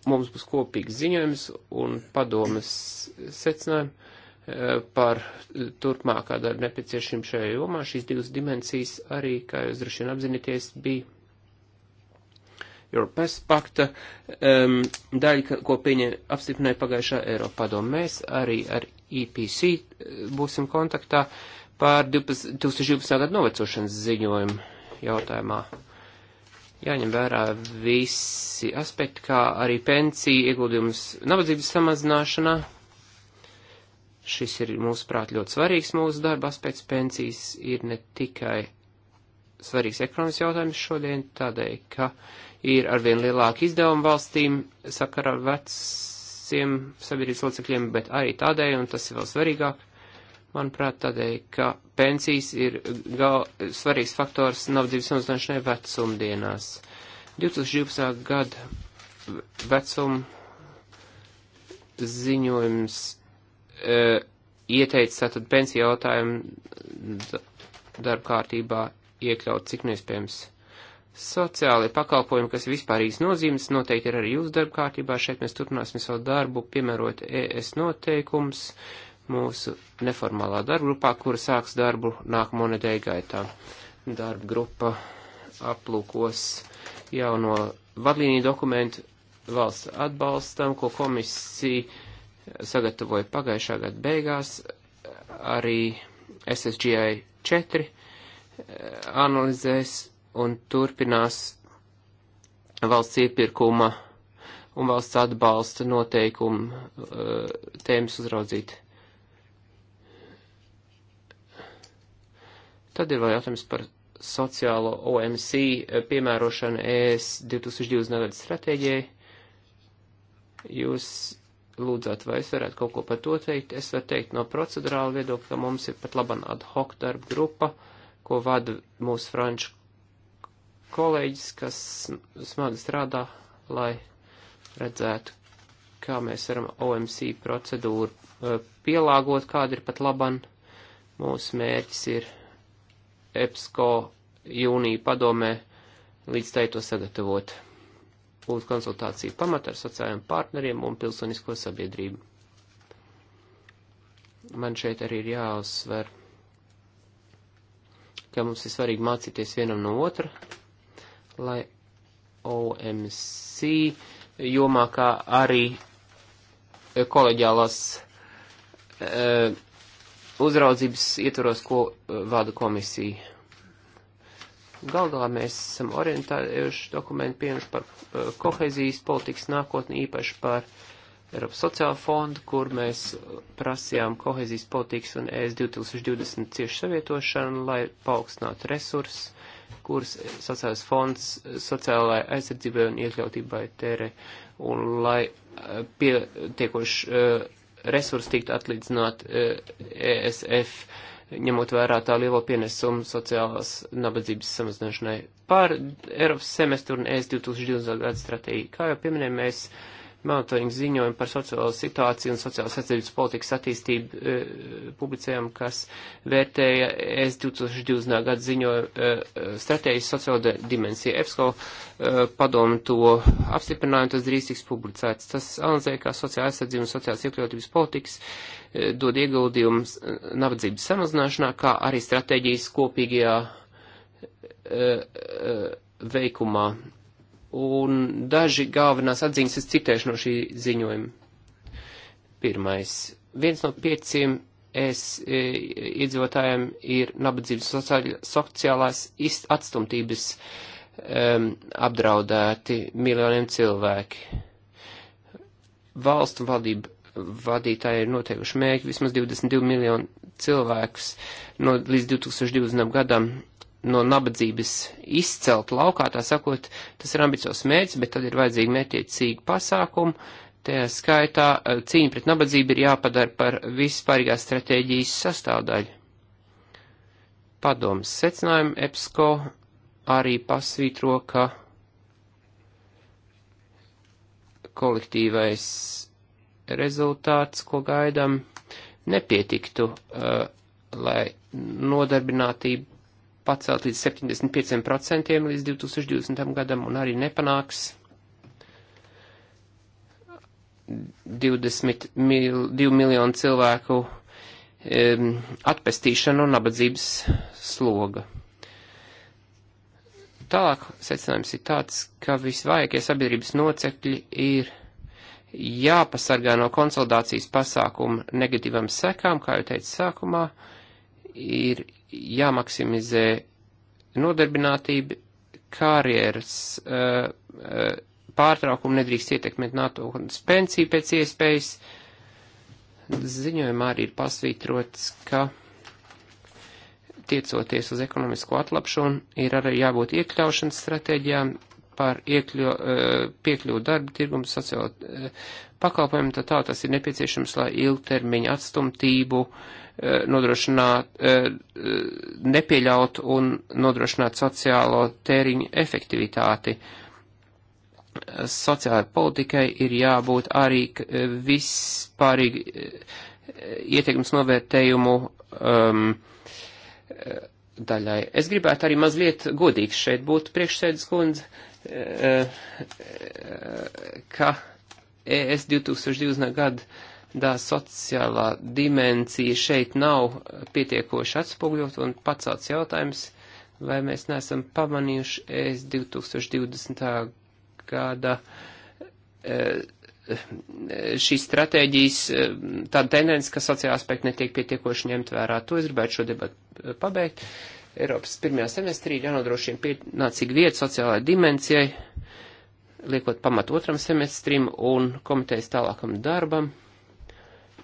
Mums būs kopīgs ziņojums un padomas secinājumi Eh, par turpmākā darba nepieciešamību šajā jomā. Šīs divas dimensijas arī, kā jūs droši vien apzināties, bija Europas pakta um, daļa, ko pieņem apstiprināja pagājušā Eiropa padomu. Mēs arī ar EPC eh, būsim kontaktā pār 2012. gadu novecošanas ziņojumu jautājumā. Jāņem vērā visi aspekti, kā arī pensija ieguldījums nabadzības samazināšanā, Šis ir, mūsuprāt, ļoti svarīgs mūsu darba aspekts. Pensijas ir ne tikai svarīgs ekonomisks jautājums šodien, tādēļ, ka ir arvien lielāka izdevuma valstīm sakarā ar veciem sabiedrības locekļiem, bet arī tādēļ, un tas ir vēl svarīgāk, manuprāt, tādēļ, ka pensijas ir gal, svarīgs faktors nabadzības samazināšanai vecumdienās. 2012. gada vecuma ziņojums E, ieteicis tātad pensiju jautājumu darba kārtībā iekļaut cik neiespējams. Nu Sociālai pakalpojumi, kas vispārīgs nozīmes, noteikti ir arī jūsu darba kārtībā. Šeit mēs turpināsim savu darbu, piemērot ES noteikums mūsu neformālā darba grupā, kura sāks darbu nākamo nedēļu gaitā. Darba grupa aplūkos jauno vadlīniju dokumentu valsts atbalstam, ko komisija sagatavoja pagājušā gada beigās arī SSGI 4 eh, analizēs un turpinās valsts iepirkuma un valsts atbalsta noteikumu eh, tēmas uzraudzīt. Tad ir vēl jautājums par sociālo OMC eh, piemērošanu ES 2020. gada stratēģijai. Jūs lūdzāt, vai es varētu kaut ko par to teikt. Es varu teikt no procedurāla viedokļa, ka mums ir pat laban ad hoc darba grupa, ko vada mūsu franču kolēģis, kas smagi strādā, lai redzētu, kā mēs varam OMC procedūru eh, pielāgot, kāda ir pat laban. Mūsu mērķis ir EPSCO jūnija padomē līdz tai to sagatavot būtu konsultācija pamata ar sociālajiem partneriem un pilsonisko sabiedrību. Man šeit arī ir jāuzsver, ka mums ir svarīgi mācīties vienam no otra, lai OMC jomā, kā arī koleģiālās e, eh, uzraudzības ietvaros, ko eh, vada komisija Gal galā mēs esam orientējuši dokumentu pieņemšu par uh, eh, kohezijas politikas nākotni, īpaši par Eiropas sociālo fondu, kur mēs prasījām kohezijas politikas un ES 2020 cieši savietošanu, lai paaugstinātu resursus, kuras sociālais fonds sociālai aizsardzībai un iekļautībai tērē, un lai uh, eh, pietiekoši uh, eh, resursi tiktu atlīdzināti ESF e ņemot vērā tā lielo pienesumu sociālās nabadzības samazināšanai. Par Eiropas semestru un e ES 2020. gadu stratēģiju, kā jau pieminēju, mēs monitoringa ziņojumu par sociālo situāciju un sociālās aizsardzības politikas attīstību e, publicējām, kas vērtēja ES 2020. gada ziņojumu e, e stratēģijas sociālo dimensiju. EPSCO e, padomu to apstiprinājumu, tas drīz tiks publicēts. Tas analizē, kā sociālā aizsardzības un sociālās iekļautības politikas e, dod ieguldījums nabadzības samazināšanā, kā arī stratēģijas kopīgajā e, e, veikumā un daži galvenās atziņas es citēšu no šī ziņojuma. Pirmais. Viens no pieciem es e, iedzīvotājiem ir nabadzības sociālās atstumtības um, apdraudēti miljoniem cilvēki. Valstu valdība vadītāji ir noteikuši mērķi vismaz 22 miljonu cilvēkus no līdz 2020. gadam no nabadzības izcelt laukā, tā sakot, tas ir ambiciozs mērķis, bet tad ir vajadzīgi mērķiecīgi pasākumi. Tajā skaitā e, cīņa pret nabadzību ir jāpadara par vispārīgās stratēģijas sastāvdaļu. Padomas secinājumu EPSCO arī pasvītro, ka kolektīvais rezultāts, ko gaidām, nepietiktu, uh, e, lai nodarbinātība pacelt līdz 75% līdz 2020. gadam un arī nepanāks 20 mil, 2 miljonu cilvēku um, atpestīšanu no nabadzības sloga. Tālāk secinājums ir tāds, ka visvājākie sabiedrības nocekļi ir jāpasargā no konsolidācijas pasākumu negatīvam sekām, kā jau teicu sākumā. Uh, ir jāmaksimizē nodarbinātība, karjeras eh, eh, pārtraukumu nedrīkst ietekmēt nākotnes pensiju pēc iespējas. Ziņojumā arī ir pasvītrots, ka tiecoties uz ekonomisko atlapšanu, ir arī jābūt iekļaušanas stratēģijām par iekļo, eh, piekļuvu darba tirgumu sociālo pakalpojumu, tad tā tas ir nepieciešams, lai ilgtermiņa atstumtību uh, Eh, nodrošināt, eh, nepieļaut un nodrošināt sociālo tēriņu efektivitāti. Sociālai politikai ir jābūt arī eh, vispārīgi ietekmes novērtējumu um, daļai. Es gribētu arī mazliet godīgs šeit būt priekšsēdus kundze, ka e ES 2020. gada da sociālā dimensija šeit nav pietiekoši atspoguļot un pacelts jautājums, vai mēs neesam pamanījuši es 2020. gada e, šīs stratēģijas e, tāda tendence, ka sociālā aspekta netiek pietiekoši ņemt vērā. To es gribētu šo debatu pabeigt. Eiropas pirmajā semestrī jānodrošina pienācīga vieta sociālajai dimensijai, liekot pamat otram semestrim un komitejas tālākam darbam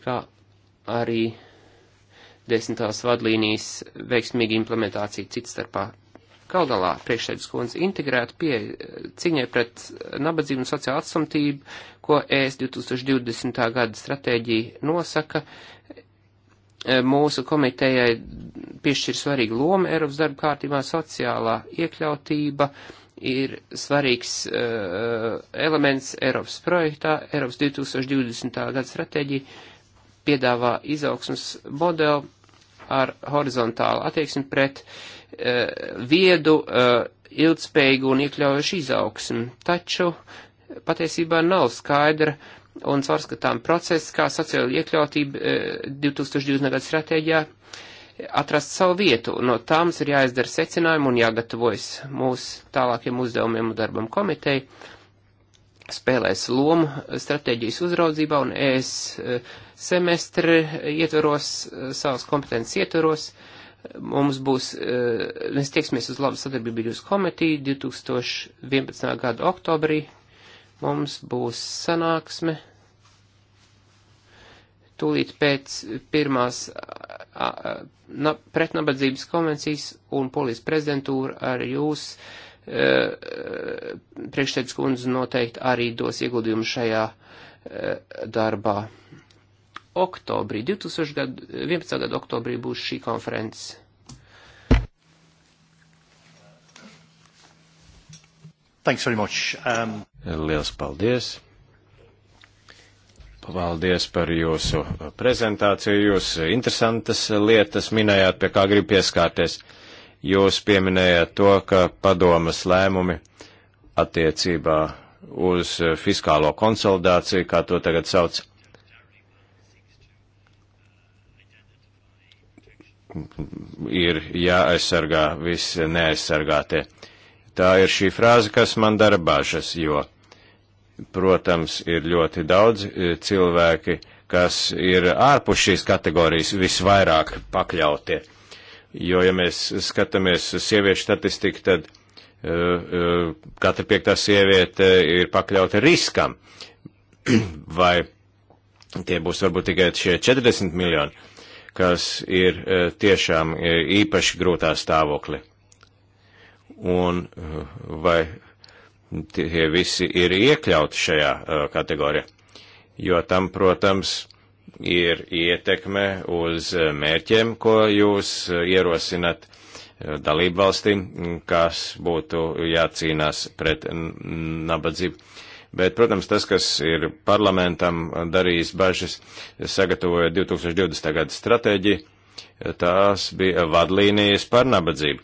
kā arī desmitās vadlīnijas veiksmīgi implementācija cits starpā. Kaudalā priekšsēdus kundze integrēta pie ciņai pret nabadzību un sociālu atsumtību, ko ES 2020. gada stratēģija nosaka. E, mūsu komitejai piešķir svarīgu lomu Eiropas darba kārtībā sociālā iekļautība ir svarīgs uh, elements Eiropas projektā, Eiropas 2020. gada stratēģija piedāvā izaugsmas modeli ar horizontālu attieksmi pret uh, viedu, uh, ilgspējīgu un iekļaujušu izaugsmu. Taču patiesībā nav skaidra un caurskatām procesa, kā sociāla iekļautība uh, eh, 2020. gada stratēģijā atrast savu vietu. No tā mums ir jāizdara secinājumi un jāgatavojas mūsu tālākiem uzdevumiem un darbam komiteju. Uh, spēlēs lomu stratēģijas uzraudzībā un es eh, semestri ietveros, eh, savas kompetences ietveros. Mums būs, eh, mēs tieksimies uz labu sadarbību jūs komitiju 2011. gada oktobrī. Mums būs sanāksme tūlīt pēc pirmās pretnabadzības konvencijas un polijas prezidentūra ar jūs uh, Eh, priekšsēdus kundze noteikti arī dos ieguldījumu šajā eh, darbā. Oktobrī, 2011. gada oktobrī būs šī konference. Thanks very much. Um... Liels paldies. Paldies par jūsu prezentāciju. Jūs interesantas lietas minējāt, pie kā grib pieskārties. Jūs pieminējāt to, ka padomas lēmumi attiecībā uz fiskālo konsolidāciju, kā to tagad sauc, ir jāaizsargā visi neaizsargātie. Tā ir šī frāze, kas man dara bažas, jo, protams, ir ļoti daudz e, cilvēki, kas ir ārpus šīs kategorijas visvairāk pakļautie jo, ja mēs skatāmies sieviešu statistiku, tad uh, katra piektā sieviete ir pakļauta riskam, vai tie būs varbūt tikai šie 40 miljoni, kas ir uh, tiešām īpaši grūtā stāvokli. Un uh, vai tie visi ir iekļauti šajā kategorijā? Jo tam, protams, ir ietekme uz mērķiem, ko jūs ierosinat dalību valstīm, kas būtu jācīnās pret nabadzību. Bet, protams, tas, kas ir parlamentam darījis bažas, sagatavoja 2020. gada stratēģiju, tās bija vadlīnijas par nabadzību,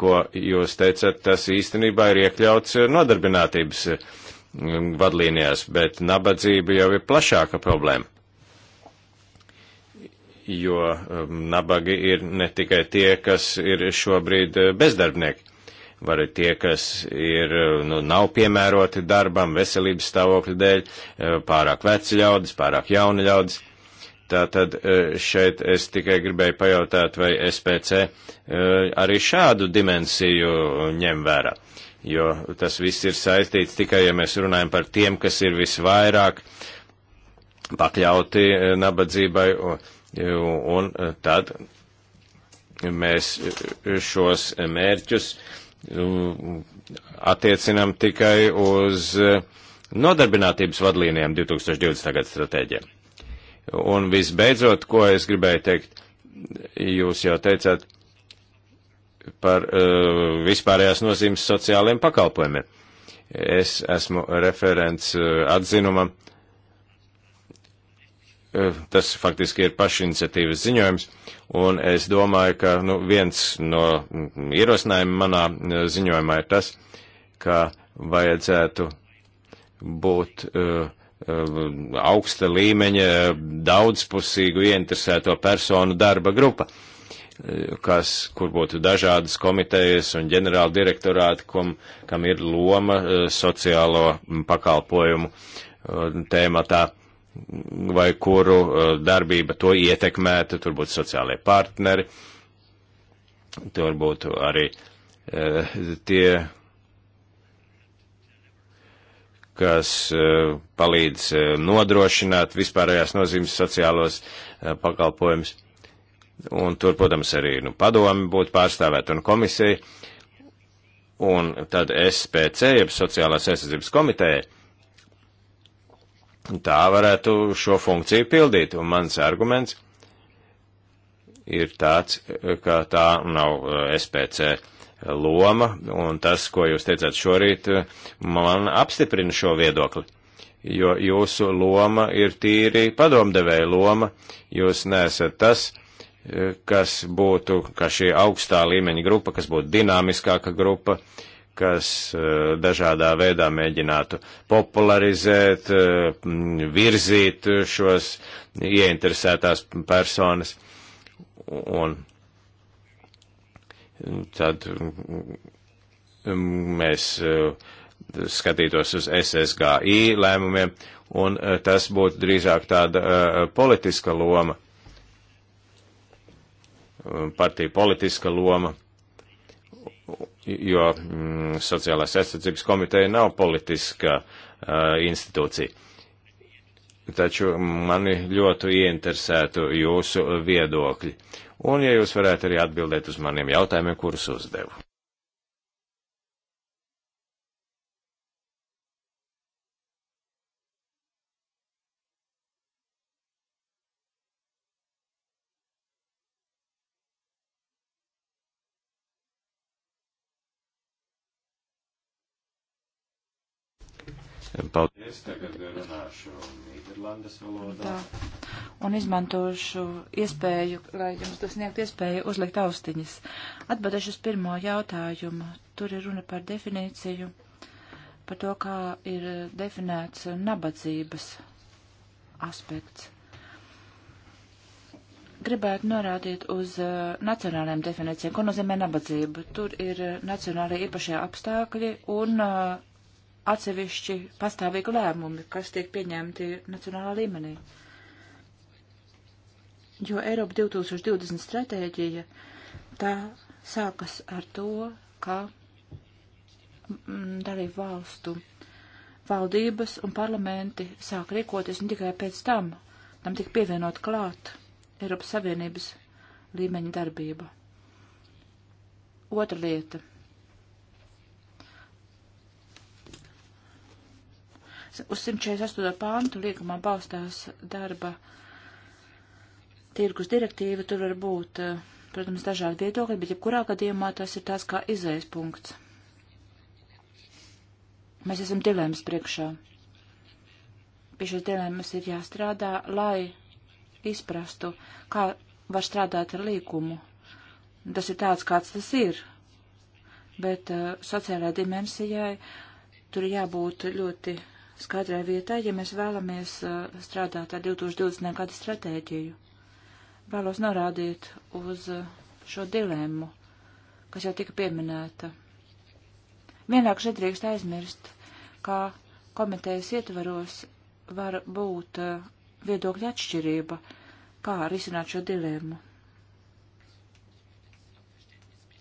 ko jūs teicat, tas īstenībā ir iekļauts nodarbinātības vadlīnijās, bet nabadzība jau ir plašāka problēma jo um, nabagi ir ne tikai tie, kas ir šobrīd uh, bezdarbnieki, var ir tie, kas ir, uh, nu, nav piemēroti darbam veselības stāvokļa dēļ, uh, pārāk veci ļaudis, pārāk jauni ļaudis. Tātad šeit es tikai gribēju pajautāt, vai SPC arī šādu dimensiju ņem vērā. Jo tas viss ir saistīts tikai, ja mēs runājam par tiem, kas ir visvairāk pakļauti nabadzībai Un e, tad mēs šos mērķus attiecinam tikai uz e, nodarbinātības vadlīnijām 2020. gada stratēģiem. Un visbeidzot, ko es gribēju teikt, jūs jau teicāt par uh, vispārējās nozīmes sociālajiem pakalpojumiem. Es esmu referents uh, atzinumam uh, E, tas faktiski ir pašiniciatīvas ziņojums, un es domāju, ka nu, viens no ierosinājumiem manā e, ziņojumā ir tas, ka vajadzētu būt uh, augsta līmeņa daudzpusīgu ieinteresēto personu darba grupa, kas, kur būtu dažādas komitejas un ģenerāla direktorāti, kom, kam ir loma sociālo pakalpojumu tēmatā vai kuru uh, darbība to ietekmētu, tur būtu sociālie partneri, tur būtu arī uh, tie, kas uh, palīdz nodrošināt vispārējās nozīmes sociālos pakalpojumus. Un tur, protams, arī nu, padomi būtu pārstāvēt un komisija. Un tad SPC, jeb sociālās aizsardzības komiteja, tā varētu šo funkciju pildīt. Un mans arguments ir tāds, ka tā nav eh, SPC loma, un tas, ko jūs teicāt šorīt, man apstiprina šo viedokli. Jo jūsu loma ir tīri padomdevēja loma, jūs nesat tas, eh, kas būtu, ka šī augstā līmeņa grupa, kas būtu dinamiskāka grupa, uh, kas eh, dažādā veidā mēģinātu popularizēt, eh, virzīt šos ieinteresētās personas. Un tad mēs eh, skatītos uz SSGI lēmumiem, un tas būtu drīzāk tāda politiska loma, partija politiska loma jo mm, sociālās aizsardzības komiteja nav politiska uh, institūcija. Taču mani ļoti ieinteresētu jūsu viedokļi. Un ja jūs varētu arī atbildēt uz maniem jautājumiem, kurus uzdevu. Paldies, tagad runāšu Nīderlandes valodā. Tā. Un izmantošu iespēju, lai jums tas sniegt iespēju uzlikt austiņas. Atbildēšu uz pirmo jautājumu. Tur ir runa par definīciju, par to, kā ir definēts nabadzības aspekts. Gribētu norādīt uz uh, nacionālajiem definīcijiem, ko nozīmē nabadzība. Tur ir uh, nacionālie īpašie apstākļi un uh, atsevišķi pastāvīgi lēmumi, kas tiek pieņemti nacionālā līmenī. Jo Eiropa 2020 stratēģija tā sākas ar to, ka mm, dalību valstu valdības un parlamenti sāk rīkoties un tikai pēc tam tam tika pievienot klāt Eiropas Savienības līmeņa darbība. Otra lieta uz 148. pāntu liekumā balstās darba tirgus direktīva, tur var būt, eh, protams, dažādi viedokļi, bet jebkurā gadījumā tas ir tās kā izējas punkts. Mēs esam dilemmas priekšā. Pie šīs dilemmas ir jāstrādā, lai izprastu, kā var strādāt ar līkumu. Tas ir tāds, kāds tas ir. Bet uh, sociālajai dimensijai tur jābūt ļoti skaidrai vietai, ja mēs vēlamies uh, strādāt ar 2020. gada stratēģiju. Vēlos norādīt uz uh, šo dilemmu, kas jau tika pieminēta. Vienlāk šeit drīkst aizmirst, kā komitejas ietvaros var būt uh, viedokļa atšķirība, kā risināt šo dilemmu.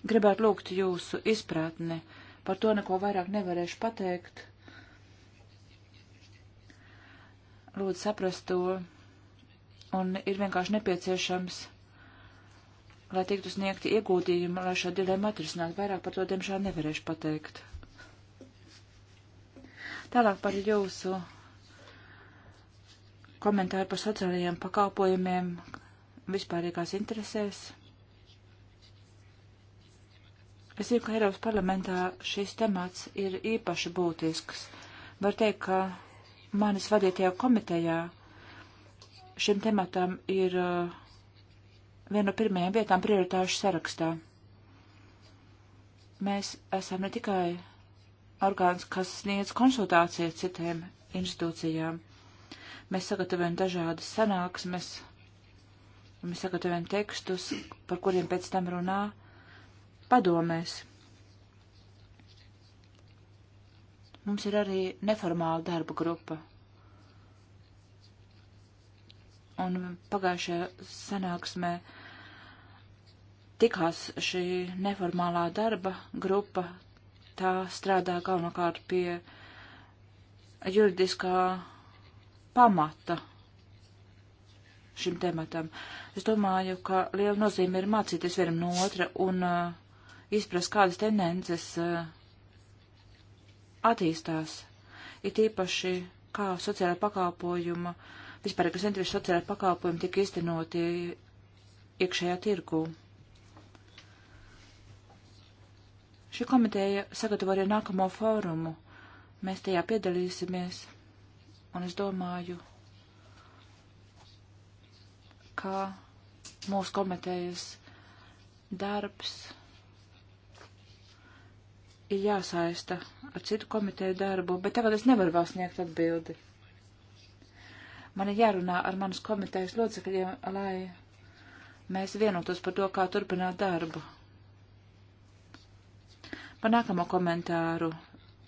Gribētu lūgt jūsu izpratni, par to neko vairāk nevarēšu pateikt lūdzu saprast to, un ir vienkārši nepieciešams, lai tiktu sniegti iegūtījumi, lai šo dilemmu atrisināt. Vairāk par to, diemžēl, nevarēšu pateikt. Tālāk par jūsu komentāru par sociālajiem pakalpojumiem vispārīgās interesēs. Es zinu, ka Eiropas parlamentā šis temats ir īpaši būtisks. Var teikt, ka manis vadītajā komitejā šim tematam ir uh, viena no pirmajām vietām prioritāšu sarakstā. Mēs esam ne tikai orgāns, kas sniedz konsultācijas citiem institūcijām. Mēs sagatavojam dažādas sanāksmes, mēs sagatavojam tekstus, par kuriem pēc tam runā padomēs. Mums ir arī neformāla darba grupa. Un pagājušajā sanāksmē tikās šī neformālā darba grupa. Tā strādā galvenokārt pie juridiskā pamata šim tematam. Es domāju, ka liela nozīme ir mācīties vienam no otra un uh, izprast, kādas tendences uh, attīstās, it īpaši kā sociāla pakalpojuma, vispār, kas centrieši sociāla pakalpojuma tika iztenoti iekšējā tirgū. Šī komiteja sagatavo arī nākamo fórumu. Mēs tajā piedalīsimies, un es domāju, kā mūsu komitejas darbs ir jāsaista ar citu komiteju darbu, bet tagad es nevaru vēl sniegt atbildi. Man ir jārunā ar manas komitejas locekļiem, lai mēs vienotos par to, kā turpināt darbu. Par nākamo komentāru.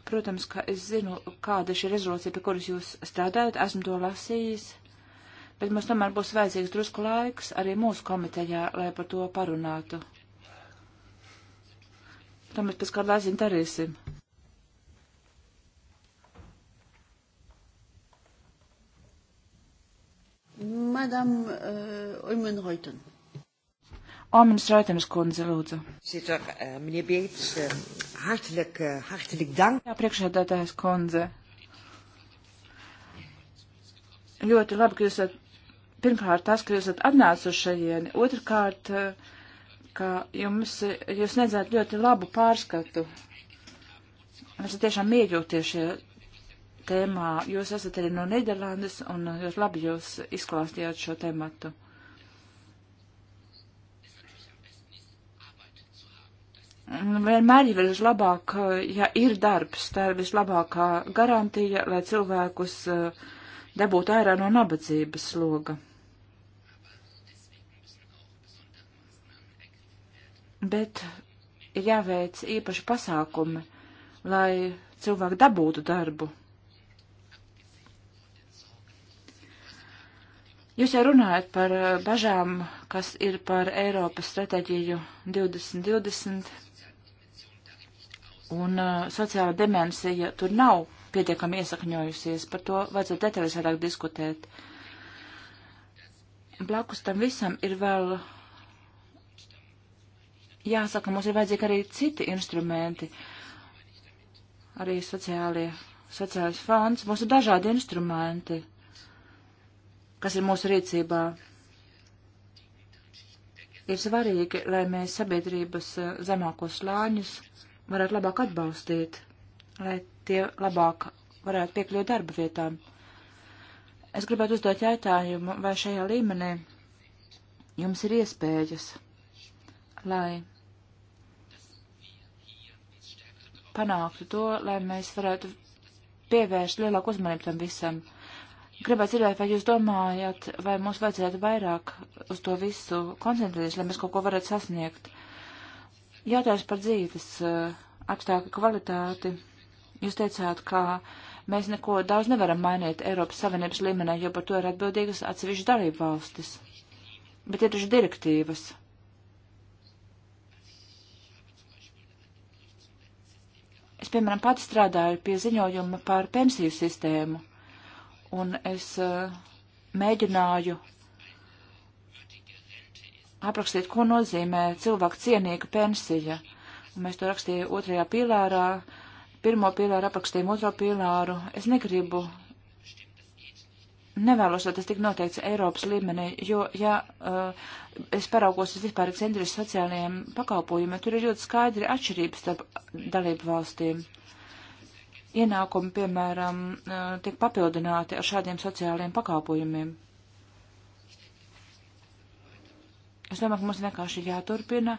Protams, ka es zinu, kāda šī rezolūcija, pie kuras jūs strādājat, esmu to lasījis, bet mums tomēr būs vajadzīgs drusku laiks arī mūsu komitejā, lai par to parunātu. Tā mēs pēc kāda laika darīsim. Madam uh, eh, Oimen Reuten. Oimen Reutenes kundze, lūdzu. Sitor, er, uh, eh, meneer Beets, uh, hartelijk, uh, hartelijk dank. Jā, priekšsēdētājs kundze. Ļoti labi, ka jūs esat, pirmkārt, tas, ka jūs esat atnācuši šajien. Otrkārt, uh, ka jums, jūs nedzētu ļoti labu pārskatu. Mēs tiešām iejūties šajā tēmā. Jūs esat arī no Nīderlandes un jūs labi jūs izklāstījāt šo tēmatu. Vienmēr ir vislabāk, ja ir darbs, tā ir vislabākā garantija, lai cilvēkus eh, dabūtu ārā no nabadzības sloga. bet ir jāveic īpaši pasākumi, lai cilvēki dabūtu darbu. Jūs jau runājat par bažām, kas ir par Eiropas stratēģiju 2020, un uh, sociāla dimensija tur nav pietiekami iesakņojusies, par to vajadzētu detalizētāk diskutēt. Blakus tam visam ir vēl jāsaka, mums ir vajadzīgi arī citi instrumenti, arī sociālie, sociālais fonds. Mums ir dažādi instrumenti, kas ir mūsu rīcībā. Ir svarīgi, lai mēs sabiedrības eh, zemākos slāņus varētu labāk atbalstīt, lai tie labāk varētu piekļūt darba vietām. Es gribētu uzdot jautājumu, vai šajā līmenī jums ir iespējas lai panāktu to, lai mēs varētu pievērst lielāku uzmanību tam visam. Gribētu dzirdēt, vai jūs domājat, vai mums vajadzētu vairāk uz to visu koncentrēties, lai mēs kaut ko varētu sasniegt. Jautājums par dzīves eh, apstākļu kvalitāti. Jūs teicāt, ka mēs neko daudz nevaram mainīt Eiropas Savienības līmenī, jo par to ir atbildīgas atsevišķas dalību valstis. Bet ir taču direktīvas. Es, piemēram, pati strādāju pie ziņojuma par pensiju sistēmu, un es uh, mēģināju aprakstīt, ko nozīmē cilvēku cienīga pensija. Un mēs to rakstījām otrajā pīlārā, pirmo pīlāru aprakstījām otro pīlāru. Es negribu nevēlos, lai tas tik noteikts Eiropas līmenī, jo, ja uh, es paraugos uz vispārīgs interesi sociālajiem pakalpojumiem, tur ir ļoti skaidri atšķirības starp dalību valstīm. Ienākumi, piemēram, uh, tiek papildināti ar šādiem sociālajiem pakalpojumiem. Es domāju, ka mums vienkārši jāturpina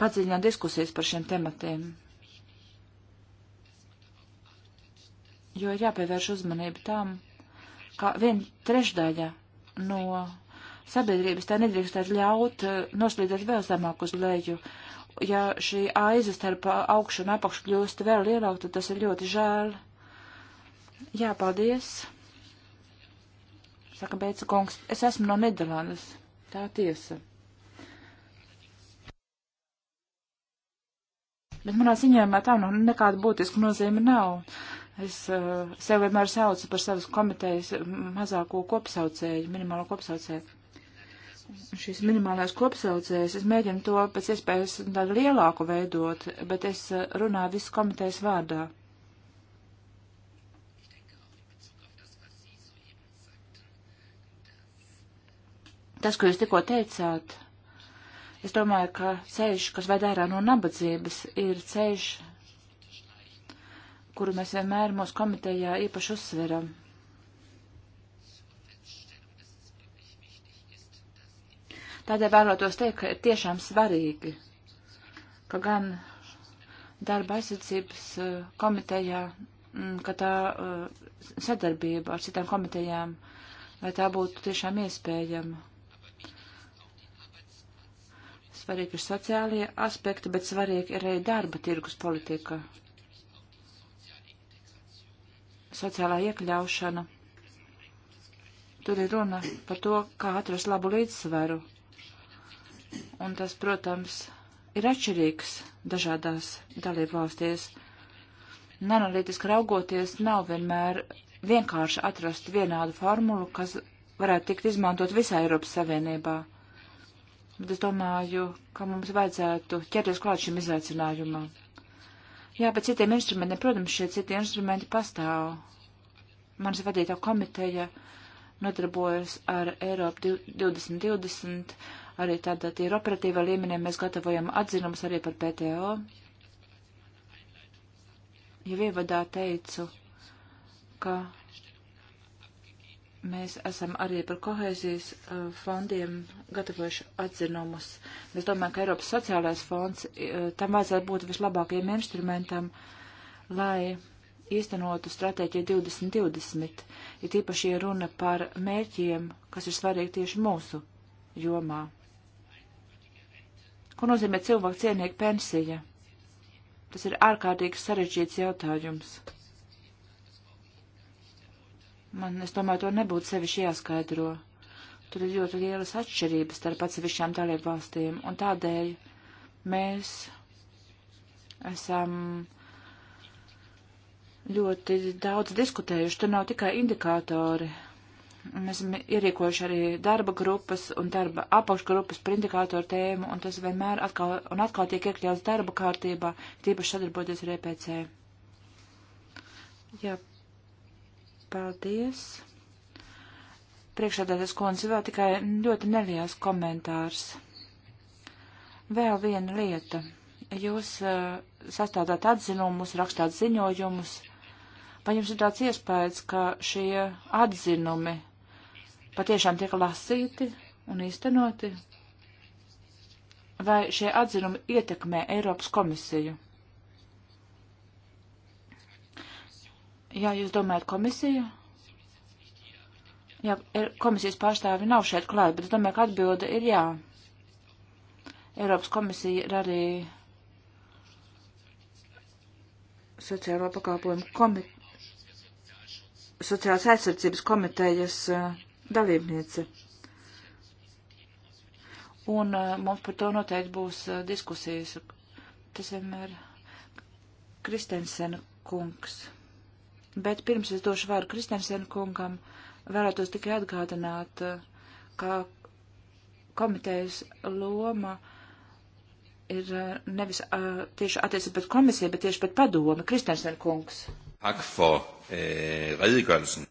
padziļināt diskusijas par šiem tematiem. jo ir jāpievērš uzmanība tam, ka viena trešdaļa no sabiedrības tā nedrīkstētu ļaut eh, noslīdēt vēl zemāk uz leju. Ja šī aiza starp augšu un apakšu kļūst vēl lielāka, tad tas ir ļoti žēl. Jā, paldies. Saka Beica kungs, es esmu no Nederlandes. Tā tiesa. Bet manā ziņojumā tam nu nekāda būtiska nozīme nav. Es uh, sev vienmēr saucu par savas komitejas mazāko kopsaucēju, minimālo kopsaucēju. Šis minimālais kopsaucējs, es mēģinu to pēc iespējas tādu lielāku veidot, bet es eh, runāju visu komitejas vārdā. Tas, ko jūs tikko teicāt, es domāju, ka ceļš, kas ved ārā no nabadzības, ir ceļš kuru mēs vienmēr mūsu komitejā īpaši uzsveram. Tādēļ vēlētos teikt, ka ir tiešām svarīgi, ka gan darba aizsardzības eh, komitejā, mm, ka tā eh, sadarbība ar citām komitejām, lai tā būtu tiešām iespējama. Svarīgi ir sociālie aspekti, bet svarīgi ir arī darba tirgus politika sociālā iekļaušana. Tur ir runa par to, kā atrast labu līdzsvaru. Un tas, protams, ir atšķirīgs dažādās dalību valstīs. Un analītiski raugoties, nav vienmēr vienkārši atrast vienādu formulu, kas varētu tikt izmantot visā Eiropas Savienībā. Bet es domāju, ka mums vajadzētu ķerties klāt šim izaicinājumam. Jā, bet citiem instrumentiem, protams, šie citi instrumenti pastāv. Manas vadītā komiteja nodarbojas ar Eiropu 2020, arī tādā ir operatīvā līmenī, mēs gatavojam atzinumus arī par PTO. Jau ievadā teicu, ka Mēs esam arī par kohēzijas uh, fondiem gatavojuši atzinumus. Mēs domājam, ka Eiropas sociālais fonds uh, tam vajadzētu būt vislabākajiem instrumentam, lai īstenotu stratēģiju 2020, ir ja tīpaši runa par mērķiem, kas ir svarīgi tieši mūsu jomā. Ko nozīmē cilvēku cienīga pensija? Tas ir ārkārtīgi sarežģīts jautājums. Man, es domāju, to nebūtu sevišķi jāskaidro. Tur ir ļoti lielas atšķirības starp atsevišķām dalību valstīm, un tādēļ mēs esam ļoti daudz diskutējuši. Tur nav tikai indikātori. Mēs esam ierīkojuši arī darba grupas un darba apakšgrupas par indikātoru tēmu, un tas vienmēr atkal un atkal tiek iekļauts darba kārtībā, tīpaši sadarboties ar EPC. Jā, Paldies. Priekšādātais kundze vēl tikai ļoti neliels komentārs. Vēl viena lieta. Jūs uh, sastādāt atzinumus, rakstāt ziņojumus. Vai jums ir tāds iespējas, ka šie atzinumi patiešām tiek lasīti un īstenoti? Vai šie atzinumi ietekmē Eiropas komisiju? Jā, jūs domājat komisiju? Jā, ir, er, komisijas pārstāvi nav šeit klāt, bet es domāju, ka atbilde ir jā. Eiropas komisija ir arī sociālo pakalpojumu komite, sociālās aizsardzības komitejas uh, dalībniece. Un uh, mums par to noteikti būs uh, diskusijas. Tas vienmēr Kristensena kungs. Bet pirms es došu vārdu Kristensen kungam, vēlētos tikai atgādināt, ka komitejas loma ir eh, nevis uh, tieši attiecībā pret komisiju, bet tieši pret padomi. Kristensen kungs. Tak for eh, redegørelsen.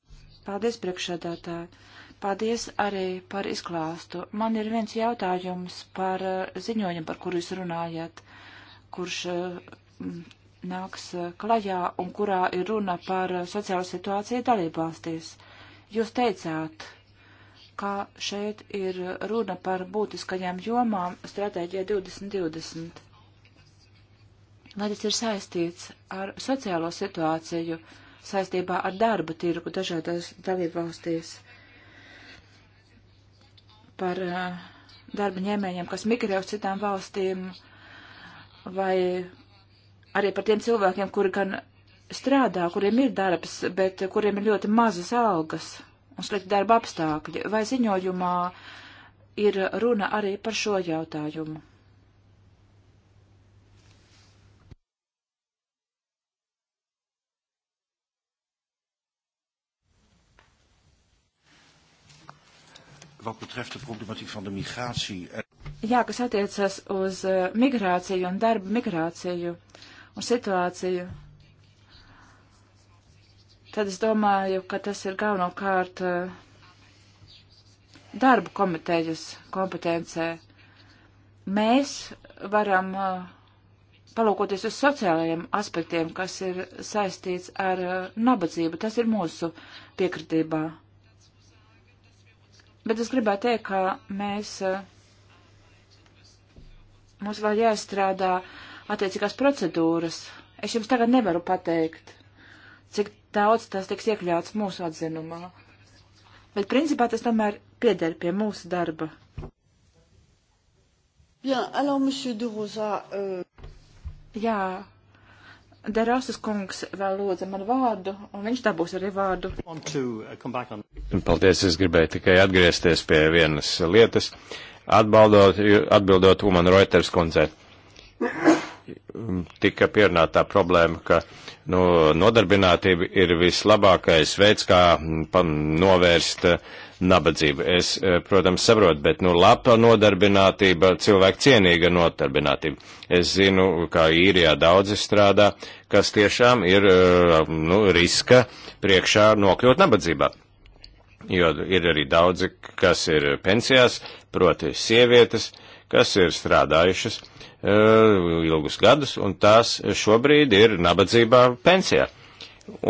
Paldies, priekšsēdētāji. Paldies arī par izklāstu. Man ir viens jautājums par uh, ziņojumu, par kuru jūs runājat, kurš uh, nāks eh, klajā un kurā ir runa par eh, sociālo situāciju dalībvalstīs. Jūs teicāt, ka šeit ir runa par būtiskajām jomām stratēģijā 2020. Vai tas ir saistīts ar sociālo situāciju saistībā ar darba tirgu dažādās dalībvalstīs? Par eh, darba ņēmējiem, kas migrē uz citām valstīm, vai arī par tiem cilvēkiem, kuri gan strādā, kuriem ir darbs, bet kuriem ir ļoti mazas algas un slikti darba apstākļi, vai ziņojumā ir runa arī par šo jautājumu? Wat betreft de problematiek van de migratie. Er- Jā, kas attiecas uz eh, migrāciju un darba migrāciju. Uh, un situāciju, tad es domāju, ka tas ir galvenokārt eh, darba komitejas kompetencē. Mēs varam eh, palūkoties uz sociālajiem aspektiem, kas ir saistīts ar eh, nabadzību. Tas ir mūsu piekritībā. Bet es gribētu teikt, ka mēs, mums vēl jāstrādā uh, attiecīgās procedūras. Es jums tagad nevaru pateikt, cik daudz tas tiks iekļauts mūsu atzinumā. Bet principā tas tomēr pieder pie mūsu darba. Bien, alors, monsieur de Rosa. Euh... Jā, Derosas kungs vēl lūdza man vārdu, un viņš dabūs arī vārdu. Uh, Paldies, es gribēju tikai atgriezties pie vienas lietas, atbildot, atbildot Uman Reuters kundzei. Mm, tika pierunātā problēma, ka nu, nodarbinātība ir vislabākais veids, kā mm, novērst eh, nabadzību. Es, eh, protams, saprotu, bet nu, laba nodarbinātība, cilvēku cienīga nodarbinātība. Es zinu, kā īrijā daudzi strādā, kas tiešām ir eh, nu, riska priekšā nokļūt nabadzībā. Jo ir arī daudzi, kas ir pensijās, proti sievietes, kas ir strādājušas Eh, ilgus gadus, un tās šobrīd ir nabadzībā pensijā.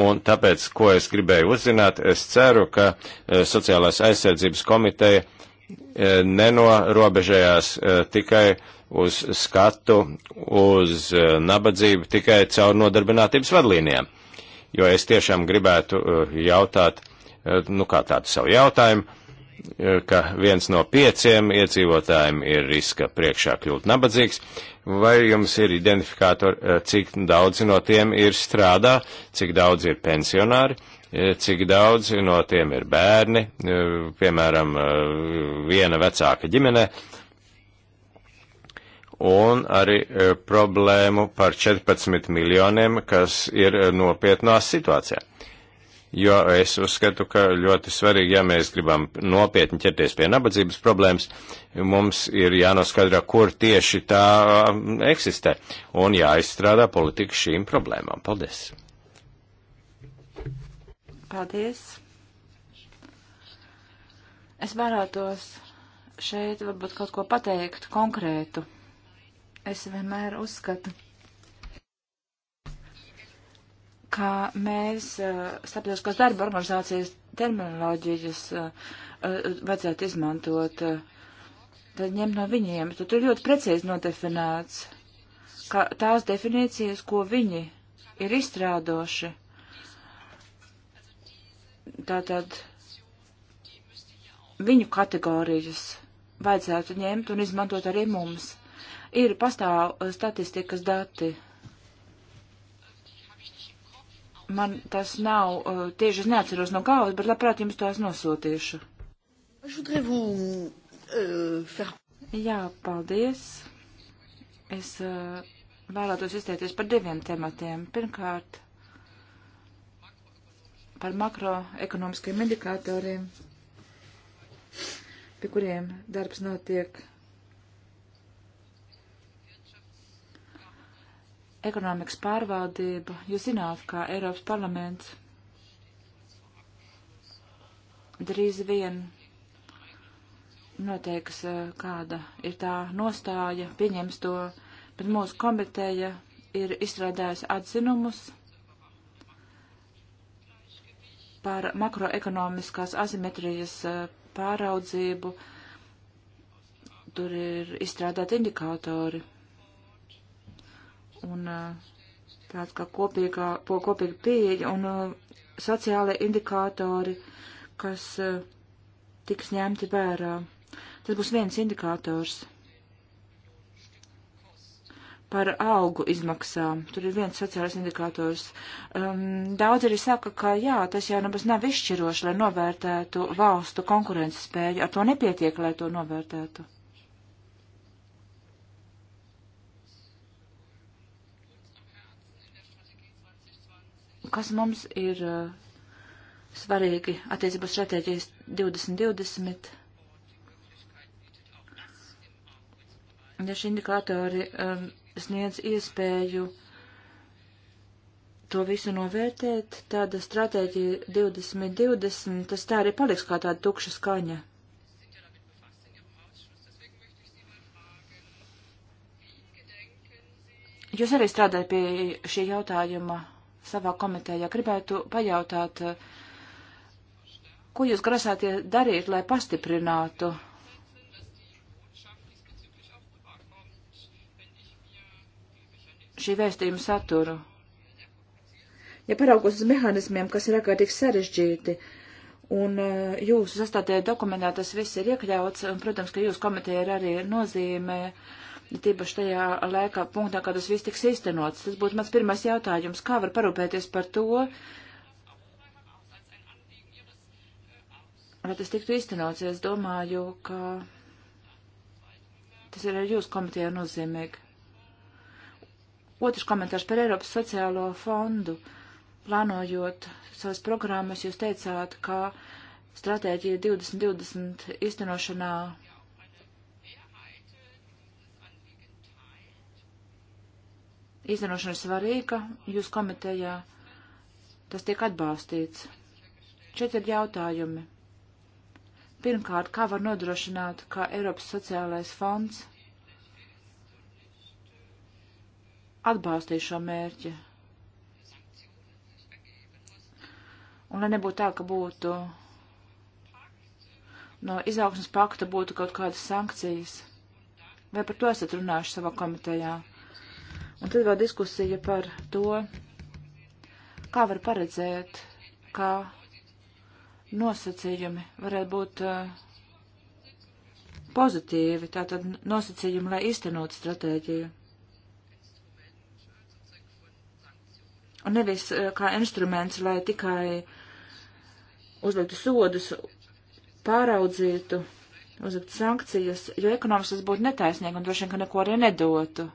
Un tāpēc, ko es gribēju uzzināt, es ceru, ka eh, Sociālās aizsardzības komiteja eh, nenorobežējās tikai uz skatu, uz nabadzību tikai caur nodarbinātības vadlīnijām. Jo es tiešām gribētu jautāt, nu kā tādu savu jautājumu, ka viens no pieciem iedzīvotājiem ir riska priekšā kļūt nabadzīgs, vai jums ir identifikātori, eh, cik daudzi no tiem ir strādā, cik daudzi ir pensionāri, eh, cik daudzi no tiem ir bērni, eh, piemēram, viena vecāka ģimene, un arī problēmu par 14 miljoniem, kas ir nopietnās situācijā jo es uzskatu, ka ļoti svarīgi, ja mēs gribam nopietni ķerties pie nabadzības problēmas, mums ir jānoskaidro, kur tieši tā um, eksistē un jāizstrādā politika šīm problēmām. Paldies! Paldies! Es vēlētos šeit varbūt kaut ko pateikt konkrētu. Es vienmēr uzskatu, ka mēs eh, starptautiskās darba organizācijas terminoloģijas eh, eh, vajadzētu izmantot, tad ņemt no viņiem. Tad tur ļoti precīzi nodefinēts, ka tās definīcijas, ko viņi ir izstrādoši, tātad viņu kategorijas vajadzētu ņemt un izmantot arī mums. Ir pastāv statistikas dati Man tas nav, uh, tieši es neatceros no galvas, bet labprāt jums tās nosūtīšu. Euh, Jā, paldies. Es uh, vēlētos izteikties par diviem tematiem. Pirmkārt, par makroekonomiskiem indikatoriem, pie kuriem darbs notiek ekonomikas pārvaldība, jūs zināt, kā Eiropas parlaments drīz vien noteiks, eh, kāda ir tā nostāja, pieņems to, bet mūsu komiteja ir izstrādājusi atzinumus par makroekonomiskās asimetrijas eh, pāraudzību. Tur ir izstrādāti indikātori un eh, tāds kā kopīgā, po, kopīga pieeja un eh, sociālai indikātori, kas eh, tiks ņemti vērā. Tas būs viens indikators par algu izmaksām. Tur ir viens sociālais indikators. Um, daudz arī saka, ka jā, tas jau nebūs nav izšķiroši, lai novērtētu valstu konkurences spēju. Ar to nepietiek, lai to novērtētu. kas mums ir eh, svarīgi attiecībā stratēģijas 2020. Ja šie indikātori um, sniedz iespēju to visu novērtēt, tāda stratēģija 2020, tas tā arī paliks kā tāda tukša skaņa. Jūs arī strādājat pie šī jautājuma savā komitējā. Gribētu pajautāt, ko jūs grasāties darīt, lai pastiprinātu šī vēstījuma saturu. Ja paraugos uz mehānismiem, kas ir ārkārtīgi sarežģīti, un e, jūsu sastādē dokumentā tas viss ir iekļauts, un, protams, ka jūs komiteja ir arī nozīmē, uh, tīpaši tajā laikā punktā, kad tas viss tiks īstenots. Tas būtu mans pirmais jautājums. Kā var parūpēties par to, lai tas tiktu īstenots? Es domāju, ka tas ir arī jūsu komitejā nozīmīgi. Otrs komentārs par Eiropas sociālo fondu. Plānojot savas programmas, jūs teicāt, ka stratēģija 2020 īstenošanā īstenošana ir svarīga, jūs komitejā tas tiek atbalstīts. Šeit ir jautājumi. Pirmkārt, kā var nodrošināt, ka Eiropas sociālais fonds atbalstīs šo mērķi? Un lai nebūtu tā, ka būtu no izaugsmas pakta būtu kaut kādas sankcijas. Vai par to esat runājuši savā komitejā? Un tad vēl diskusija par to, kā var paredzēt, kā nosacījumi varētu būt uh, pozitīvi, tātad nosacījumi, lai iztenot stratēģiju. Un nevis uh, kā instruments, lai tikai uzliktu sodus, pāraudzītu, uzliktu sankcijas, jo ekonomiski tas būtu netaisnīgi un droši vien, ka neko arī nedotu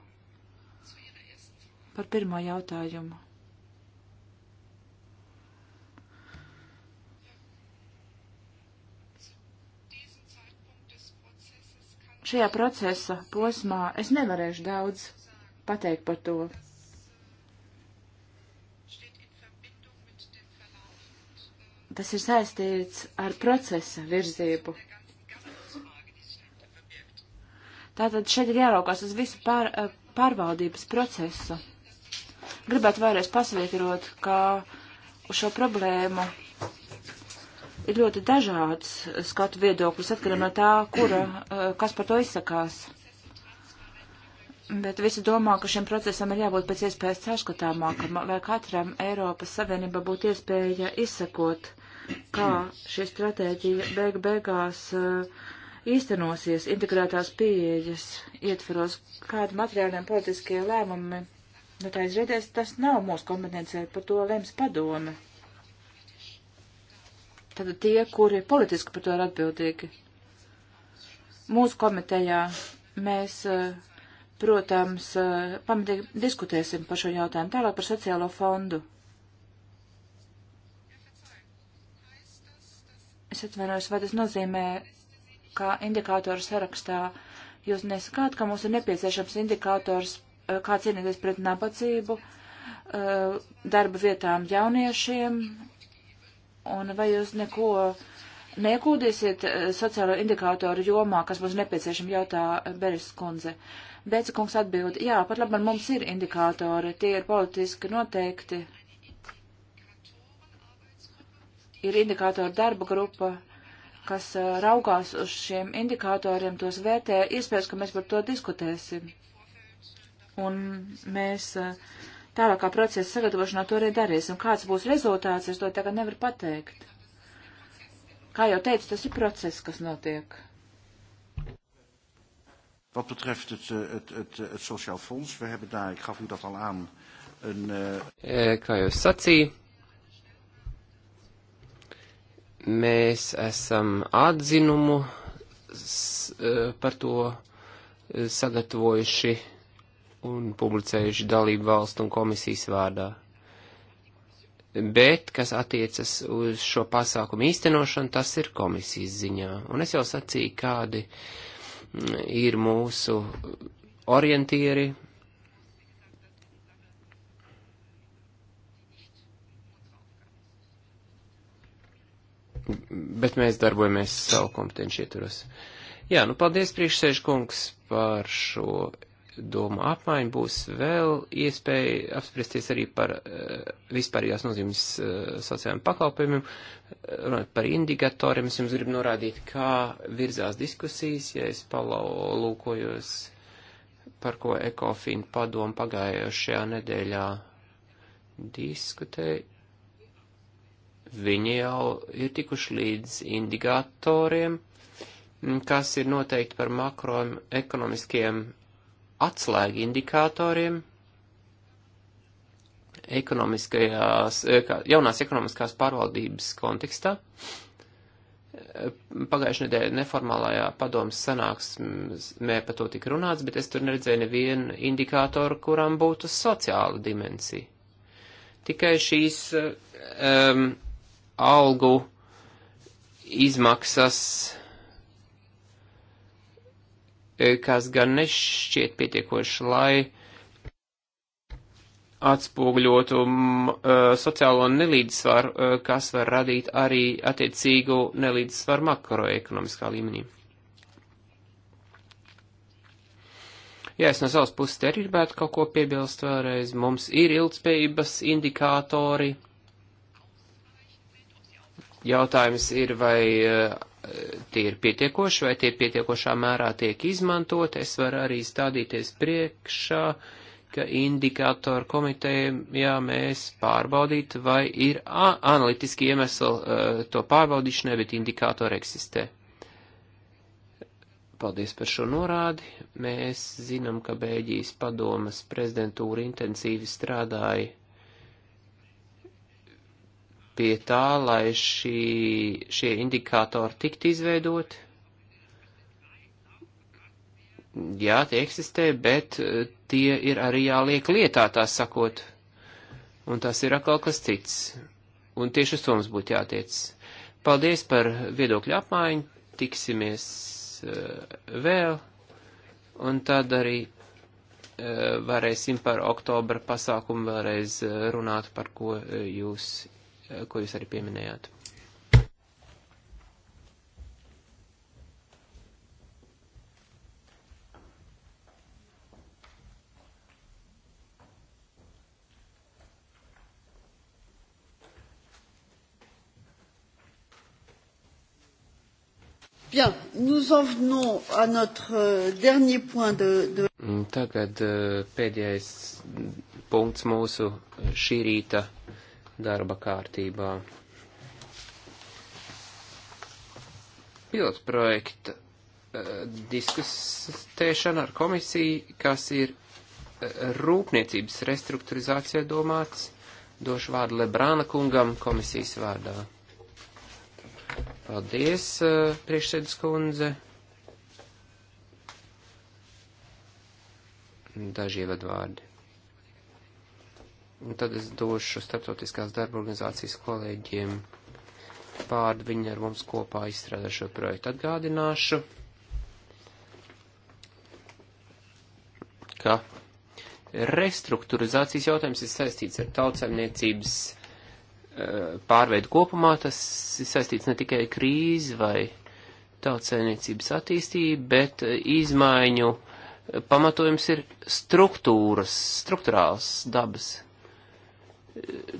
par pirmo jautājumu. Šajā procesa posmā es nevarēšu daudz pateikt par to. Tas ir saistīts ar procesa virzību. Tātad šeit ir jāraukās uz visu pār, eh, pārvaldības procesu gribētu vēlreiz pasvītrot, ka uz šo problēmu ir ļoti dažāds skatu viedoklis, atkarībā no tā, kura, eh, kas par to izsakās. Bet visi domā, ka šim procesam ir jābūt pēc iespējas caurskatāmākam, lai katram Eiropas Savienība būtu iespēja izsekot, kā šī stratēģija beig beigās eh, īstenosies integrētās pieejas ietveros, kādi materiāliem politiskie lēmumi Nu, tā izredzēs, tas nav mūsu kompetencija, par to lems padome. Tad tie, kuri politiski par to ir atbildīgi. Mūsu komitejā mēs, eh, protams, eh, pamatīgi diskutēsim par šo jautājumu tālāk par sociālo fondu. Es atvainojos, vai tas nozīmē, ka indikātoru sarakstā jūs nesakāt, ka mums ir nepieciešams indikātors Eh, kā cīnīties pret nabadzību eh, darba vietām jauniešiem, un vai jūs neko nekūdīsiet eh, sociālo indikātoru jomā, kas būs nepieciešama, jautā Beris kundze. Beca kungs atbild, jā, pat labi, mums ir indikātori, tie ir politiski noteikti. Ir indikātori darba grupa, kas raugās uz šiem indikātoriem, tos vērtē, iespējams, ka mēs par to diskutēsim un mēs tālākā procesa sagatavošanā to arī darīsim. Kāds būs rezultāts, es to tagad nevaru pateikt. Kā jau teicu, tas ir process, kas notiek. Wat betreft het, eh, het, het, eh, het Sociaal Fonds, we hebben daar, ik gaf u dat al aan, een... Uh... Kā jau sacīju, mēs esam atzinumu par to sagatavojuši un publicējuši dalību valstu un komisijas vārdā. Bet, kas attiecas uz šo pasākumu īstenošanu, tas ir komisijas ziņā. Un es jau sacīju, kādi mm, ir mūsu orientieri. Bet mēs darbojamies savu kompetenci ietvaros. Jā, nu paldies priekšsēžu kungs par šo domu apmaiņu būs vēl iespēja apspriesties arī par uh, eh, vispārējās nozīmes uh, sociālajiem pakalpojumiem, runāt par indikatoriem. Es jums gribu norādīt, kā virzās diskusijas, ja es palūkojos, par ko Ekofin padomu pagājušajā nedēļā diskutēja. Viņi jau ir tikuši līdz indikatoriem, kas ir noteikti par makroekonomiskiem atslēgu indikatoriem ekonomiskajās, jaunās ekonomiskās pārvaldības kontekstā. Pagājušajā nedēļā neformālajā padomas sanāksmē par to tika runāts, bet es tur neredzēju nevienu indikātoru, kuram būtu sociāla dimensija. Tikai šīs um, algu izmaksas uh, Eh, kas gan nešķiet pietiekoši, lai atspūgļotu mm, eh, sociālo nelīdzsvaru, eh, kas var radīt arī attiecīgu nelīdzsvaru makroekonomiskā līmenī. Jā, es no savas puses arī gribētu kaut ko piebilst vēlreiz. Mums ir ilgspējības indikātori. Jautājums ir, vai tie ir pietiekoši, vai tie pietiekošā mērā tiek izmantot. Es varu arī stādīties priekšā, ka indikātoru komitejā mēs pārbaudīt, vai ir analītiski iemesli eh, to pārbaudīšanai, bet indikātori eksistē. Paldies par šo norādi. Mēs zinām, ka Bēļģijas padomas prezidentūra intensīvi strādāja pie tā, lai šī, šie indikātori tiktu izveidoti. Jā, tie eksistē, bet eh, tie ir arī jāliek lietā, tā sakot. Un tas ir atkal kas cits. Un tieši uz to mums būtu jātiec. Paldies par viedokļu apmaiņu, tiksimies uh, vēl, un tad arī eh, varēsim par oktobra pasākumu vēlreiz runāt, par ko jūs ko jūs arī pieminējāt. Bien, nous en venons à notre euh, dernier point de. de... Tagad euh, pēdējais mm, punkts mūsu šī rīta darba kārtībā. Pilotprojekta uh, eh, diskusēšana ar komisiju, kas ir uh, rūpniecības restruktūrizācija domāts, došu vārdu Lebrāna kungam komisijas vārdā. Paldies, uh, priekšsēdus kundze. Daži ievadvārdi. Un tad es došu starptautiskās darba organizācijas kolēģiem pārdu viņi ar mums kopā izstrādā šo projektu. Atgādināšu, ka restruktūrizācijas jautājums ir saistīts ar tautsēmniecības eh, pārveidu kopumā. Tas ir saistīts ne tikai krīzi vai tautsēmniecības attīstību, bet eh, izmaiņu eh, pamatojums ir struktūras, struktūrāls dabas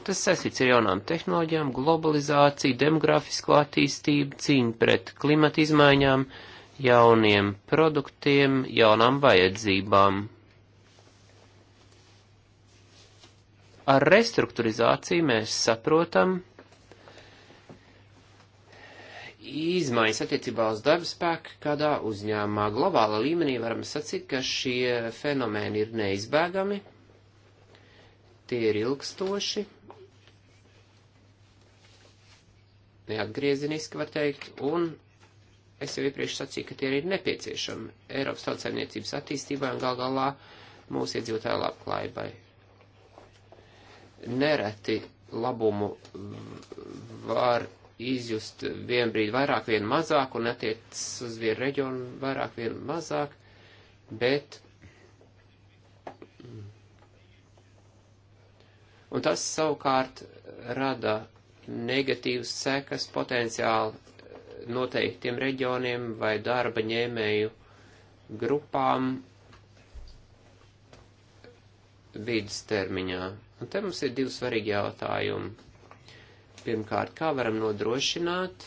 Tas saistīts ar jaunām tehnoloģijām, globalizāciju, demografisko attīstību, cīņu pret klimata izmaiņām, jauniem produktiem, jaunām vajadzībām. Ar restruktūrizāciju mēs saprotam izmaiņas attiecībā uz darba spēku kādā uzņēmumā. Globāla līmenī varam sacīt, ka šie fenomēni ir neizbēgami, tie ir ilgstoši, neatgriezeniski, var teikt, un es jau iepriekš sacīju, ka tie ir nepieciešami Eiropas tautsēmniecības attīstībai un gal galā mūsu iedzīvotāju labklājībai. Nereti labumu var izjust vienbrīd vairāk, vien mazāk, un attiecas uz vienu reģionu vairāk, vien mazāk, bet Un tas savukārt rada negatīvas sekas potenciāli noteiktiem reģioniem vai darba ņēmēju grupām vidas termiņā. Un te mums ir divi svarīgi jautājumi. Pirmkārt, kā varam nodrošināt,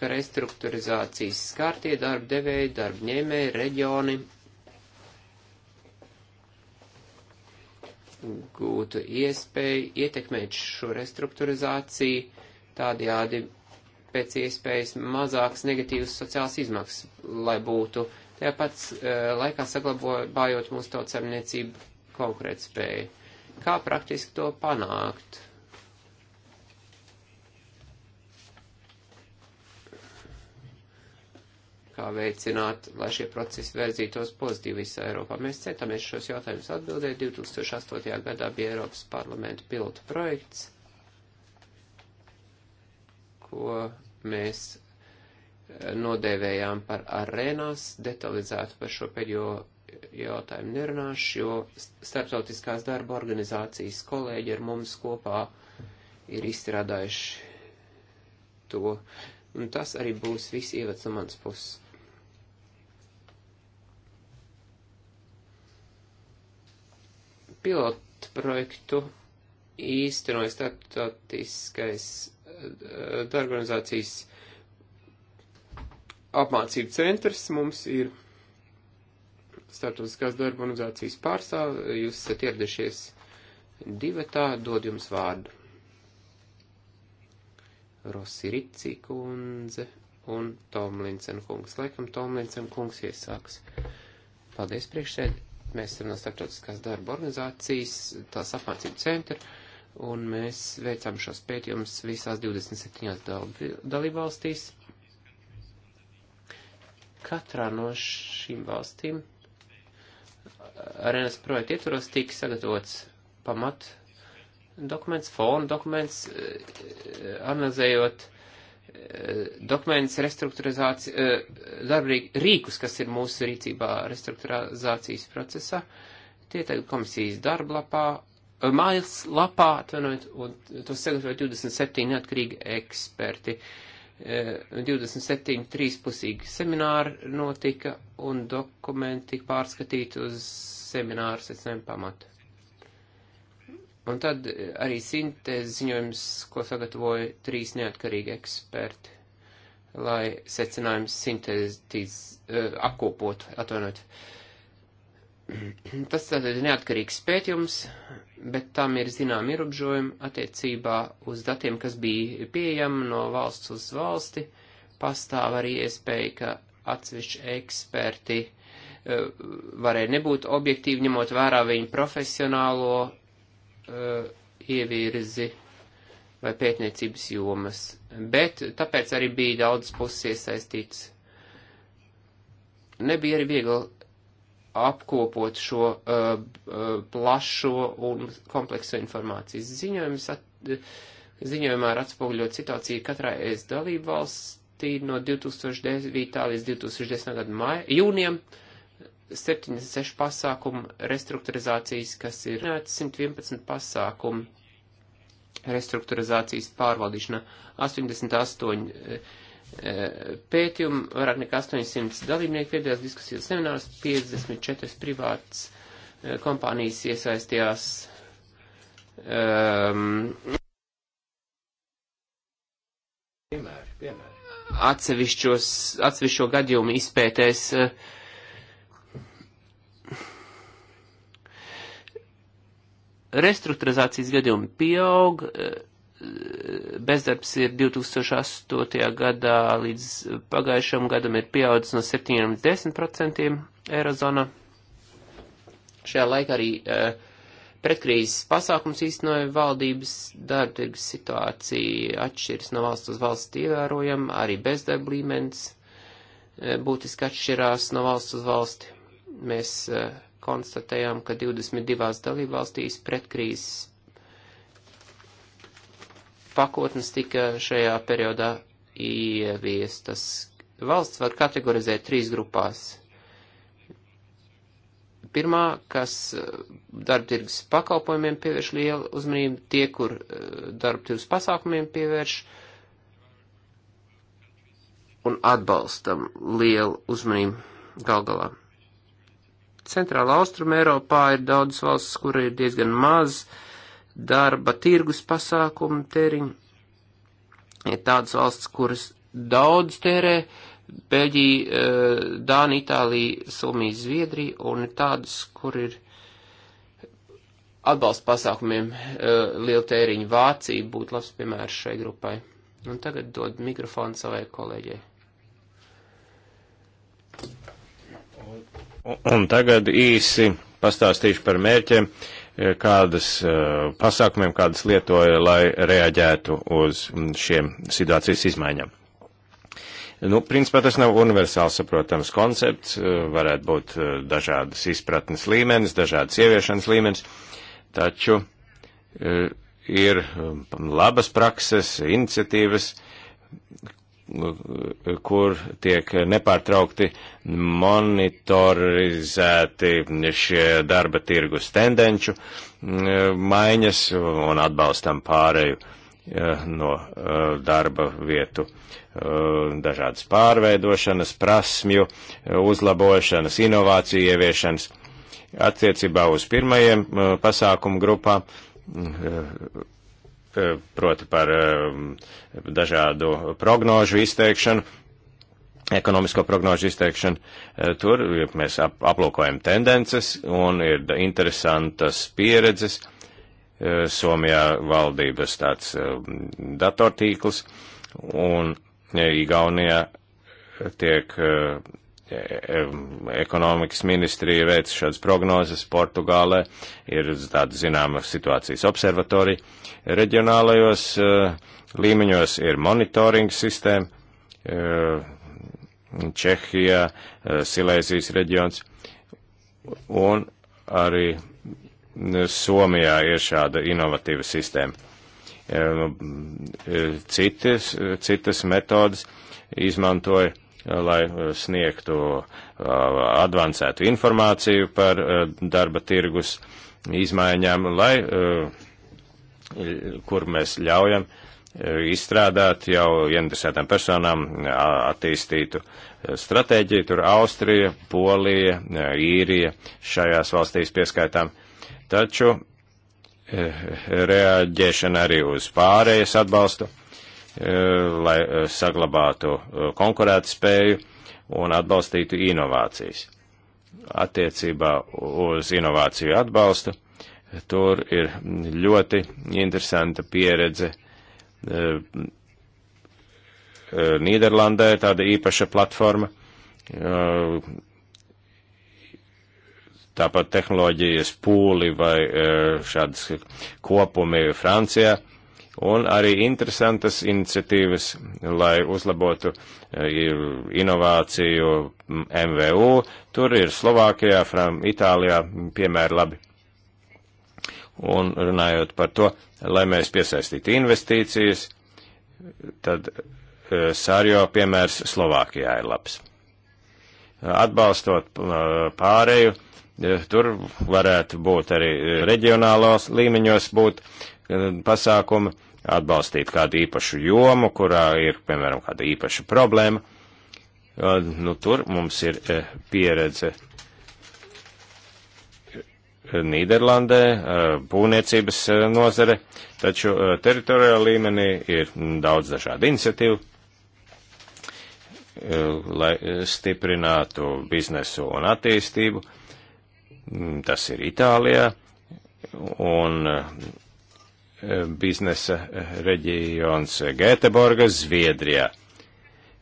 ka restruktūrizācijas skārtie darba devēji, darba ņēmēji, reģioni gūtu iespēju ietekmēt šo restruktūrizāciju, tādējādi pēc iespējas mazākas negatīvas sociālas izmaksas, lai būtu tāpat eh, laikā saglabājot mūsu tautsemniecību konkurētspēju. Kā praktiski to panākt? kā veicināt, lai šie procesi vērzītos pozitīvi visā Eiropā. Mēs centāmies šos jautājumus atbildēt. 2008. gadā bija Eiropas parlamenta pilotu projekts, ko mēs eh, nodēvējām par arēnās, detalizētu par šo pēdējo jautājumu nerunāšu, jo starptautiskās darba organizācijas kolēģi ar mums kopā ir izstrādājuši to. Un tas arī būs viss ievads no manas puses. pilotu projektu īstenoja starptautiskais eh, organizācijas apmācību centrs. Mums ir starptautiskās darba organizācijas pārstāvi. Jūs esat ieradušies divatā, dod jums vārdu. Rosirici kundze un Tomlinsen kungs. Laikam Tomlinsen kungs iesāks. Paldies priekšsēdētāji. Mēs esam no starptautiskās darba organizācijas, tās apmācību centra, un mēs veicam šos pētījumus visās 27 dal dalībvalstīs. Katrā no šīm valstīm arēnas projekta ietvaros tika sagatavots pamat dokuments, fona dokuments, eh, analizējot Eh, dokumentus, restruktūrizāciju, eh, darbrīku rīkus, kas ir mūsu rīcībā restruktūrizācijas procesā. Tie tagad komisijas darba lapā, eh, mājas lapā, atvainojiet, un tos sagatavoja 27 neatkarīgi eksperti. 27 trīspusīgi semināri notika, un dokumenti tika pārskatīti uz semināru secinājumu pamatu. Un tad eh, arī sintēzes ziņojums, ko sagatavoja trīs neatkarīgi eksperti, lai secinājums sintēzes uh, eh, apkopot, atvainot. Tas tātad ir neatkarīgs pētījums, bet tam ir zinām ierobžojumi attiecībā uz datiem, kas bija pieejami no valsts uz valsti. Pastāv arī iespēja, ka atsevišķi eksperti uh, varēja nebūt objektīvi, ņemot vērā viņu profesionālo uh, ievirzi vai pētniecības jomas, bet tāpēc arī bija daudz puses iesaistīts. Nebija arī viegli apkopot šo uh, uh, plašo un komplekso informācijas ziņojumus. At, uh, ziņojumā ir atspoguļot situāciju katrā ES dalību valstī no 2009. līdz 2010. gada jūnijam. Uh, 76 pasākumu restruktūrizācijas, kas ir 111 pasākumu restruktūrizācijas pārvaldīšana, 88 eh, pētījumu, vairāk nekā 800 dalībnieku piedalījās diskusijas semināros, 54 privātas eh, kompānijas iesaistījās. Um, ehm, Piemēr, piemēr. Atsevišķos, atsevišķo gadījumu izpētēs uh, restruktūrizācijas gadījumi pieaug, eh, bezdarbs ir 2008. gadā līdz pagājušam gadam ir pieaudzis no 7 līdz 10 procentiem Eirozonā. Šajā laikā arī eh, pretkrīzes pasākums īstenoja valdības darba tirgus situācija atšķiras no valsts uz valsts ievērojama, arī bezdarba līmenis eh, būtiski atšķirās no valsts uz valsti. Mēs uh, konstatējām, ka 22 dalībvalstīs pretkrīzes pakotnes tika šajā periodā ieviestas. Valsts var kategorizēt trīs grupās. Pirmā, kas eh, darbtirgus pakalpojumiem pievērš lielu uzmanību, tie, kur eh, darbtirgus pasākumiem pievērš un atbalstam lielu uzmanību gal galā. Centrāla Austruma Eiropā ir daudz valsts, kur ir diezgan maz darba tirgus pasākumu tēriņu. Ir tādas valsts, kuras daudz tērē, Beļģija, eh, Dāna, Itālija, Somija, Zviedrija, un ir tādas, kur ir atbalsta pasākumiem eh, liela tēriņa Vācija būtu labs piemērs šai grupai. Un tagad dod mikrofonu savai kolēģei. Un tagad īsi pastāstīšu par mērķiem, eh, kādas eh, pasākumiem, kādas lietoja, lai reaģētu uz mm, šiem situācijas izmaiņām. Nu, principā tas nav universāls saprotams koncepts, eh, varētu būt dažādas izpratnes līmenis, dažādas ieviešanas līmenis, taču ir labas prakses, iniciatīvas, kur tiek nepārtraukti monitorizēti šie darba tirgus tendenču maiņas un atbalstam pārēju e, no e, darba vietu e, dažādas pārveidošanas, prasmju, uzlabošanas, inovāciju ieviešanas. Attiecībā uz pirmajiem pasākumu grupām Eh, proti par eh, dažādu prognožu izteikšanu, ekonomisko prognožu izteikšanu. Eh, tur mēs aplūkojam tendences un ir interesantas pieredzes. Somijā valdības tāds datortīkls un Igaunijā tiek E, e, ekonomikas ministrija veic šādas prognozes, Portugālē ir tāda zināma situācijas observatorija, reģionālajos e, līmeņos ir monitoringa sistēma, Čehija, Silēzijas reģions un arī Somijā ir šāda inovatīva sistēma. Citas, citas metodas izmantoja lai uh, sniegtu uh, advancētu informāciju par uh, darba tirgus izmaiņām, lai, kur mēs ļaujam izstrādāt jau ieinteresētām personām attīstītu stratēģiju, tur Austrija, Polija, Īrija šajās valstīs pieskaitām. Taču reaģēšana arī uz pārējas atbalstu Eh, lai eh, saglabātu eh, konkurētspēju un atbalstītu inovācijas. Attiecībā uz inovāciju atbalstu tur ir ļoti interesanta pieredze. Nīderlandē tāda īpaša platforma, tāpat tehnoloģijas pūli vai šādas kopumi Francijā un arī interesantas iniciatīvas, lai uzlabotu eh, inovāciju MVU. Tur ir Slovākijā, Fram, Itālijā piemēri labi. Un runājot par to, lai mēs piesaistītu investīcijas, tad eh, Sārjo piemērs Slovākijā ir labs. Atbalstot eh, pārēju, tur varētu būt arī reģionālos līmeņos būt Eh, pasākumi, atbalstīt kādu īpašu jomu, kurā ir, piemēram, kāda īpaša problēma. Eh, nu, tur mums ir eh, pieredze Nīderlandē, būvniecības nozare, taču teritoriālā līmenī ir daudz dažādu iniciatīvu, lai stiprinātu biznesu un attīstību. Mm, tas ir Itālijā, un biznesa reģions Gēteborga, Zviedrijā.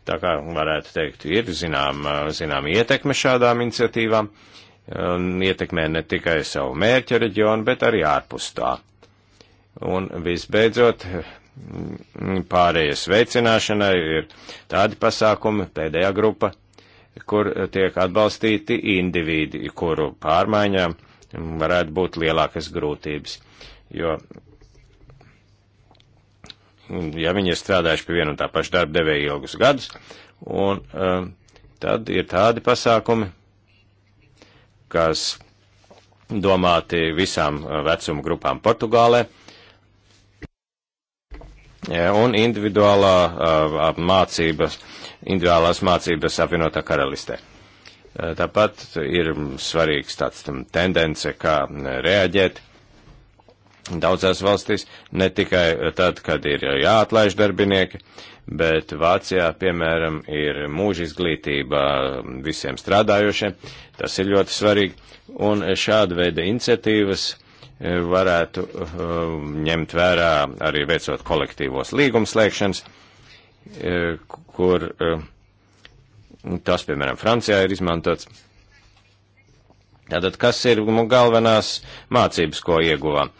Tā kā varētu teikt, ir zinām, zinām ietekme šādām iniciatīvām, ietekmē ne tikai savu mērķa reģionu, bet arī ārpus tā. Un visbeidzot, pārējas veicināšanai ir tādi pasākumi, pēdējā grupa, kur tiek atbalstīti individi, kuru pārmaiņām varētu būt lielākas grūtības, jo ja viņi ir strādājuši pie vienu un tā pašu darba devēja ilgus gadus, un um, tad ir tādi pasākumi, kas domāti visām uh, vecuma grupām Portugālē, un individuālā uh, mācības, individuālās mācības apvienotā karalistē. Uh, tāpat ir mm, svarīgs tāds mm, tendence, kā mm, reaģēt daudzās valstīs, ne tikai tad, kad ir jāatlaiž darbinieki, bet Vācijā, piemēram, ir mūža izglītība visiem strādājošiem, tas ir ļoti svarīgi, un šāda veida iniciatīvas eh, varētu eh, ņemt vērā arī veicot kolektīvos līgumslēgšanas, eh, kur tas, piemēram, Francijā ir izmantots Tātad, kas ir nu, galvenās mācības, ko ieguvām?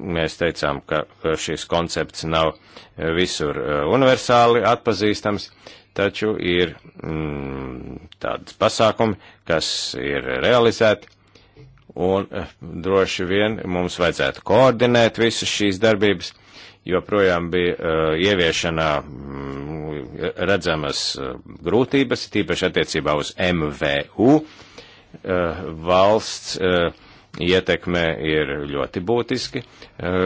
Mēs teicām, ka šis koncepts nav visur universāli atpazīstams, taču ir mm, tādas pasākumi, kas ir realizēti, un droši vien mums vajadzētu koordinēt visas šīs darbības, jo projām bija uh, ieviešanā mm, redzamas uh, grūtības, tīpaši attiecībā uz MVU. Uh, Eh, valsts eh, ietekme ir ļoti būtiski. Eh,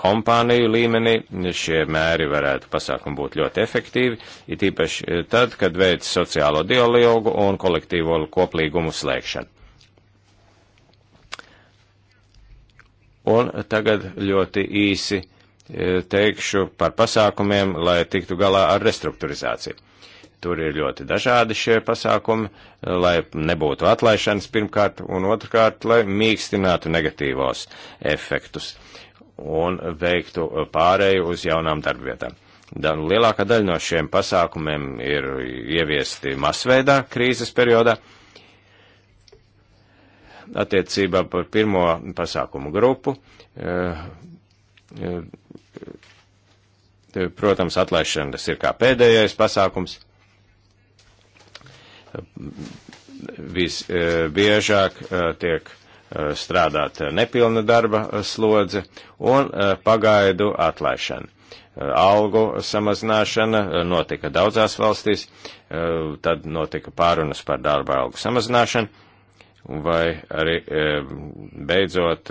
kompāniju līmenī šie mēri varētu pasākumi būt ļoti efektīvi, it īpaši tad, kad veic sociālo dialogu un kolektīvo koplīgumu slēgšanu. Un tagad ļoti īsi teikšu par pasākumiem, lai tiktu galā ar restruktūrizāciju. Tur ir ļoti dažādi šie pasākumi, lai nebūtu atlaišanas pirmkārt, un otrkārt, lai mīkstinātu negatīvos efektus un veiktu pārēju uz jaunām darbvietām. Da, lielākā daļa no šiem pasākumiem ir ieviesti masveidā krīzes periodā. Attiecībā par pirmo pasākumu grupu, eh, eh, protams, atlaišanas ir kā pēdējais pasākums visbiežāk eh, tiek eh, strādāt nepilna darba slodze un eh, pagaidu atlaišana algu samazināšana notika daudzās valstīs, tad notika pārunas par darba algu samazināšanu, vai arī beidzot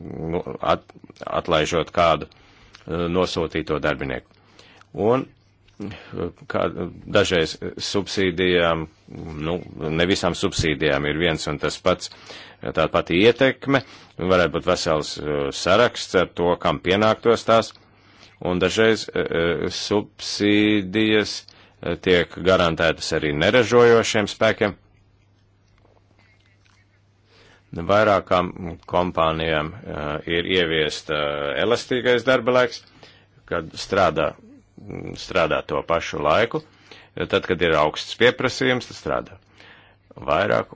nu, atlaižot kādu nosūtīto darbinieku. Un kā dažreiz subsīdijām, nu, ne visām subsīdijām ir viens un tas pats, tā pati ietekme, varētu būt vesels uh, saraksts ar to, kam pienāktos tās, un dažreiz uh, uh, subsīdijas tiek garantētas arī neražojošiem spēkiem. Vairākām kompānijām ir ieviesta elastīgais darba laiks, kad strādā Mm, strādā to pašu laiku, tad, kad ir augsts pieprasījums, tad strādā vairāk.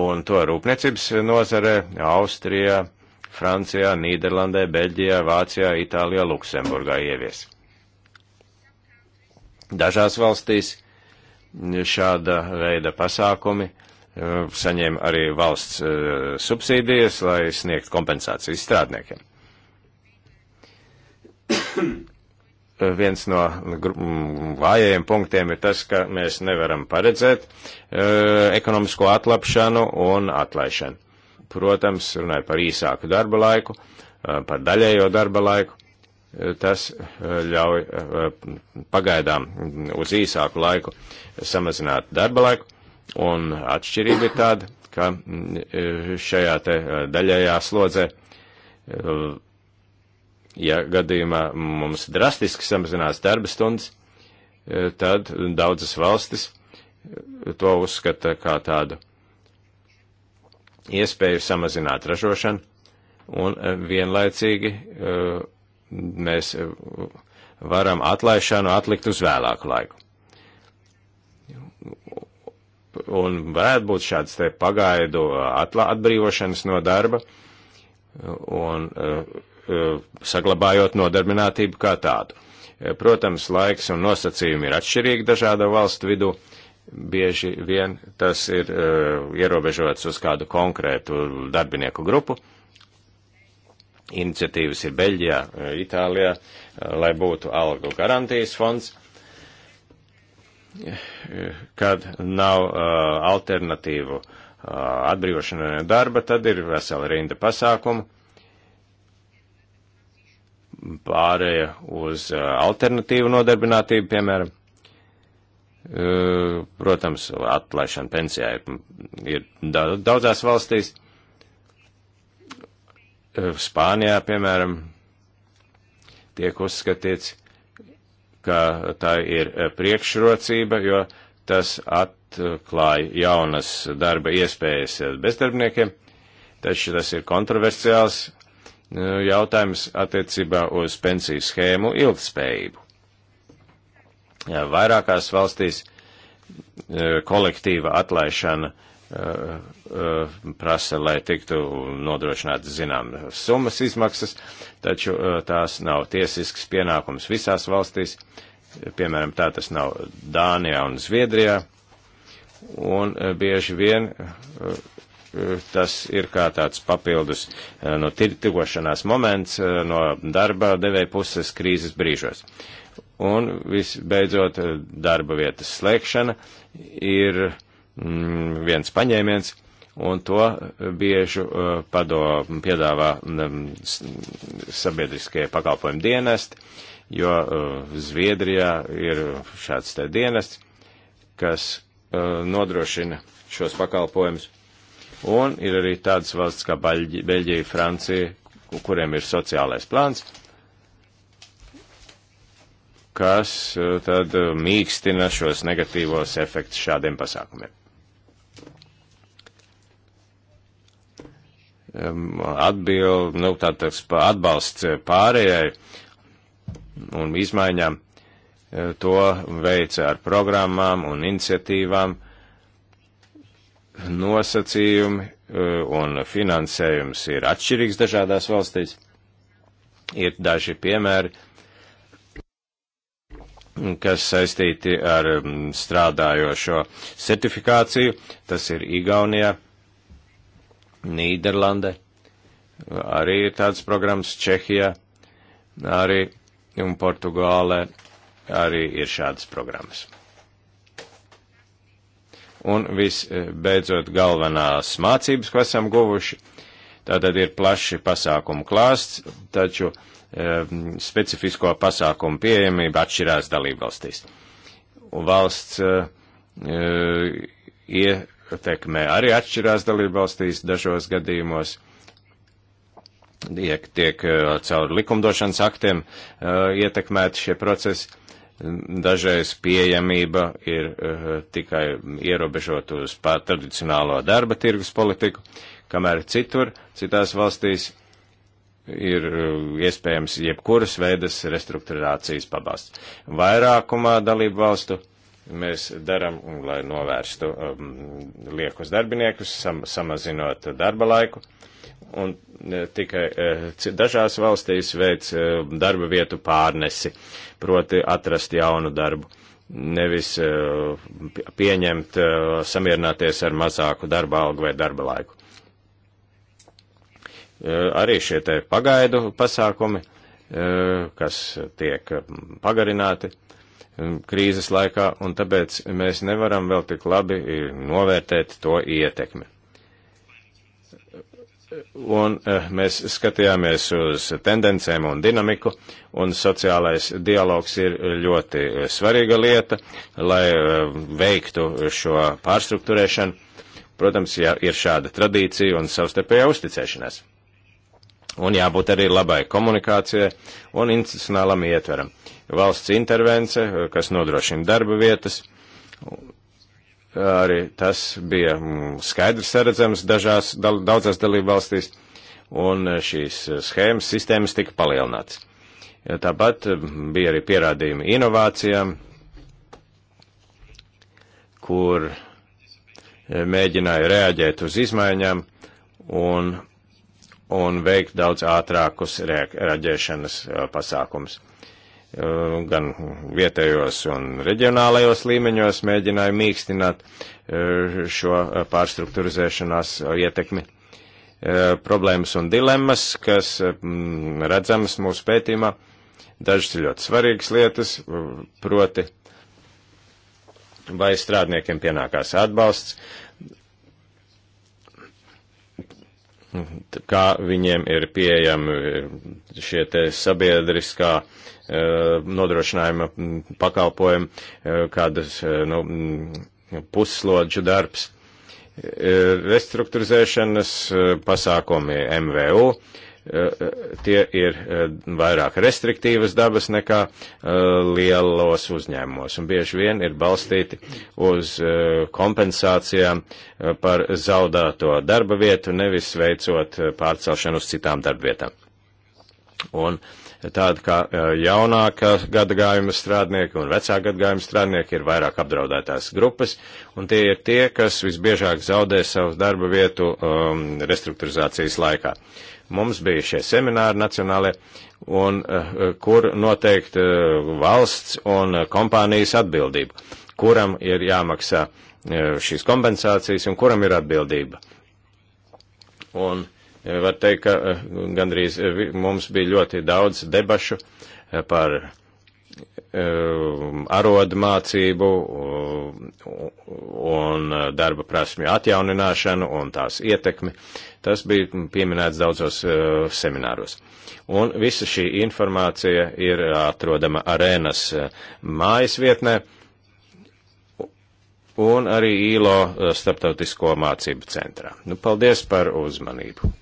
Un to rūpniecības nozare Austrijā, Francijā, Nīderlandē, Beļģijā, Vācijā, Itālijā, Luksemburgā ievies. Dažās valstīs šāda veida pasākumi eh, saņēma arī valsts eh, subsīdijas, lai sniegt kompensāciju strādniekiem viens no vājajiem punktiem ir tas, ka mēs nevaram paredzēt e, ekonomisko atlapšanu un atlaišanu. Protams, runājot par īsāku darba laiku, e, par daļējo darba laiku, e, tas ļauj pagaidām uz īsāku laiku samazināt darba laiku, un atšķirība ir tāda, ka šajā te daļējā slodzē ja gadījumā mums drastiski samazinās darba stundas, e, tad daudzas valstis e, to uzskata kā tādu iespēju samazināt ražošanu, un e, vienlaicīgi mēs varam atlaišanu atlikt uz vēlāku laiku. Un varētu būt šāds te pagaidu atbrīvošanas no darba, un uh, Eh, saglabājot nodarbinātību kā tādu. Eh, protams, laiks un nosacījumi ir atšķirīgi dažādo valstu vidū. Bieži vien tas ir uh, ierobežots uz kādu konkrētu darbinieku grupu. Iniciatīvas ir Beļģijā, Itālijā, lai būtu algu garantijas fonds, kad nav uh, alternatīvu uh, atbrīvošanai no darba, tad ir vesela rinda pasākumu, uh, pārēja uz uh, alternatīvu nodarbinātību, piemēram, uh, protams, atlaišana pensijai ir mm, daudzās valstīs. Uh, Spānijā, piemēram, tiek uzskatīts, ka tā ir priekšrocība, jo tas atklāja jaunas darba iespējas bezdarbniekiem, taču tas ir kontroversiāls jautājums attiecībā uz pensiju schēmu ilgspējību. Vairākās valstīs e, kolektīva atlaišana e, e, prasa, lai tiktu nodrošināts zinām summas izmaksas, taču tās nav tiesisks pienākums visās valstīs. Piemēram, tā tas nav Dānijā un Zviedrijā. Un bieži vien tas ir kā tāds papildus eh, no tirgošanās moments eh, no darba devēja puses krīzes brīžos. Un visbeidzot, eh, darba vietas slēgšana ir mm, viens paņēmiens, un to biežu pado piedāvā mm, sabiedriskie pakalpojumi dienesti, jo Zviedrijā ir šāds te dienests, kas nodrošina šos pakalpojumus Un ir arī tādas valsts kā Baļģi, Beļģija, Francija, kuriem ir sociālais plāns, kas eh, tad eh, mīkstina šos negatīvos efektus šādiem pasākumiem. Atbil, nu, tāds atbalsts pārējai un izmaiņām eh, to veica ar programmām un iniciatīvām, nosacījumi eh, un finansējums ir atšķirīgs dažādās valstīs. Ir daži piemēri, kas saistīti ar mm, strādājošo certifikāciju. Tas ir Igaunijā, Nīderlande, arī ir tāds programmas Čehijā, arī un Portugālē arī ir šādas programmas. Un visbeidzot galvenās mācības, ko esam guvuši, tātad ir plaši pasākumu klāsts, taču e, specifisko pasākumu pieejamība atšķirās dalībvalstīs. Valsts e, ietekmē arī atšķirās dalībvalstīs dažos gadījumos tiek, tiek eh, caur likumdošanas aktiem uh, ietekmēti šie procesi. Dažreiz pieejamība ir uh, tikai ierobežot uz pār tradicionālo darba tirgus politiku, kamēr citur, citās valstīs ir eh, iespējams jebkuras veidas restruktūrācijas pabalsts. Vairākumā dalību valstu mēs darām, lai novērstu um, ehm, liekus darbiniekus, sam, samazinot darba laiku. Uh, un e, tikai e, dažās valstīs veic e, darba vietu pārnesi, proti atrast jaunu darbu. Nevis pieņemt, samierināties ar mazāku darba algu vai darba laiku. Arī šie te pagaidu pasākumi, kas tiek pagarināti krīzes laikā, un tāpēc mēs nevaram vēl tik labi novērtēt to ietekmi un eh, mēs skatījāmies uz tendencēm un dinamiku, un sociālais dialogs ir ļoti eh, svarīga lieta, lai eh, veiktu šo pārstruktūrēšanu. Protams, jā, ir šāda tradīcija un savstarpējā uzticēšanās. Un jābūt arī labai komunikācijai un institucionālam ietveram. Valsts intervence, kas nodrošina darba vietas, arī tas bija mm, skaidrs saredzams dažās, daudzās dalību valstīs, un eh, šīs eh, schēmas sistēmas tika palielināts. Tāpat eh, bija arī pierādījumi inovācijām, kur mēģināja reaģēt uz izmaiņām un, un veikt daudz ātrākus reaģēšanas pasākumus. Eh, gan vietējos un reģionālajos līmeņos mēģināja mīkstināt eh, šo eh, pārstruktūrizēšanās ietekmi. Problēmas un dilemmas, kas mm, redzamas mūsu pētījumā, dažas ir ļoti svarīgas lietas, proti, vai strādniekiem pienākās atbalsts, kā viņiem ir pieejami šie te sabiedriskā e, nodrošinājuma pakalpojumi, e, kādas, e, nu, puslodžu darbs, restruktūrizēšanas pasākumi MVU, Eh, tie ir eh, vairāk restriktīvas dabas nekā eh, lielos uzņēmumos un bieži vien ir balstīti uz kompensācijām par zaudēto darba vietu, nevis veicot pārcelšanu uz citām darbvietām. Un tāda kā jaunāka gadagājuma strādnieki un vecāka gadagājuma strādnieki ir vairāk apdraudētās grupas, un tie ir tie, kas visbiežāk zaudē savu darba vietu um, restruktūrizācijas laikā. Uh, Mums bija šie semināri nacionālie, un eh, kur noteikti eh, valsts un eh, kompānijas atbildība, kuram ir jāmaksā šīs kompensācijas un kuram ir atbildība. Un var teikt, ka gandrīz mums bija ļoti daudz debašu par Um, arodu mācību um, un uh, darba prasmju atjaunināšanu un tās ietekmi. Tas bija pieminēts daudzos uh, semināros. Un visa šī informācija ir atrodama arēnas uh, mājas vietnē un arī ILO starptautisko mācību centrā. Nu, paldies par uzmanību.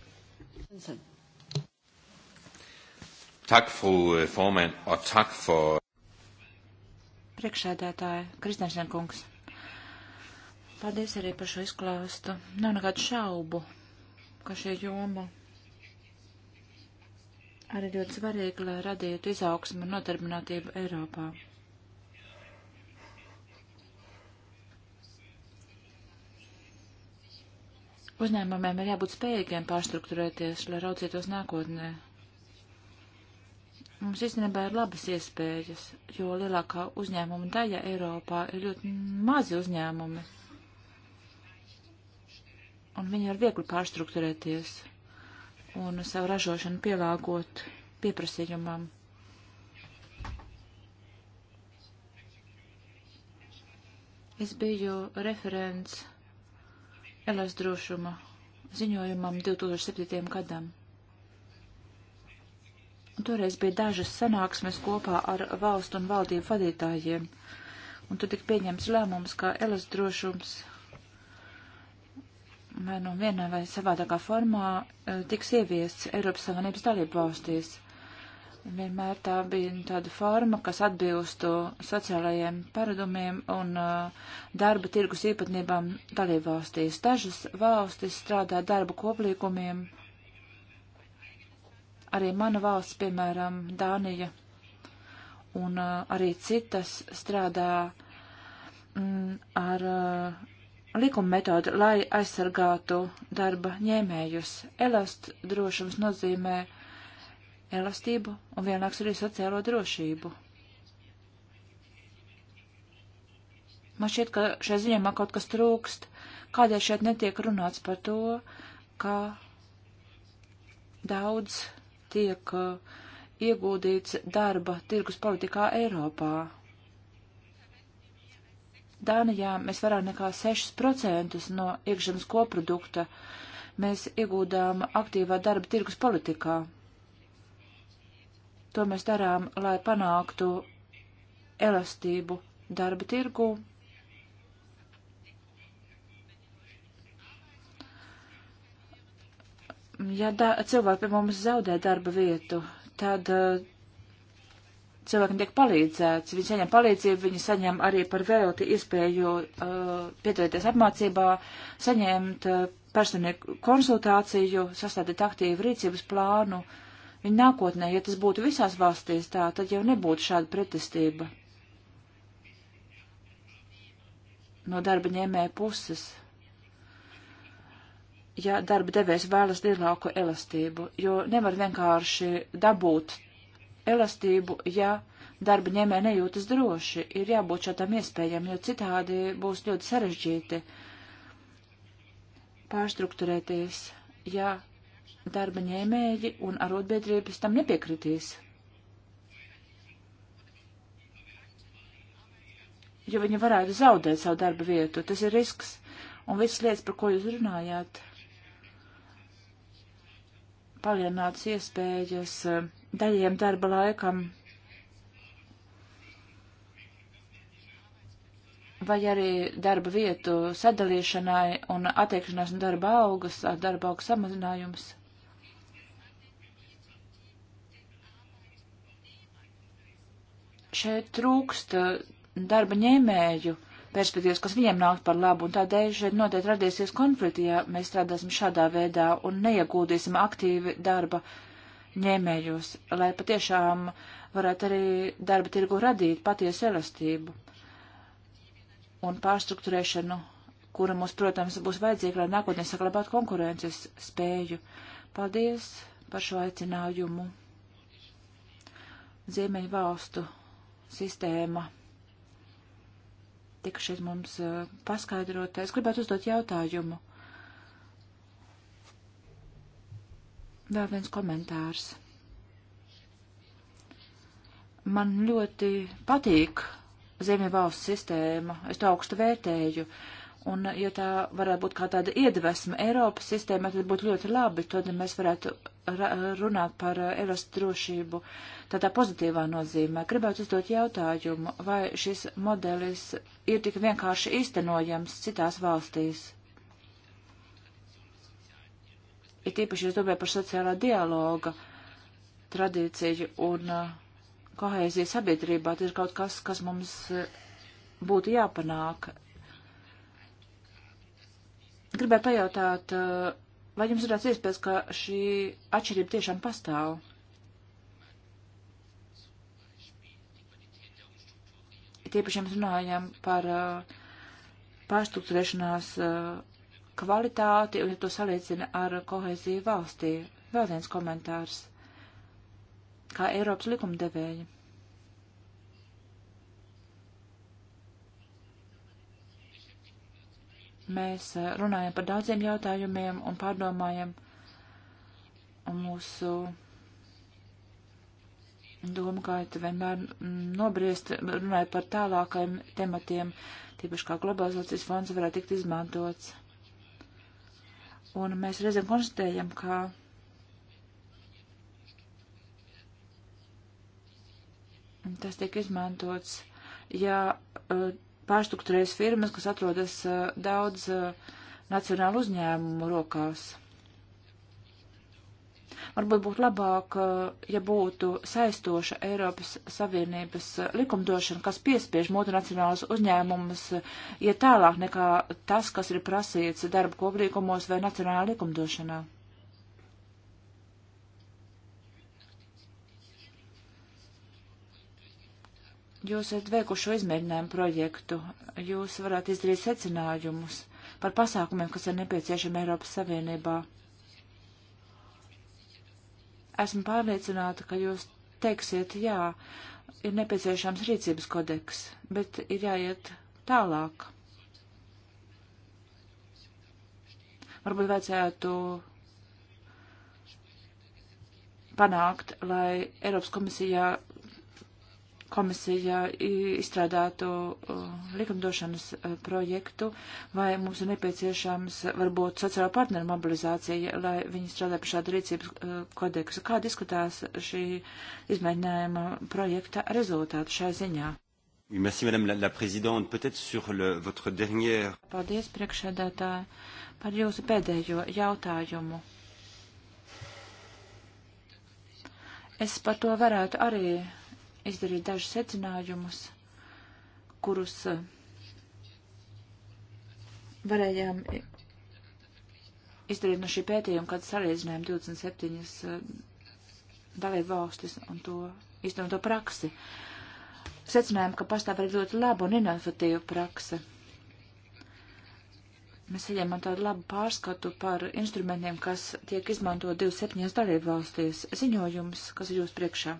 Tak, fru formand, og tak for Priekšsēdētāja Kristensen kungs. Paldies arī par šo izklāstu. Nav nekādu šaubu, ka šī joma arī ļoti svarīga, lai radītu izaugsmu un nodarbinātību Eiropā. Uzņēmumiem ir jābūt spējīgiem pārstruktūrēties, lai raucītos nākotnē Mums īstenībā ir labas iespējas, jo lielākā uzņēmuma daļa Eiropā ir ļoti mazi uzņēmumi. Un viņi var viegli pārstruktūrēties un savu ražošanu pielāgot pieprasījumam. Es biju referents Elas drošuma ziņojumam 2007. gadam. Toreiz bija dažas sanāksmes kopā ar valstu un valdību vadītājiem, un tad tika pieņemts lēmums, ka elas drošums vai nu vienā vai savādākā formā eh, tiks ieviests Eiropas Savienības dalību valstīs. Vienmēr tā bija tāda forma, kas atbilstu sociālajiem paradumiem un uh, darba tirgus īpatnībām dalībvalstīs. Dažas valstis strādā darba koplīgumiem, Arī mana valsts, piemēram, Dānija un uh, arī citas strādā mm, ar uh, likuma metodu, lai aizsargātu darba ņēmējus. Elast drošums nozīmē elastību un vienlaiks arī sociālo drošību. Man šķiet, ka šai ziņā man kaut kas trūkst. Kādēļ šeit netiek runāts par to, ka daudz tiek uh, ieguldīts darba tirgus politikā Eiropā. Dānijā mēs vairāk nekā 6% no iekšzemes koprodukta mēs iegūdām aktīvā darba tirgus politikā. To mēs darām, lai panāktu elastību darba tirgu ja da, cilvēki pie mums zaudē darba vietu, tad uh, eh, cilvēkam tiek palīdzēts. Viņi saņem palīdzību, viņi saņem arī par vēlti iespēju uh, piedalīties apmācībā, saņemt uh, eh, personīgu konsultāciju, sastādīt aktīvu rīcības plānu. Viņa nākotnē, ja tas būtu visās valstīs tā, tad jau nebūtu šāda pretestība no darba ņēmēja puses ja darba devējs vēlas lielāku elastību, jo nevar vienkārši dabūt elastību, ja darba ņēmē nejūtas droši. Ir jābūt šādam iespējam, jo citādi būs ļoti sarežģīti pārstruktūrēties, ja darba ņēmēji un arotbiedrības tam nepiekritīs. Jo viņi varētu zaudēt savu darba vietu, tas ir risks. Un visas lietas, par ko jūs runājāt, palielināts iespējas eh, daļiem darba laikam vai arī darba vietu sadalīšanai un attiekšanās no darba augas, darba augas samazinājums. Šeit trūkst eh, darba ņēmēju perspektīvas, kas viņiem nāk par labu, un tādēļ šeit noteikti radīsies konflikti, ja mēs strādāsim šādā veidā un neiegūdīsim aktīvi darba ņēmējus, lai patiešām varētu arī darba tirgu radīt patiesu elastību un pārstruktūrēšanu, kura mums, protams, būs vajadzīga, lai nākotnē saglabātu konkurences spēju. Paldies par šo aicinājumu. Ziemeņu valstu sistēma tika šeit mums eh, paskaidrot. Es gribētu uzdot jautājumu. Vēl viens komentārs. Man ļoti patīk Ziemju valsts sistēma. Es to augstu vērtēju. Uh, Un, ja tā varētu būt kā tāda iedvesma Eiropas sistēmai, tad būtu ļoti labi, tad mēs varētu runāt par Eiropas drošību tādā pozitīvā nozīmē. Gribētu uzdot jautājumu, vai šis modelis ir tik vienkārši īstenojams citās valstīs. Ir tīpaši, es domāju, par sociālā dialoga tradīciju un uh, kohēzija sabiedrībā. Tas ir kaut kas, kas mums uh, būtu jāpanāk gribēju pajautāt, eh, vai jums ir tāds iespējas, ka šī atšķirība tiešām pastāv? Tiepaši jums runājam par eh, pārstruktūrēšanās eh, kvalitāti, un ja to salīdzina ar kohēziju valstī. Vēl viens komentārs. Kā Eiropas likumdevēja. Mēs eh, runājam par daudziem jautājumiem un pārdomājam un mūsu doma gaita vienmēr mm, nobriest, runāja par tālākajiem tematiem, tīpaši kā globalizācijas fonds varētu tikt izmantots. Un mēs reizēm konstatējam, ka tas tiek izmantots, ja uh, pārstruktūrējas firmas, kas atrodas daudz nacionālu uzņēmumu rokās. Varbūt būtu labāk, ja būtu saistoša Eiropas Savienības likumdošana, kas piespiež multinacionālas uzņēmumus iet tālāk nekā tas, kas ir prasīts darba koplīkumos vai nacionālā likumdošanā. Jūs esat veikuši izmēģinājumu projektu, jūs varat izdarīt secinājumus par pasākumiem, kas ir nepieciešami Eiropas Savienībā. Esmu pārliecināta, ka jūs teiksiet, jā, ir nepieciešams rīcības kodeks, bet ir jāiet tālāk. varbūt vajadzētu panākt, lai Eiropas komisijā komisija izstrādātu uh, likumdošanas uh, projektu, vai mums ir nepieciešams varbūt sociāla partneru mobilizācija, lai viņi strādā pie šāda rīcības uh, kodeksa. Kā diskutās šī izmēģinājuma projekta rezultātu šai ziņā? Merci, Madame la, la Présidente. Peut-être sur le, votre dernière. Paldies, priekšsēdētāji, par jūsu pēdējo jautājumu. Es par to varētu arī izdarīt dažus secinājumus, kurus eh, varējām izdarīt no šī pētījuma, kad salīdzinājām 27 dalību valstis un to izdomto praksi. Secinājām, ka pastāv arī ļoti laba un inovatīva praksa. Mēs saņēmām tādu labu pārskatu par instrumentiem, kas tiek izmantot 27 dalību valstīs. Ziņojums, kas ir jūs priekšā.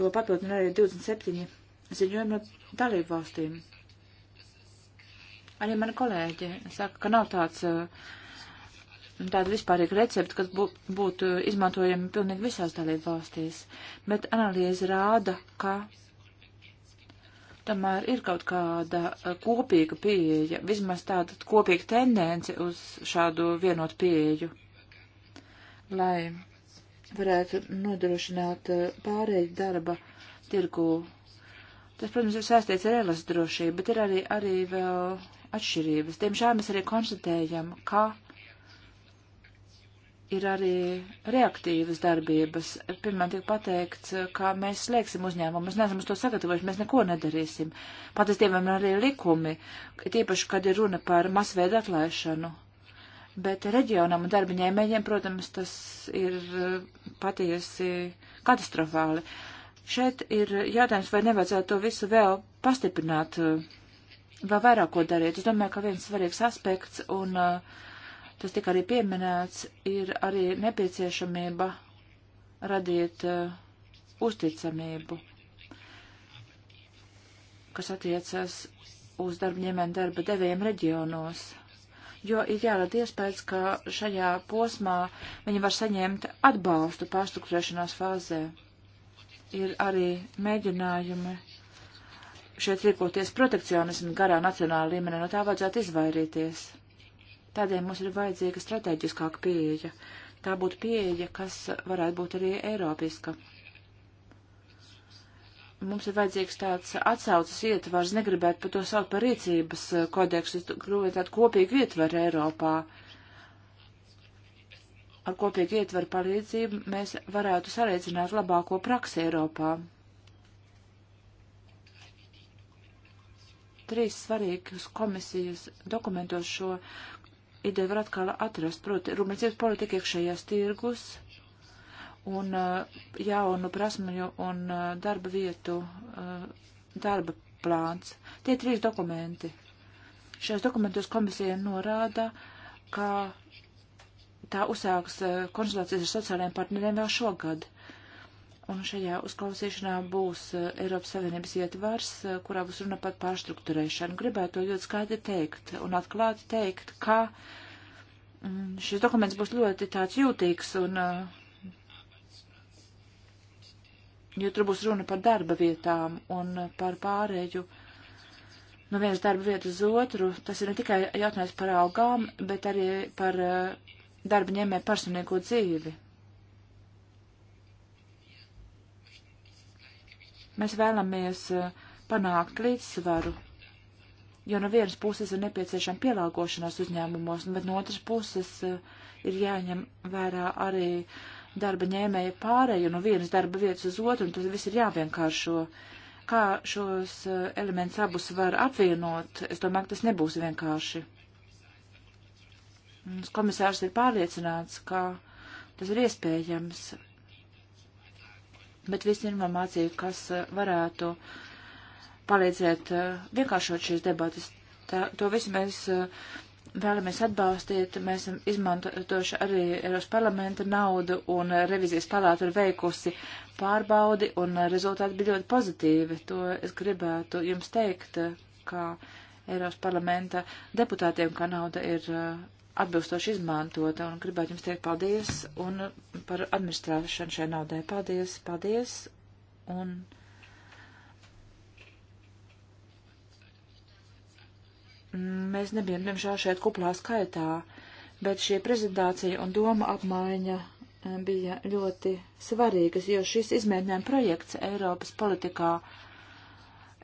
To papildina arī 27 ziņojumi no dalību valstīm. Arī mani kolēģi saka, ka nav tāds uh, tāda vispārīga recepta, kas bū, būtu izmantojami pilnīgi visās dalību valstīs, bet analīze rāda, ka tomēr ir kaut kāda uh, kopīga pieeja, vismaz tāda kopīga tendence uz šādu vienotu pieeju, lai varētu nodrošināt eh, pārēju darba tirgu. Tas, protams, ir saistīts ar elas drošību, bet ir arī, arī vēl atšķirības. Diemžēl mēs arī konstatējam, ka ir arī reaktīvas darbības. Pirmām tiek pateikts, ka mēs slēgsim uzņēmumu, mēs neesam uz to sagatavojuši, mēs neko nedarīsim. Paties dievam ir arī likumi, tīpaši, kad ir runa par masveidu atlaišanu. Bet reģionam un darba ņēmējiem, protams, tas ir eh, patiesi katastrofāli. Šeit ir jautājums, vai nevajadzētu to visu vēl pastiprināt, eh, vēl vairāk ko darīt. Es domāju, ka viens svarīgs aspekts, un eh, tas tika arī pieminēts, ir arī nepieciešamība radīt uh, uzticamību, kas attiecas uz darbņēmēm darba devējiem reģionos jo ir jārada iespējas, ka šajā posmā viņi var saņemt atbalstu pārstruktūrēšanās fāzē. Ir arī mēģinājumi šeit rīkoties protekcionismu garā nacionāla līmenī, no tā vajadzētu izvairīties. Tādēļ mums ir vajadzīga strateģiskāka pieeja. Tā būtu pieeja, kas varētu būt arī eiropiska. Mums ir vajadzīgs tāds atsaucas ietvars, negribētu par to saukt par rīcības eh, kodeksu, kļūvēt tādu kopīgu ietvaru Eiropā. Ar kopīgu ietvaru palīdzību mēs varētu sareicināt labāko praksi Eiropā. Trīs svarīgas komisijas dokumentos šo ideju var atkal atrast, proti, rūpniecības politika iekšējās tirgus un uh, jaunu prasmuļu un uh, darba vietu uh, darba plāns. Tie trīs dokumenti. Šajos dokumentos komisija norāda, ka tā uzsāks konsultācijas ar sociālajiem partneriem vēl šogad. Un šajā uzklausīšanā būs Eiropas Savienības ietvars, kurā būs runa par pārstruktūrēšanu. Gribētu to ļoti skaidri teikt un atklāti teikt, ka mm, šis dokuments būs ļoti tāds jūtīgs un uh, jo tur būs runa par darba vietām un par pārēju no vienas darba vietas uz otru. Tas ir ne tikai jautājums par algām, bet arī par eh, darba ņēmē personīgo dzīvi. Mēs vēlamies eh, panākt līdzsvaru, jo no vienas puses ir nepieciešama pielāgošanās uzņēmumos, bet no otras puses eh, ir jāņem vērā arī uh, darba ņēmēja pārēju no vienas darba vietas uz otru, un tas viss ir jāvienkāršo. Kā šos eh, elementus abus var apvienot, es domāju, ka tas nebūs vienkārši. Komisārs ir pārliecināts, ka tas ir iespējams, bet viss informācija, kas eh, varētu palīdzēt eh, vienkāršot šīs debatas, tā, to visu mēs uh, vēlamies atbalstīt. Mēs esam izmantojuši arī Eiropas parlamenta naudu un revizijas palāta ir veikusi pārbaudi un rezultāti bija ļoti pozitīvi. To es gribētu jums teikt, kā Eiropas parlamenta deputātiem, ka nauda ir uh, atbilstoši izmantota un gribētu jums teikt paldies un par administrēšanu šai naudai. Paldies, paldies un. Mēs nebijam, diemžēl, šeit kuplā skaitā, bet šī prezentācija un doma apmaiņa eh, bija ļoti svarīgas, jo šis izmēģinājuma projekts Eiropas politikā,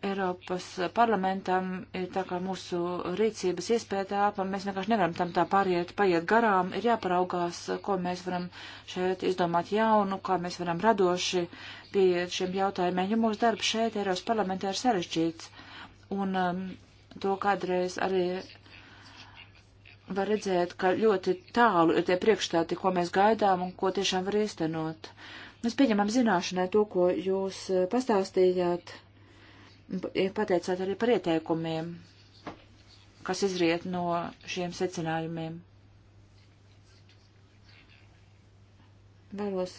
Eiropas parlamentam ir tā kā mūsu rīcības iespēja tāpa, mēs vienkārši nevaram tam tā pāriet, paiet garām, ir jāparaugās, ko mēs varam šeit izdomāt jaunu, kā mēs varam radoši pieiet šiem jautājumiem, jo mūsu darbs šeit Eiropas parlamentā ir sarežģīts. Un um, to kādreiz arī var redzēt, ka ļoti tālu ir tie priekšstāti, ko mēs gaidām un ko tiešām var īstenot. Mēs pieņemam zināšanai to, ko jūs eh, pastāstījāt, pateicāt arī par ieteikumiem, kas izriet no šiem secinājumiem. Vēlos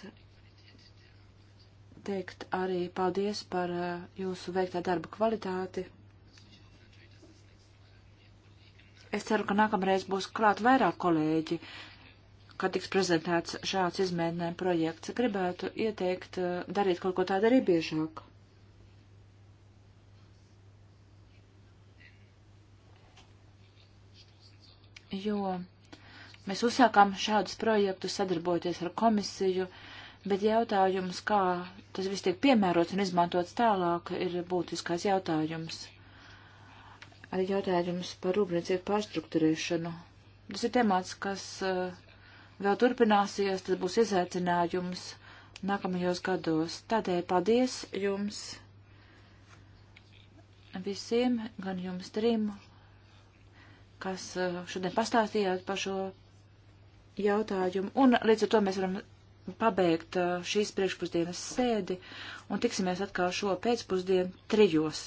teikt arī paldies par eh, jūsu veiktā darba kvalitāti. Es ceru, ka nākamreiz būs klāt vairāk kolēģi, kad tiks prezentēts šāds izmēģinājuma projekts. Gribētu ieteikt eh, darīt kaut ko tādu arī biežāk. Jo mēs uzsākām šādus projektus sadarbojoties ar komisiju, bet jautājums, kā tas viss tiek piemērots un izmantots tālāk, ir būtiskais jautājums arī jautājums par rūpniecību pārstruktūrēšanu. Tas ir temats, kas eh, vēl turpināsies, tas būs izaicinājums nākamajos gados. Tādēļ paldies jums visiem, gan jums trim, kas eh, šodien pastāstījāt par šo jautājumu. Un līdz ar to mēs varam pabeigt eh, šīs priekšpusdienas sēdi un tiksimies atkal šo pēcpusdienu trijos.